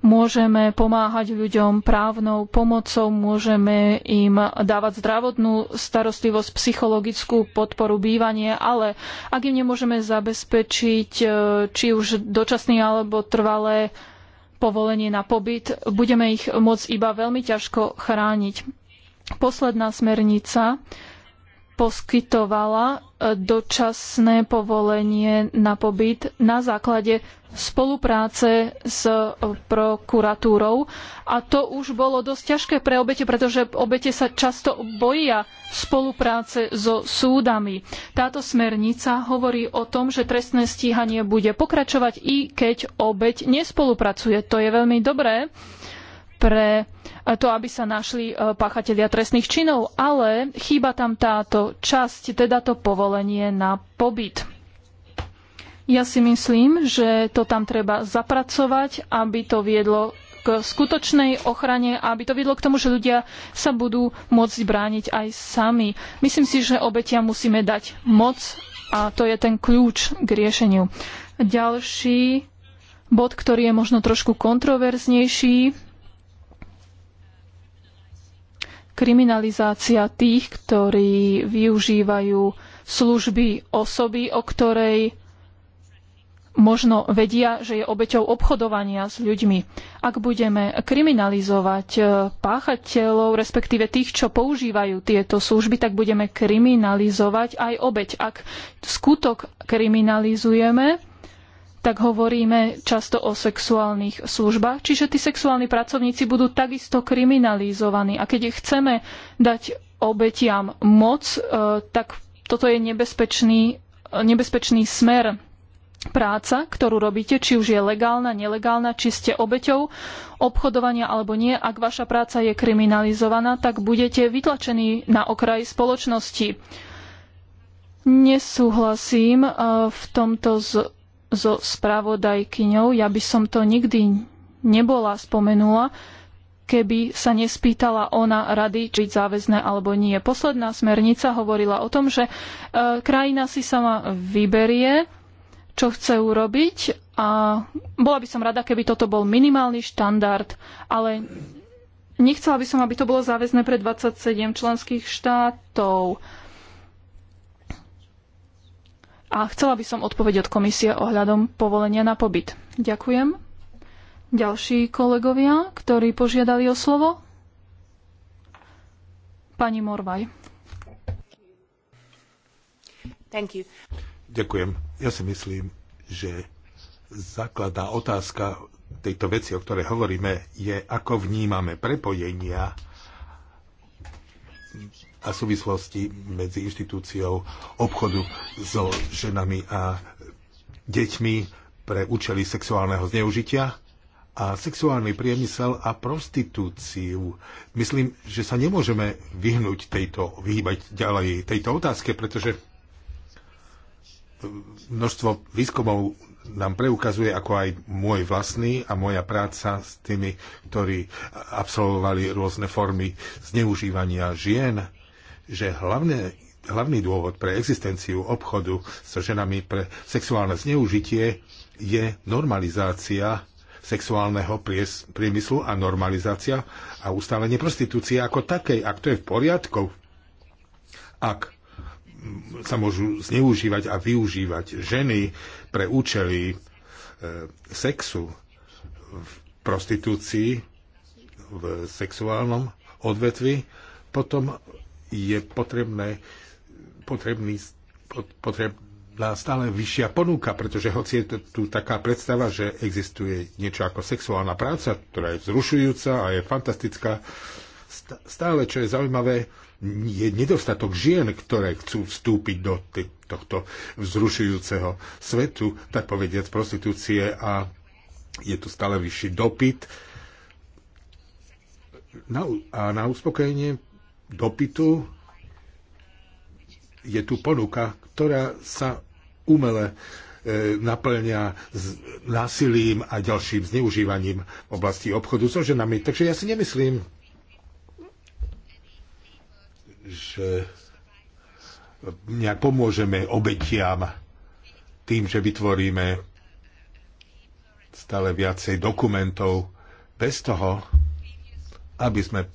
Speaker 3: môžeme pomáhať ľuďom právnou pomocou, môžeme im dávať zdravotnú starostlivosť, psychologickú podporu, bývanie, ale ak im nemôžeme zabezpečiť e, či už dočasný alebo trvalé povolenie na pobyt, budeme ich môcť iba veľmi ťažko chrániť. Posledná smernica poskytovala e, dočasné povolenie na pobyt na základe spolupráce s prokuratúrou. A to už bolo dosť ťažké pre obete, pretože obete sa často boja spolupráce so súdami. Táto smernica hovorí o tom, že trestné stíhanie bude pokračovať, i keď obeť nespolupracuje. To je veľmi dobré pre to, aby sa našli e, páchatelia trestných činov, ale chýba tam táto časť, teda to povolenie na pobyt. Ja si myslím, že to tam treba zapracovať, aby to viedlo k skutočnej ochrane a aby to viedlo k tomu, že ľudia sa budú môcť brániť aj sami. Myslím si, že obetiam musíme dať moc a to je ten kľúč k riešeniu. Ďalší bod, ktorý je možno trošku kontroverznejší, kriminalizácia tých, ktorí využívajú služby osoby, o ktorej možno vedia, že je obeťou obchodovania s ľuďmi. Ak budeme kriminalizovať e, páchateľov, respektíve tých, čo používajú tieto služby, tak budeme kriminalizovať aj obeť. Ak skutok kriminalizujeme, tak hovoríme často o sexuálnych službách, čiže tí sexuálni pracovníci budú takisto kriminalizovaní. A keď chceme dať obetiam moc, e, tak toto je nebezpečný, e, nebezpečný smer práca, ktorú robíte, či už je legálna, nelegálna, či ste obeťou obchodovania alebo nie, ak vaša práca je kriminalizovaná, tak budete vytlačení na okraj spoločnosti. Nesúhlasím e, v tomto s so spravodajkyňou. Ja by som to nikdy nebola spomenula, keby sa nespýtala ona rady, či záväzné alebo nie. Posledná smernica hovorila o tom, že e, krajina si sama vyberie, čo chce urobiť a bola by som rada, keby toto bol minimálny štandard, ale nechcela by som, aby to bolo záväzné pre 27 členských štátov a chcela by som odpoveď od komisie ohľadom povolenia na pobyt. Ďakujem. Ďalší kolegovia, ktorí požiadali o slovo? Pani Morvaj.
Speaker 1: Ďakujem. Ja si myslím, že základná otázka tejto veci, o ktorej hovoríme, je, ako vnímame prepojenia a súvislosti medzi inštitúciou obchodu so ženami a deťmi pre účely sexuálneho zneužitia a sexuálny priemysel a prostitúciu. Myslím, že sa nemôžeme vyhnúť tejto, vyhýbať ďalej tejto otázke, pretože množstvo výskumov nám preukazuje, ako aj môj vlastný a moja práca s tými, ktorí absolvovali rôzne formy zneužívania žien že hlavne, hlavný dôvod pre existenciu obchodu so ženami pre sexuálne zneužitie je normalizácia sexuálneho priemyslu a normalizácia a ustálenie prostitúcie ako takej. Ak to je v poriadku, ak sa môžu zneužívať a využívať ženy pre účely e, sexu v prostitúcii, v sexuálnom odvetvi, potom je potrebné, potrebný, potrebná stále vyššia ponuka, pretože hoci je tu taká predstava, že existuje niečo ako sexuálna práca, ktorá je vzrušujúca a je fantastická, stále, čo je zaujímavé, je nedostatok žien, ktoré chcú vstúpiť do tohto vzrušujúceho svetu, tak povediať, prostitúcie a je tu stále vyšší dopyt. Na, a na uspokojenie dopytu, je tu ponuka, ktorá sa umele e, naplňa s násilím a ďalším zneužívaním v oblasti obchodu so ženami. Takže ja si nemyslím, že nejak pomôžeme obetiam tým, že vytvoríme stále viacej dokumentov bez toho, aby sme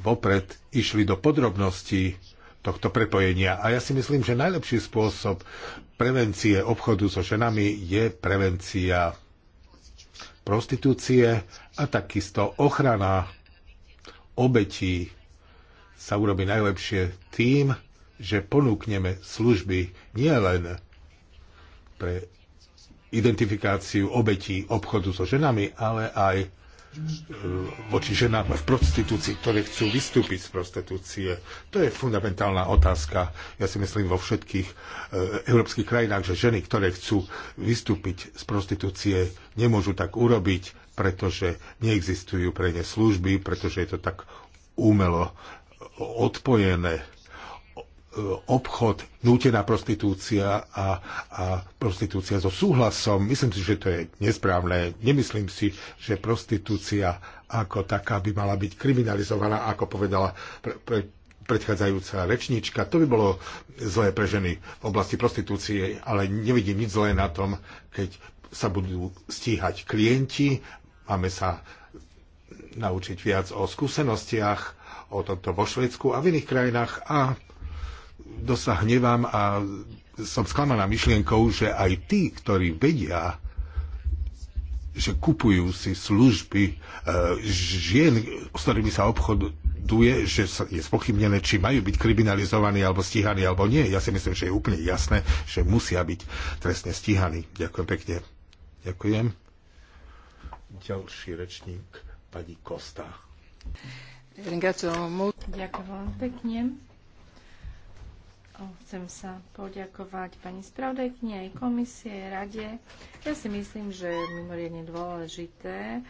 Speaker 1: vopred išli do podrobností tohto prepojenia. A ja si myslím, že najlepší spôsob prevencie obchodu so ženami je prevencia prostitúcie a takisto ochrana obetí sa urobí najlepšie tým, že ponúkneme služby nielen pre identifikáciu obetí obchodu so ženami, ale aj Ehm, voči ženám v prostitúcii, ktoré chcú vystúpiť z prostitúcie. To je fundamentálna otázka, ja si myslím, vo všetkých eh, európskych krajinách, že ženy, ktoré chcú vystúpiť z prostitúcie, nemôžu tak urobiť, pretože neexistujú pre ne služby, pretože je to tak umelo odpojené E, obchod, nútená prostitúcia a, a prostitúcia so súhlasom. Myslím si, že to je nesprávne. Nemyslím si, že prostitúcia ako taká by mala byť kriminalizovaná, ako povedala pre, pre, predchádzajúca rečníčka. To by bolo zlé pre ženy v oblasti prostitúcie, ale nevidím nič zlé na tom, keď sa budú stíhať klienti. Máme sa naučiť viac o skúsenostiach, o tomto vo Švedsku a v iných krajinách a dosť a som sklamaná myšlienkou, že aj tí, ktorí vedia, že kupujú si služby e, žien, s ktorými sa obchoduje, že je spochybnené, či majú byť kriminalizovaní alebo stíhaní alebo nie. Ja si myslím, že je úplne jasné, že musia byť trestne stíhaní. Ďakujem pekne. Ďakujem. Ďalší rečník, pani Kosta.
Speaker 3: Ďakujem
Speaker 2: pekne. Chcem sa poďakovať pani spravodajkyni aj komisie, rade. Ja si myslím, že je mimoriadne dôležité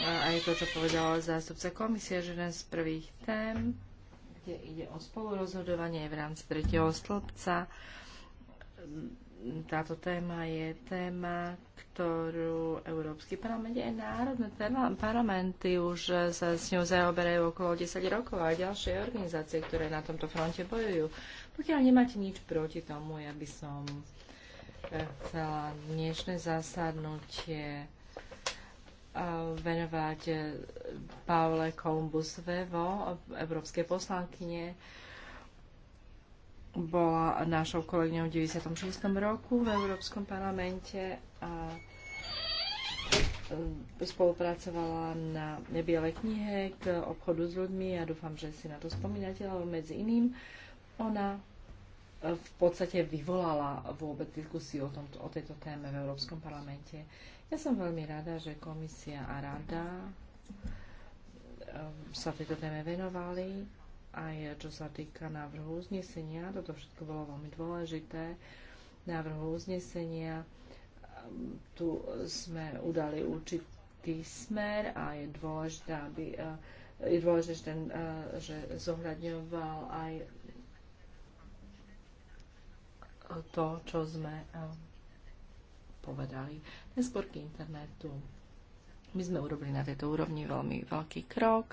Speaker 2: aj to, čo povedala zástupca komisie, že jeden z prvých tém, kde ide o spolurozhodovanie v rámci tretieho stĺpca, táto téma je téma, ktorú Európsky parlament aj národné parlamenty už sa s ňou zaoberajú okolo 10 rokov a ďalšie organizácie, ktoré na tomto fronte bojujú. Pokiaľ nemáte nič proti tomu, ja by som eh, chcela dnešné zasadnutie eh, venovať eh, Paule Kolumbus Vevo, európskej poslankyne, bola našou kolegyňou v 96. roku v Európskom parlamente a e, spolupracovala na Bielej knihe k obchodu s ľuďmi. Ja dúfam, že si na to spomínate, ale medzi iným ona e, v podstate vyvolala vôbec diskusiu o, tomto, o tejto téme v Európskom parlamente. Ja som veľmi rada, že komisia a rada e, sa tejto téme venovali aj čo sa týka návrhu uznesenia. Toto všetko bolo veľmi dôležité. Návrhu uznesenia. Ehm, tu sme udali určitý smer a je dôležité, aby eh, je dôležité, že, ten, eh, že zohľadňoval aj to, čo sme eh, povedali. Neskôr k internetu. My sme urobili na tejto úrovni veľmi veľký krok,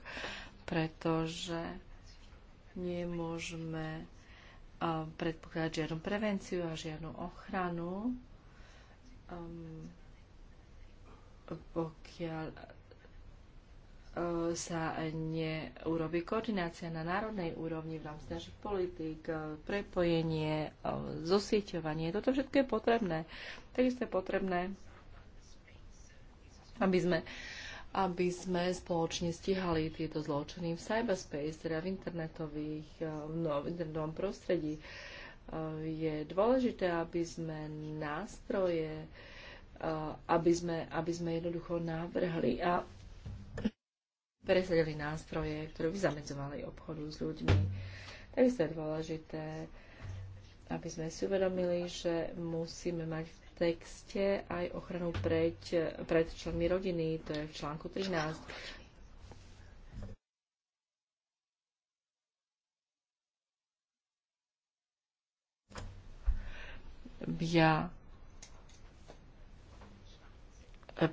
Speaker 2: pretože nemôžeme predpokladať žiadnu prevenciu a žiadnu ochranu, um, pokiaľ sa neurobi koordinácia na národnej úrovni v rámci našich politík, prepojenie, zosieťovanie. Toto všetko je potrebné. Takisto je potrebné, aby sme uh, aby sme spoločne stíhali tieto zločiny v cyberspace, teda v internetových, eh, no, v internetovom prostredí. Eh, je dôležité, aby sme nástroje, eh, aby sme, aby sme jednoducho navrhli a presadili nástroje, ktoré by zamedzovali obchodu s ľuďmi. Takisto je dôležité, aby sme si uvedomili, že musíme mať v texte aj ochranu pred, pred členmi rodiny, to je v článku 13. ja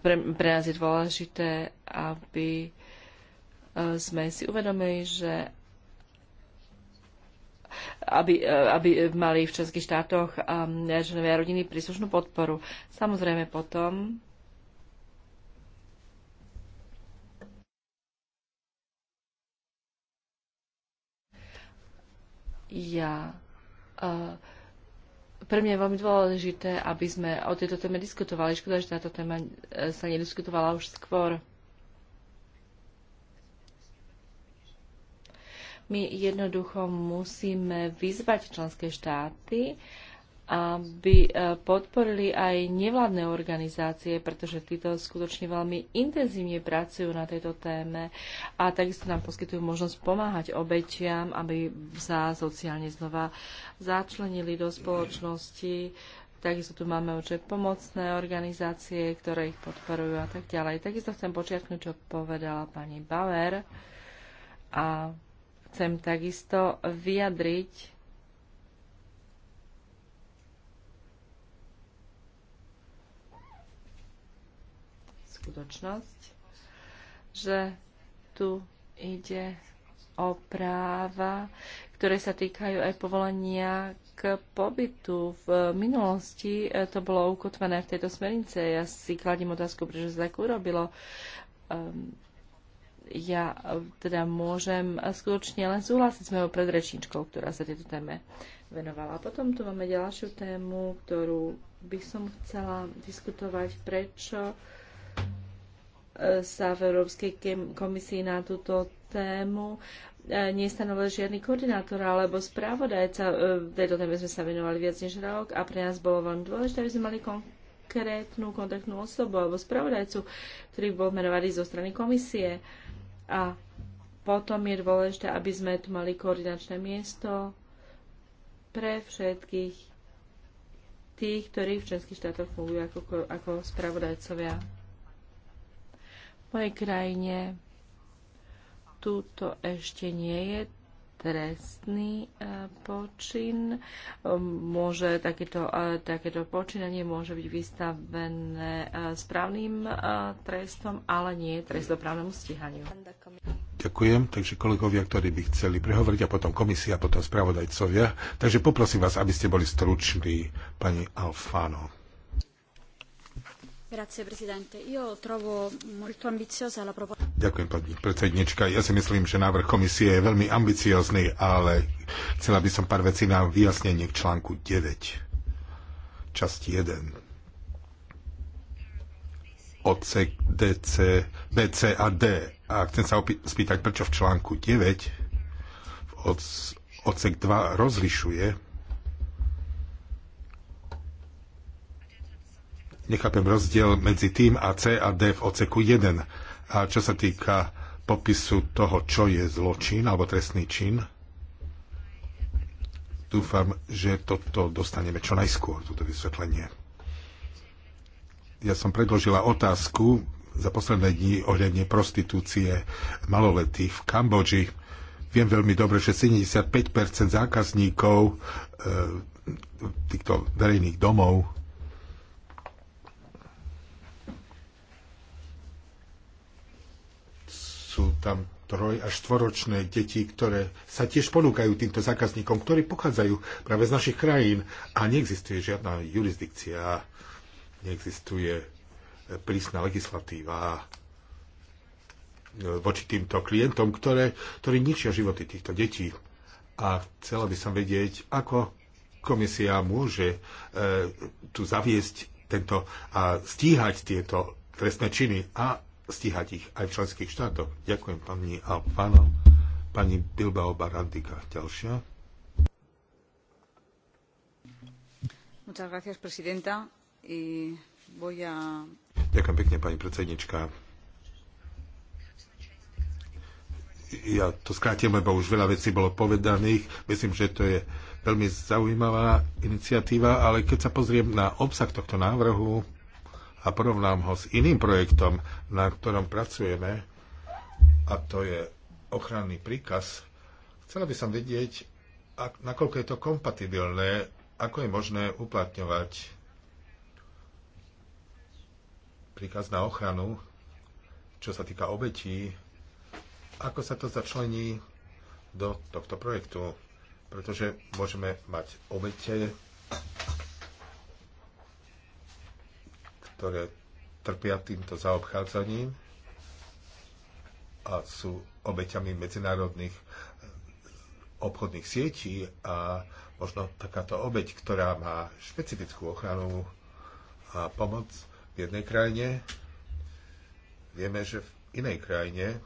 Speaker 2: pre, pre nás je dôležité, aby eh, sme si uvedomili, že aby, e, aby mali v českých štátoch členovia rodiny príslušnú podporu. Samozrejme potom ja e, pre mňa je veľmi dôležité, aby sme o tejto téme diskutovali. Škoda, že táto téma e, sa nediskutovala už skôr. My jednoducho musíme vyzvať členské štáty, aby e, podporili aj nevládne organizácie, pretože títo skutočne veľmi intenzívne pracujú na tejto téme a takisto nám poskytujú možnosť pomáhať obetiam, aby sa sociálne znova začlenili do spoločnosti. Takisto tu máme určite pomocné organizácie, ktoré ich podporujú a tak ďalej. Takisto chcem počiatknúť, čo povedala pani Bauer a Chcem takisto vyjadriť skutočnosť, že tu ide o práva, ktoré sa týkajú aj povolenia k pobytu. V minulosti eh, to bolo ukotvené v tejto smernice. Ja si kladím otázku, prečo sa tak urobilo. Um, ja teda môžem skutočne len súhlasiť s mojou predrečníčkou, ktorá sa tejto téme venovala. A potom tu máme ďalšiu tému, ktorú by som chcela diskutovať, prečo e, sa v Európskej komisii na túto tému e, nestanovil žiadny koordinátor alebo správodajca. E, v tejto téme sme sa venovali viac než rok a pre nás bolo veľmi dôležité, aby sme mali konkrétnu kontaktnú osobu alebo spravodajcu, ktorý bol menovaný zo strany komisie. Uh, a potom je dôležité, aby sme tu mali koordinačné miesto pre všetkých tých, ktorí v Českých štátoch fungujú ako, ako spravodajcovia. V mojej krajine túto ešte nie je trestný e, počin. Ehm, môže takéto, e, takéto počínanie môže byť vystavené e, správnym trestom, ale nie trestoprávnemu stíhaniu.
Speaker 1: Ďakujem. Takže kolegovia, ktorí by chceli prehovoriť, a potom komisia, a potom spravodajcovia. Takže poprosím vás, aby ste boli struční, pani Alfano. Ďakujem, pani predsednička. Ja si myslím, že návrh komisie je veľmi ambiciózny, ale chcela by som pár vecí na vyjasnenie k článku 9, časti 1. Odsek DC, BC a D. A chcem sa spýtať, prečo v článku 9 v odsek 2 rozlišuje nechápem rozdiel medzi tým a C a D v oceku 1. A čo sa týka popisu toho, čo je zločin alebo trestný čin, dúfam, že toto dostaneme čo najskôr, toto vysvetlenie. Ja som predložila otázku za posledné dni ohľadne prostitúcie maloletých v Kambodži. Viem veľmi dobre, že 75% zákazníkov e, týchto verejných domov sú tam troj až štvoročné deti, ktoré sa tiež ponúkajú týmto zákazníkom, ktorí pochádzajú práve z našich krajín a neexistuje žiadna jurisdikcia, neexistuje e, prísna legislatíva e, voči týmto klientom, ktoré, ktorí ničia životy týchto detí. A chcela by som vedieť, ako komisia môže e, tu zaviesť tento a stíhať tieto trestné činy a stíhať ich aj v členských štátoch. Ďakujem pani a pánom. Pani Bilbao Barandika, ďalšia.
Speaker 5: Muchas gracias,
Speaker 2: presidenta. Y voy a...
Speaker 1: Ďakujem pekne, pani predsednička. Ja to skrátim, lebo už veľa vecí bolo povedaných. Myslím, že to je veľmi zaujímavá iniciatíva, ale keď sa pozriem na obsah tohto návrhu, a porovnám ho s iným projektom, na ktorom pracujeme, a to je ochranný príkaz, chcela by som vedieť, ak, nakoľko je to kompatibilné, ako je možné uplatňovať príkaz na ochranu, čo sa týka obetí, ako sa to začlení do tohto projektu, pretože môžeme mať obete ktoré trpia týmto zaobchádzaním a sú obeťami medzinárodných eh, obchodných sietí a možno takáto obeť, ktorá má špecifickú ochranu a pomoc v jednej krajine, vieme, že v inej krajine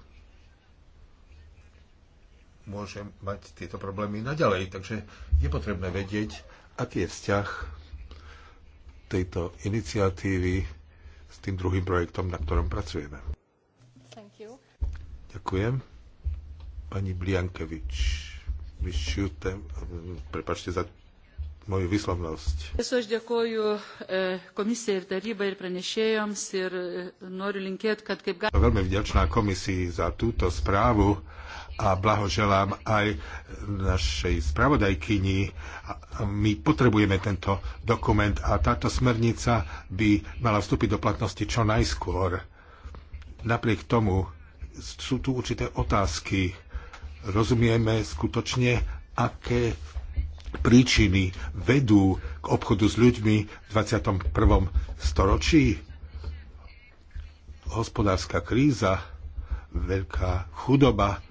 Speaker 1: môže mať tieto problémy naďalej. Takže je potrebné vedieť, aký je vzťah tejto iniciatívy s tým druhým projektom, na ktorom pracujeme. Thank you. Ďakujem. Pani Bliankevič, vyšiute, prepačte za moju vyslovnosť.
Speaker 2: Esu eh, aš dėkoju komisijai ir tarybai ir pranešėjams ir eh, noriu linkėti, kad kaip galima.
Speaker 1: Veľmi vďačná komisii za túto správu a blahoželám aj našej spravodajkyni. My potrebujeme tento dokument a táto smernica by mala vstúpiť do platnosti čo najskôr. Napriek tomu sú tu určité otázky. Rozumieme skutočne, aké príčiny vedú k obchodu s ľuďmi v 21. storočí. Hospodárska kríza, veľká chudoba,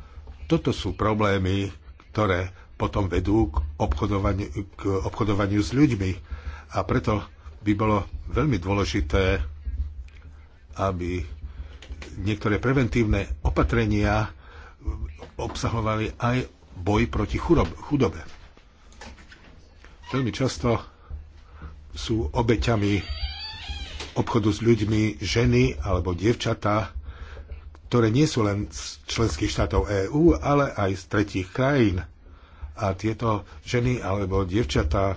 Speaker 1: toto sú problémy, ktoré potom vedú k obchodovaniu, k obchodovaniu s ľuďmi. A preto by bolo veľmi dôležité, aby niektoré preventívne opatrenia obsahovali aj boj proti chudobe. Veľmi často sú obeťami obchodu s ľuďmi ženy alebo dievčatá, ktoré nie sú len z členských štátov EÚ, ale aj z tretích krajín. A tieto ženy alebo dievčatá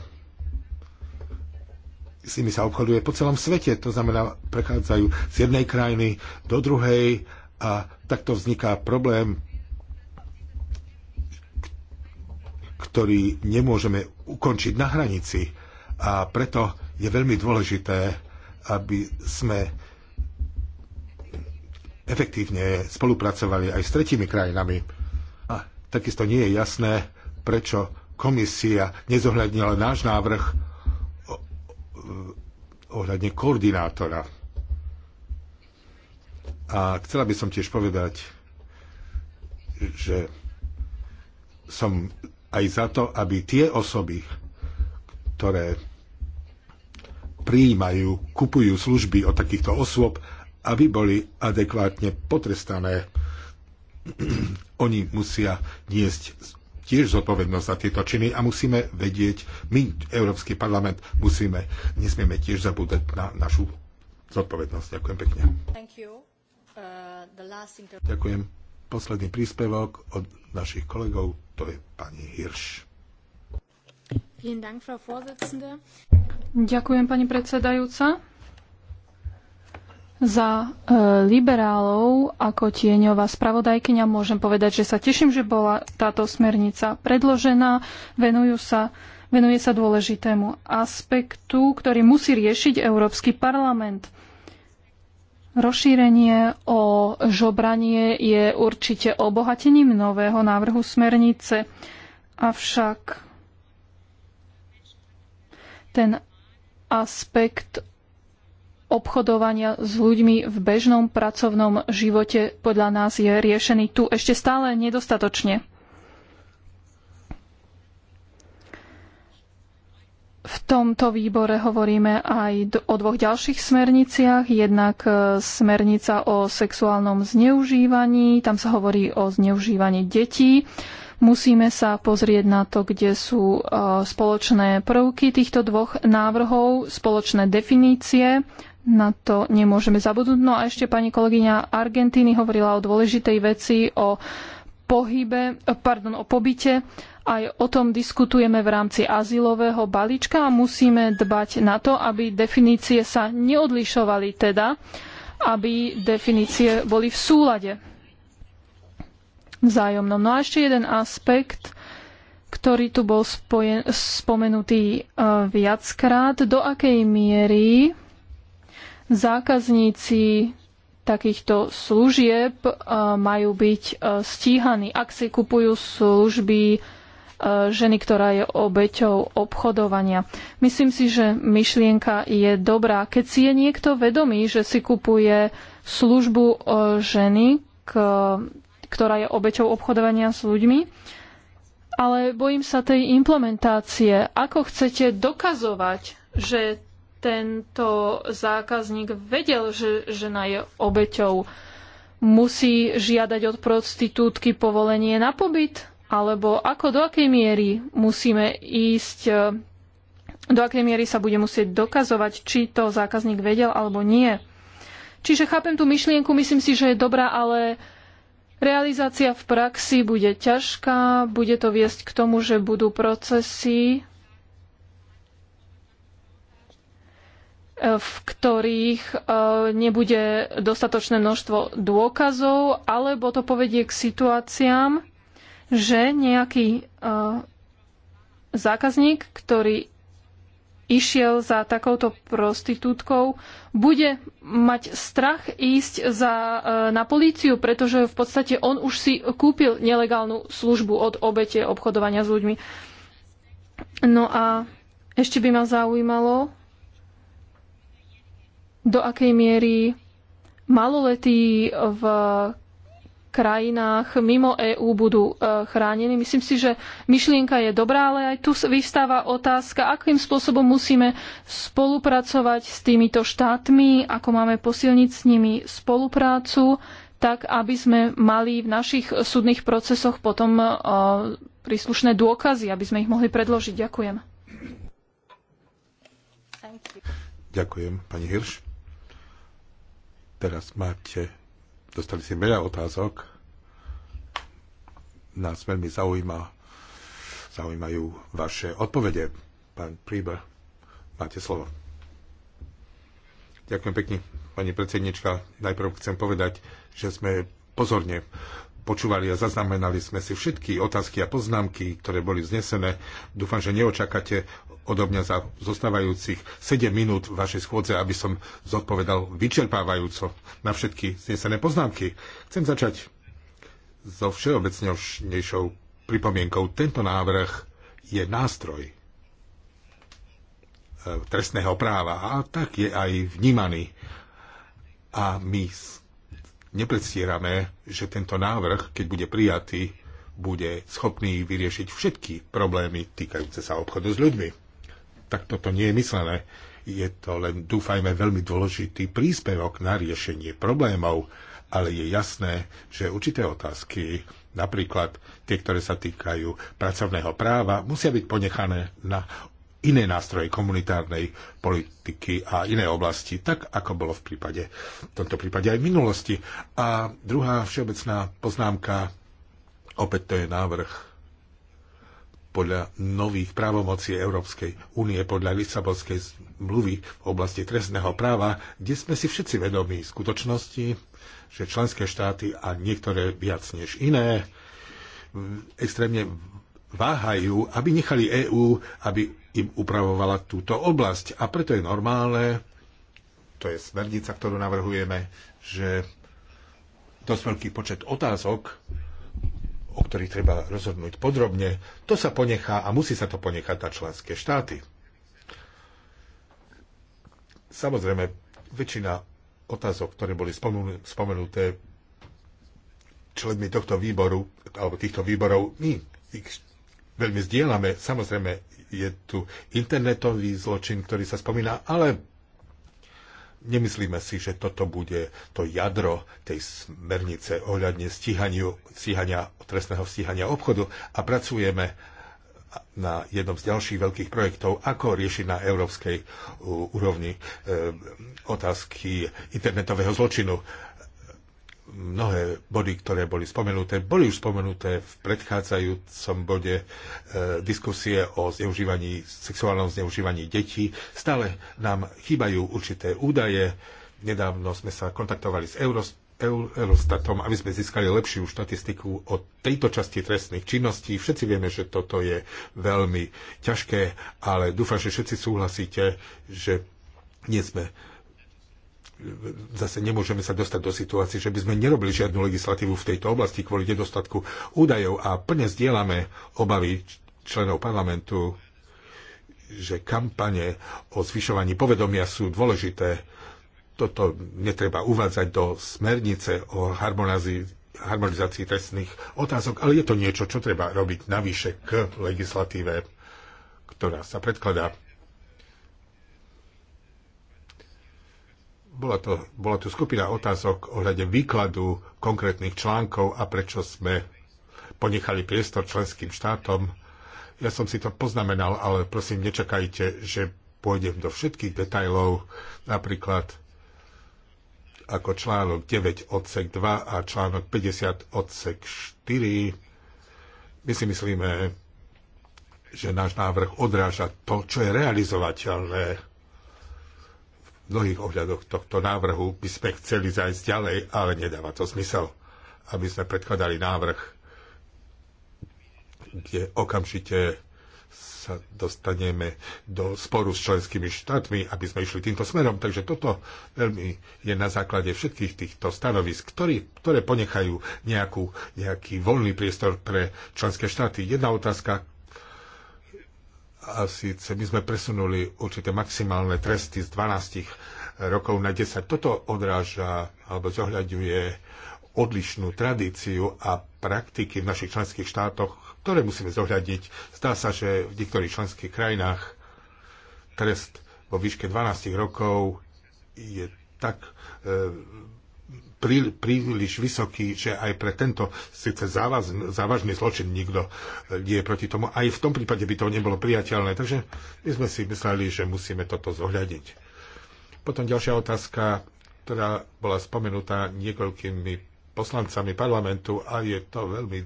Speaker 1: s nimi sa obchoduje po celom svete. To znamená, prechádzajú z jednej krajiny do druhej a takto vzniká problém, ktorý nemôžeme ukončiť na hranici. A preto je veľmi dôležité, aby sme efektívne spolupracovali aj s tretimi krajinami. A takisto nie je jasné, prečo komisia nezohľadnila náš návrh ohľadne koordinátora. A chcela by som tiež povedať, že som aj za to, aby tie osoby, ktoré prijímajú, kupujú služby od takýchto osôb, aby boli adekvátne potrestané. Oni musia niesť tiež zodpovednosť za tieto činy a musíme vedieť, my, Európsky parlament, musíme, nesmieme tiež zabúdať na našu zodpovednosť. Ďakujem pekne.
Speaker 4: Uh,
Speaker 1: Ďakujem. Posledný príspevok od našich kolegov, to je pani Hirš.
Speaker 3: Ďakujem, pani predsedajúca. Za e, liberálov ako tieňová spravodajkynia môžem povedať, že sa teším, že bola táto smernica predložená. Venujú sa, venuje sa dôležitému aspektu, ktorý musí riešiť Európsky parlament. Rozšírenie o žobranie je určite obohatením nového návrhu smernice, avšak ten aspekt obchodovania s ľuďmi v bežnom pracovnom živote podľa nás je riešený tu ešte stále nedostatočne. V tomto výbore hovoríme aj o dvoch ďalších smerniciach. Jednak e, smernica o sexuálnom zneužívaní, tam sa hovorí o zneužívaní detí. Musíme sa pozrieť na to, kde sú e, spoločné prvky týchto dvoch návrhov, spoločné definície na to nemôžeme zabudnúť. No a ešte pani kolegyňa Argentíny hovorila o dôležitej veci, o pohybe, pardon, o pobyte. Aj o tom diskutujeme v rámci azylového balíčka a musíme dbať na to, aby definície sa neodlišovali teda, aby definície boli v súlade vzájomnom. No a ešte jeden aspekt, ktorý tu bol spojen, spomenutý eh, viackrát, do akej miery zákazníci takýchto služieb e, majú byť e, stíhaní, ak si kupujú služby e, ženy, ktorá je obeťou obchodovania. Myslím si, že myšlienka je dobrá. Keď si je niekto vedomý, že si kupuje službu ženy, ktorá je obeťou obchodovania s ľuďmi, ale bojím sa tej implementácie. Ako chcete dokazovať, že tento zákazník vedel, že žena je obeťou. Musí žiadať od prostitútky povolenie na pobyt? Alebo ako, do akej miery musíme ísť, e, do akej miery sa bude musieť dokazovať, či to zákazník vedel alebo nie? Čiže chápem tú myšlienku, myslím si, že je dobrá, ale realizácia v praxi bude ťažká, bude to viesť k tomu, že budú procesy, v ktorých e, nebude dostatočné množstvo dôkazov, alebo to povedie k situáciám, že nejaký e, zákazník, ktorý išiel za takouto prostitútkou, bude mať strach ísť za, e, na políciu, pretože v podstate on už si kúpil nelegálnu službu od obete obchodovania s ľuďmi. No a ešte by ma zaujímalo, do akej miery maloletí v krajinách mimo EÚ budú e, chránení. Myslím si, že myšlienka je dobrá, ale aj tu vystáva otázka, akým spôsobom musíme spolupracovať s týmito štátmi, ako máme posilniť s nimi spoluprácu, tak aby sme mali v našich súdnych procesoch potom e, príslušné dôkazy, aby sme ich mohli predložiť. Ďakujem.
Speaker 1: Ďakujem. Pani Hirš. Teraz máte, dostali ste veľa otázok. Nás veľmi zaujíma, zaujímajú vaše odpovede. Pán Príber, máte slovo. Ďakujem pekne, pani predsednička. Najprv chcem povedať, že sme pozorne počúvali a zaznamenali sme si všetky otázky a poznámky, ktoré boli vznesené. Dúfam, že neočakáte odo mňa za zostávajúcich 7 minút vašej schôdze, aby som zodpovedal vyčerpávajúco na všetky znesené poznámky. Chcem začať so všeobecnejšou pripomienkou. Tento návrh je nástroj eh, trestného práva a tak je aj vnímaný. A my nepredstierame, že tento návrh, keď bude prijatý, bude schopný vyriešiť všetky problémy týkajúce sa obchodu s ľuďmi. Tak toto nie je myslené. Je to len, dúfajme, veľmi dôležitý príspevok na riešenie problémov, ale je jasné, že určité otázky, napríklad tie, ktoré sa týkajú pracovného práva, musia byť ponechané na iné nástroje komunitárnej politiky a iné oblasti, tak ako bolo v prípade, v tomto prípade aj v minulosti. A druhá všeobecná poznámka, opäť to je návrh podľa nových právomocí Európskej únie, podľa Lisabonskej zmluvy v oblasti trestného práva, kde sme si všetci vedomí skutočnosti, že členské štáty a niektoré viac než iné extrémne váhajú, aby nechali EÚ, aby im upravovala túto oblasť. A preto je normálne, to je smernica, ktorú navrhujeme, že dosť veľký počet otázok, o ktorých treba rozhodnúť podrobne, to sa ponechá a musí sa to ponechať na členské štáty. Samozrejme, väčšina otázok, ktoré boli spomenuté členmi tohto výboru, alebo týchto výborov, my ich veľmi zdieľame. Samozrejme, je tu internetový zločin, ktorý sa spomína, ale nemyslíme si, že toto bude to jadro tej smernice ohľadne stíhania, trestného stíhania obchodu a pracujeme na jednom z ďalších veľkých projektov, ako riešiť na európskej uh, úrovni e, otázky internetového zločinu mnohé body, ktoré boli spomenuté, boli už spomenuté v predchádzajúcom bode e, diskusie o zneužívaní, sexuálnom zneužívaní detí. Stále nám chýbajú určité údaje. Nedávno sme sa kontaktovali s Eurostat Eurostatom, aby sme získali lepšiu štatistiku o tejto časti trestných činností. Všetci vieme, že toto je veľmi ťažké, ale dúfam, že všetci súhlasíte, že nie sme zase nemôžeme sa dostať do situácie, že by sme nerobili žiadnu legislatívu v tejto oblasti kvôli nedostatku údajov a plne zdieľame obavy členov parlamentu, že kampane o zvyšovaní povedomia sú dôležité. Toto netreba uvádzať do smernice o harmonizácii trestných otázok, ale je to niečo, čo treba robiť navyše k legislatíve, ktorá sa predkladá bola, to, bola tu skupina otázok ohľade výkladu konkrétnych článkov a prečo sme ponechali priestor členským štátom. Ja som si to poznamenal, ale prosím, nečakajte, že pôjdem do všetkých detajlov, napríklad ako článok 9 odsek 2 a článok 50 odsek 4. My si myslíme, že náš návrh odráža to, čo je realizovateľné v mnohých ohľadoch tohto návrhu by sme chceli zajsť ďalej, ale nedáva to zmysel, aby sme predkladali návrh, kde okamžite sa dostaneme do sporu s členskými štátmi, aby sme išli týmto smerom. Takže toto veľmi je na základe všetkých týchto stanovisk, ktorý, ktoré ponechajú nejakú, nejaký voľný priestor pre členské štáty. Jedna otázka, a síce my sme presunuli určité maximálne tresty z 12 eh, rokov na 10. Toto odráža alebo zohľadňuje odlišnú tradíciu a praktiky v našich členských štátoch, ktoré musíme zohľadniť. Zdá sa, že v niektorých členských krajinách trest vo výške 12 rokov je tak e, prí, príliš vysoký, že aj pre tento síce závaz, závažný zločin nikto e, nie je proti tomu. Aj v tom prípade by to nebolo priateľné. Takže my sme si mysleli, že musíme toto zohľadiť. Potom ďalšia otázka, ktorá bola spomenutá niekoľkými poslancami parlamentu a je to veľmi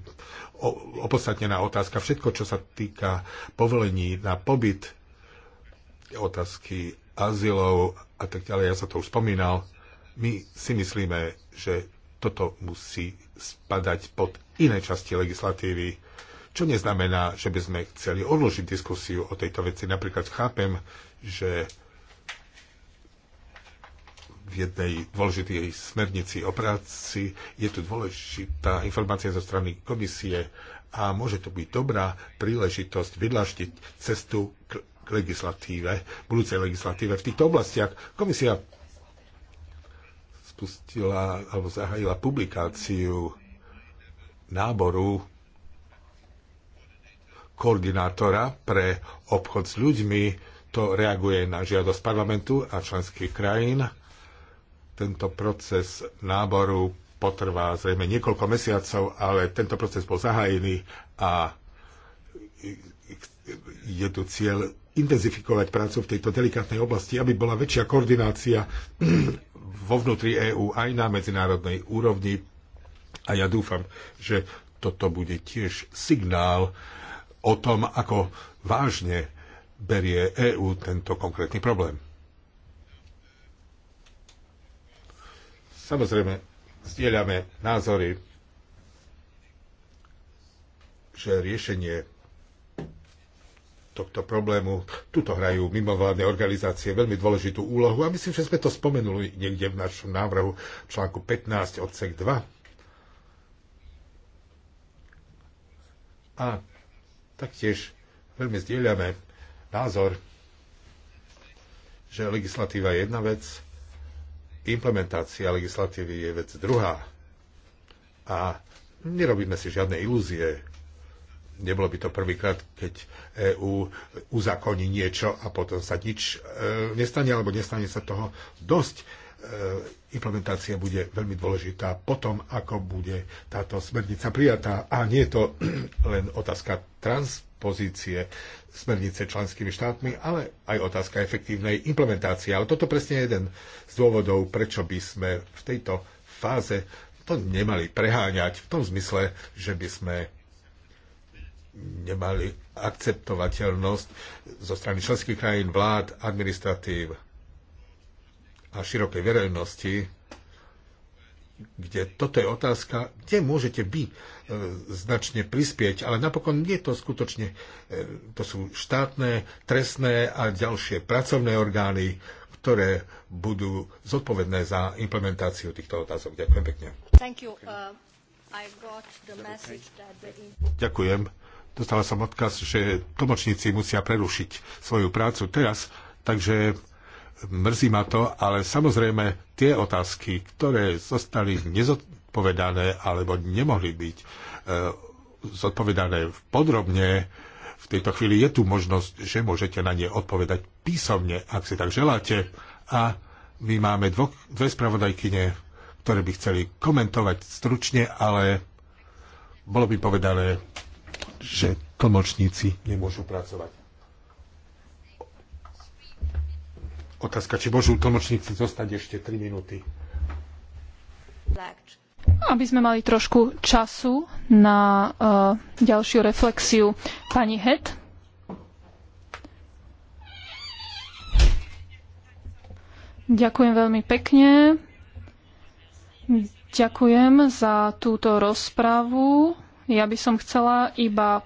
Speaker 1: opodstatnená otázka. Všetko, čo sa týka povolení na pobyt, otázky azylov a tak ďalej, ja sa to už spomínal, my si myslíme, že toto musí spadať pod iné časti legislatívy, čo neznamená, že by sme chceli odložiť diskusiu o tejto veci. Napríklad chápem, že v jednej dôležitej smernici o práci je tu dôležitá informácia zo strany komisie a môže to byť dobrá príležitosť vydlaštiť cestu k legislatíve, budúcej legislatíve v týchto oblastiach. Komisia spustila alebo zahájila publikáciu náboru koordinátora pre obchod s ľuďmi. To reaguje na žiadosť parlamentu a členských krajín. Tento proces náboru potrvá zrejme niekoľko mesiacov, ale tento proces bol zahájený a je tu cieľ intenzifikovať prácu v tejto delikátnej oblasti, aby bola väčšia koordinácia vo vnútri EÚ aj na medzinárodnej úrovni. A ja dúfam, že toto bude tiež signál o tom, ako vážne berie EÚ tento konkrétny problém. Samozrejme, zdieľame názory, že riešenie tohto problému. Tuto hrajú mimovládne organizácie veľmi dôležitú úlohu a myslím, že sme to spomenuli niekde v našom návrhu článku 15 odsek 2. A taktiež veľmi zdieľame názor, že legislatíva je jedna vec, implementácia legislatívy je vec druhá. A nerobíme si žiadne ilúzie, nebolo by to prvýkrát, keď EÚ uzakoní niečo a potom sa nič e, nestane, alebo nestane sa toho dosť. E, implementácia bude veľmi dôležitá potom, ako bude táto smernica prijatá. A nie je to len otázka transpozície smernice členskými štátmi, ale aj otázka efektívnej implementácie. Ale toto presne je jeden z dôvodov, prečo by sme v tejto fáze to nemali preháňať v tom zmysle, že by sme nemali akceptovateľnosť zo strany členských krajín, vlád, administratív a širokej verejnosti, kde toto je otázka, kde môžete vy e, značne prispieť, ale napokon nie to skutočne, e, to sú štátne, trestné a ďalšie pracovné orgány, ktoré budú zodpovedné za implementáciu týchto otázok. Ďakujem pekne. Uh, got... Ďakujem. Dostala som odkaz, že tlmočníci musia prerušiť svoju prácu teraz, takže mrzí ma to, ale samozrejme tie otázky, ktoré zostali nezodpovedané alebo nemohli byť e, zodpovedané podrobne, v tejto chvíli je tu možnosť, že môžete na ne odpovedať písomne, ak si tak želáte. A my máme dvo, dve spravodajkyne, ktoré by chceli komentovať stručne, ale bolo by povedané, že tlmočníci nemôžu pracovať. Otázka, či môžu tlmočníci zostať ešte 3 minúty.
Speaker 3: Aby sme mali trošku času na uh, ďalšiu reflexiu. Pani Het? Ďakujem veľmi pekne. Ďakujem za túto rozpravu. Ja by som chcela iba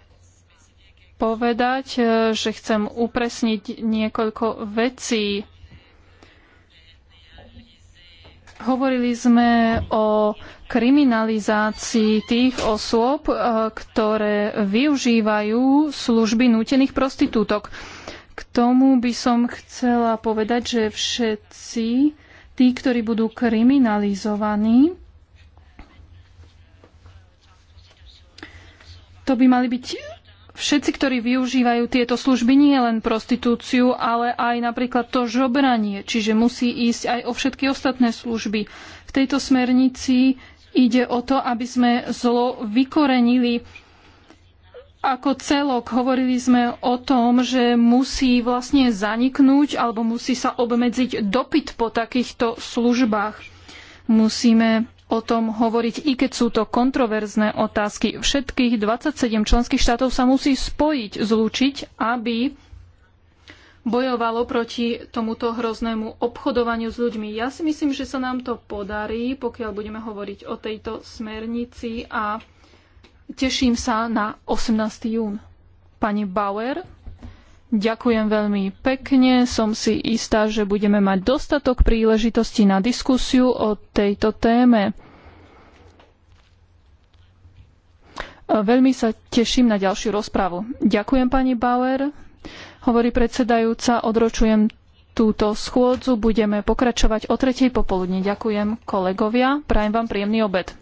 Speaker 3: povedať, e, že chcem upresniť niekoľko vecí. Hovorili sme o kriminalizácii tých osôb, e, ktoré využívajú služby nútených prostitútok. K tomu by som chcela povedať, že všetci tí, ktorí budú kriminalizovaní, to by mali byť všetci, ktorí využívajú tieto služby, nie len prostitúciu, ale aj napríklad to žobranie, čiže musí ísť aj o všetky ostatné služby. V tejto smernici ide o to, aby sme zlo vykorenili ako celok. Hovorili sme o tom, že musí vlastne zaniknúť alebo musí sa obmedziť dopyt po takýchto službách. Musíme o tom hovoriť, i keď sú to kontroverzné otázky. Všetkých 27 členských štátov sa musí spojiť, zlúčiť, aby bojovalo proti tomuto hroznému obchodovaniu s ľuďmi. Ja si myslím, že sa nám to podarí, pokiaľ budeme hovoriť o tejto smernici a teším sa na 18. jún. Pani Bauer, ďakujem veľmi pekne. Som si istá, že budeme mať dostatok príležitosti na diskusiu o tejto téme. Veľmi sa teším na ďalšiu rozpravu. Ďakujem pani Bauer, hovorí predsedajúca, odročujem túto schôdzu. Budeme pokračovať o tretej popoludne. Ďakujem kolegovia, prajem vám príjemný obed.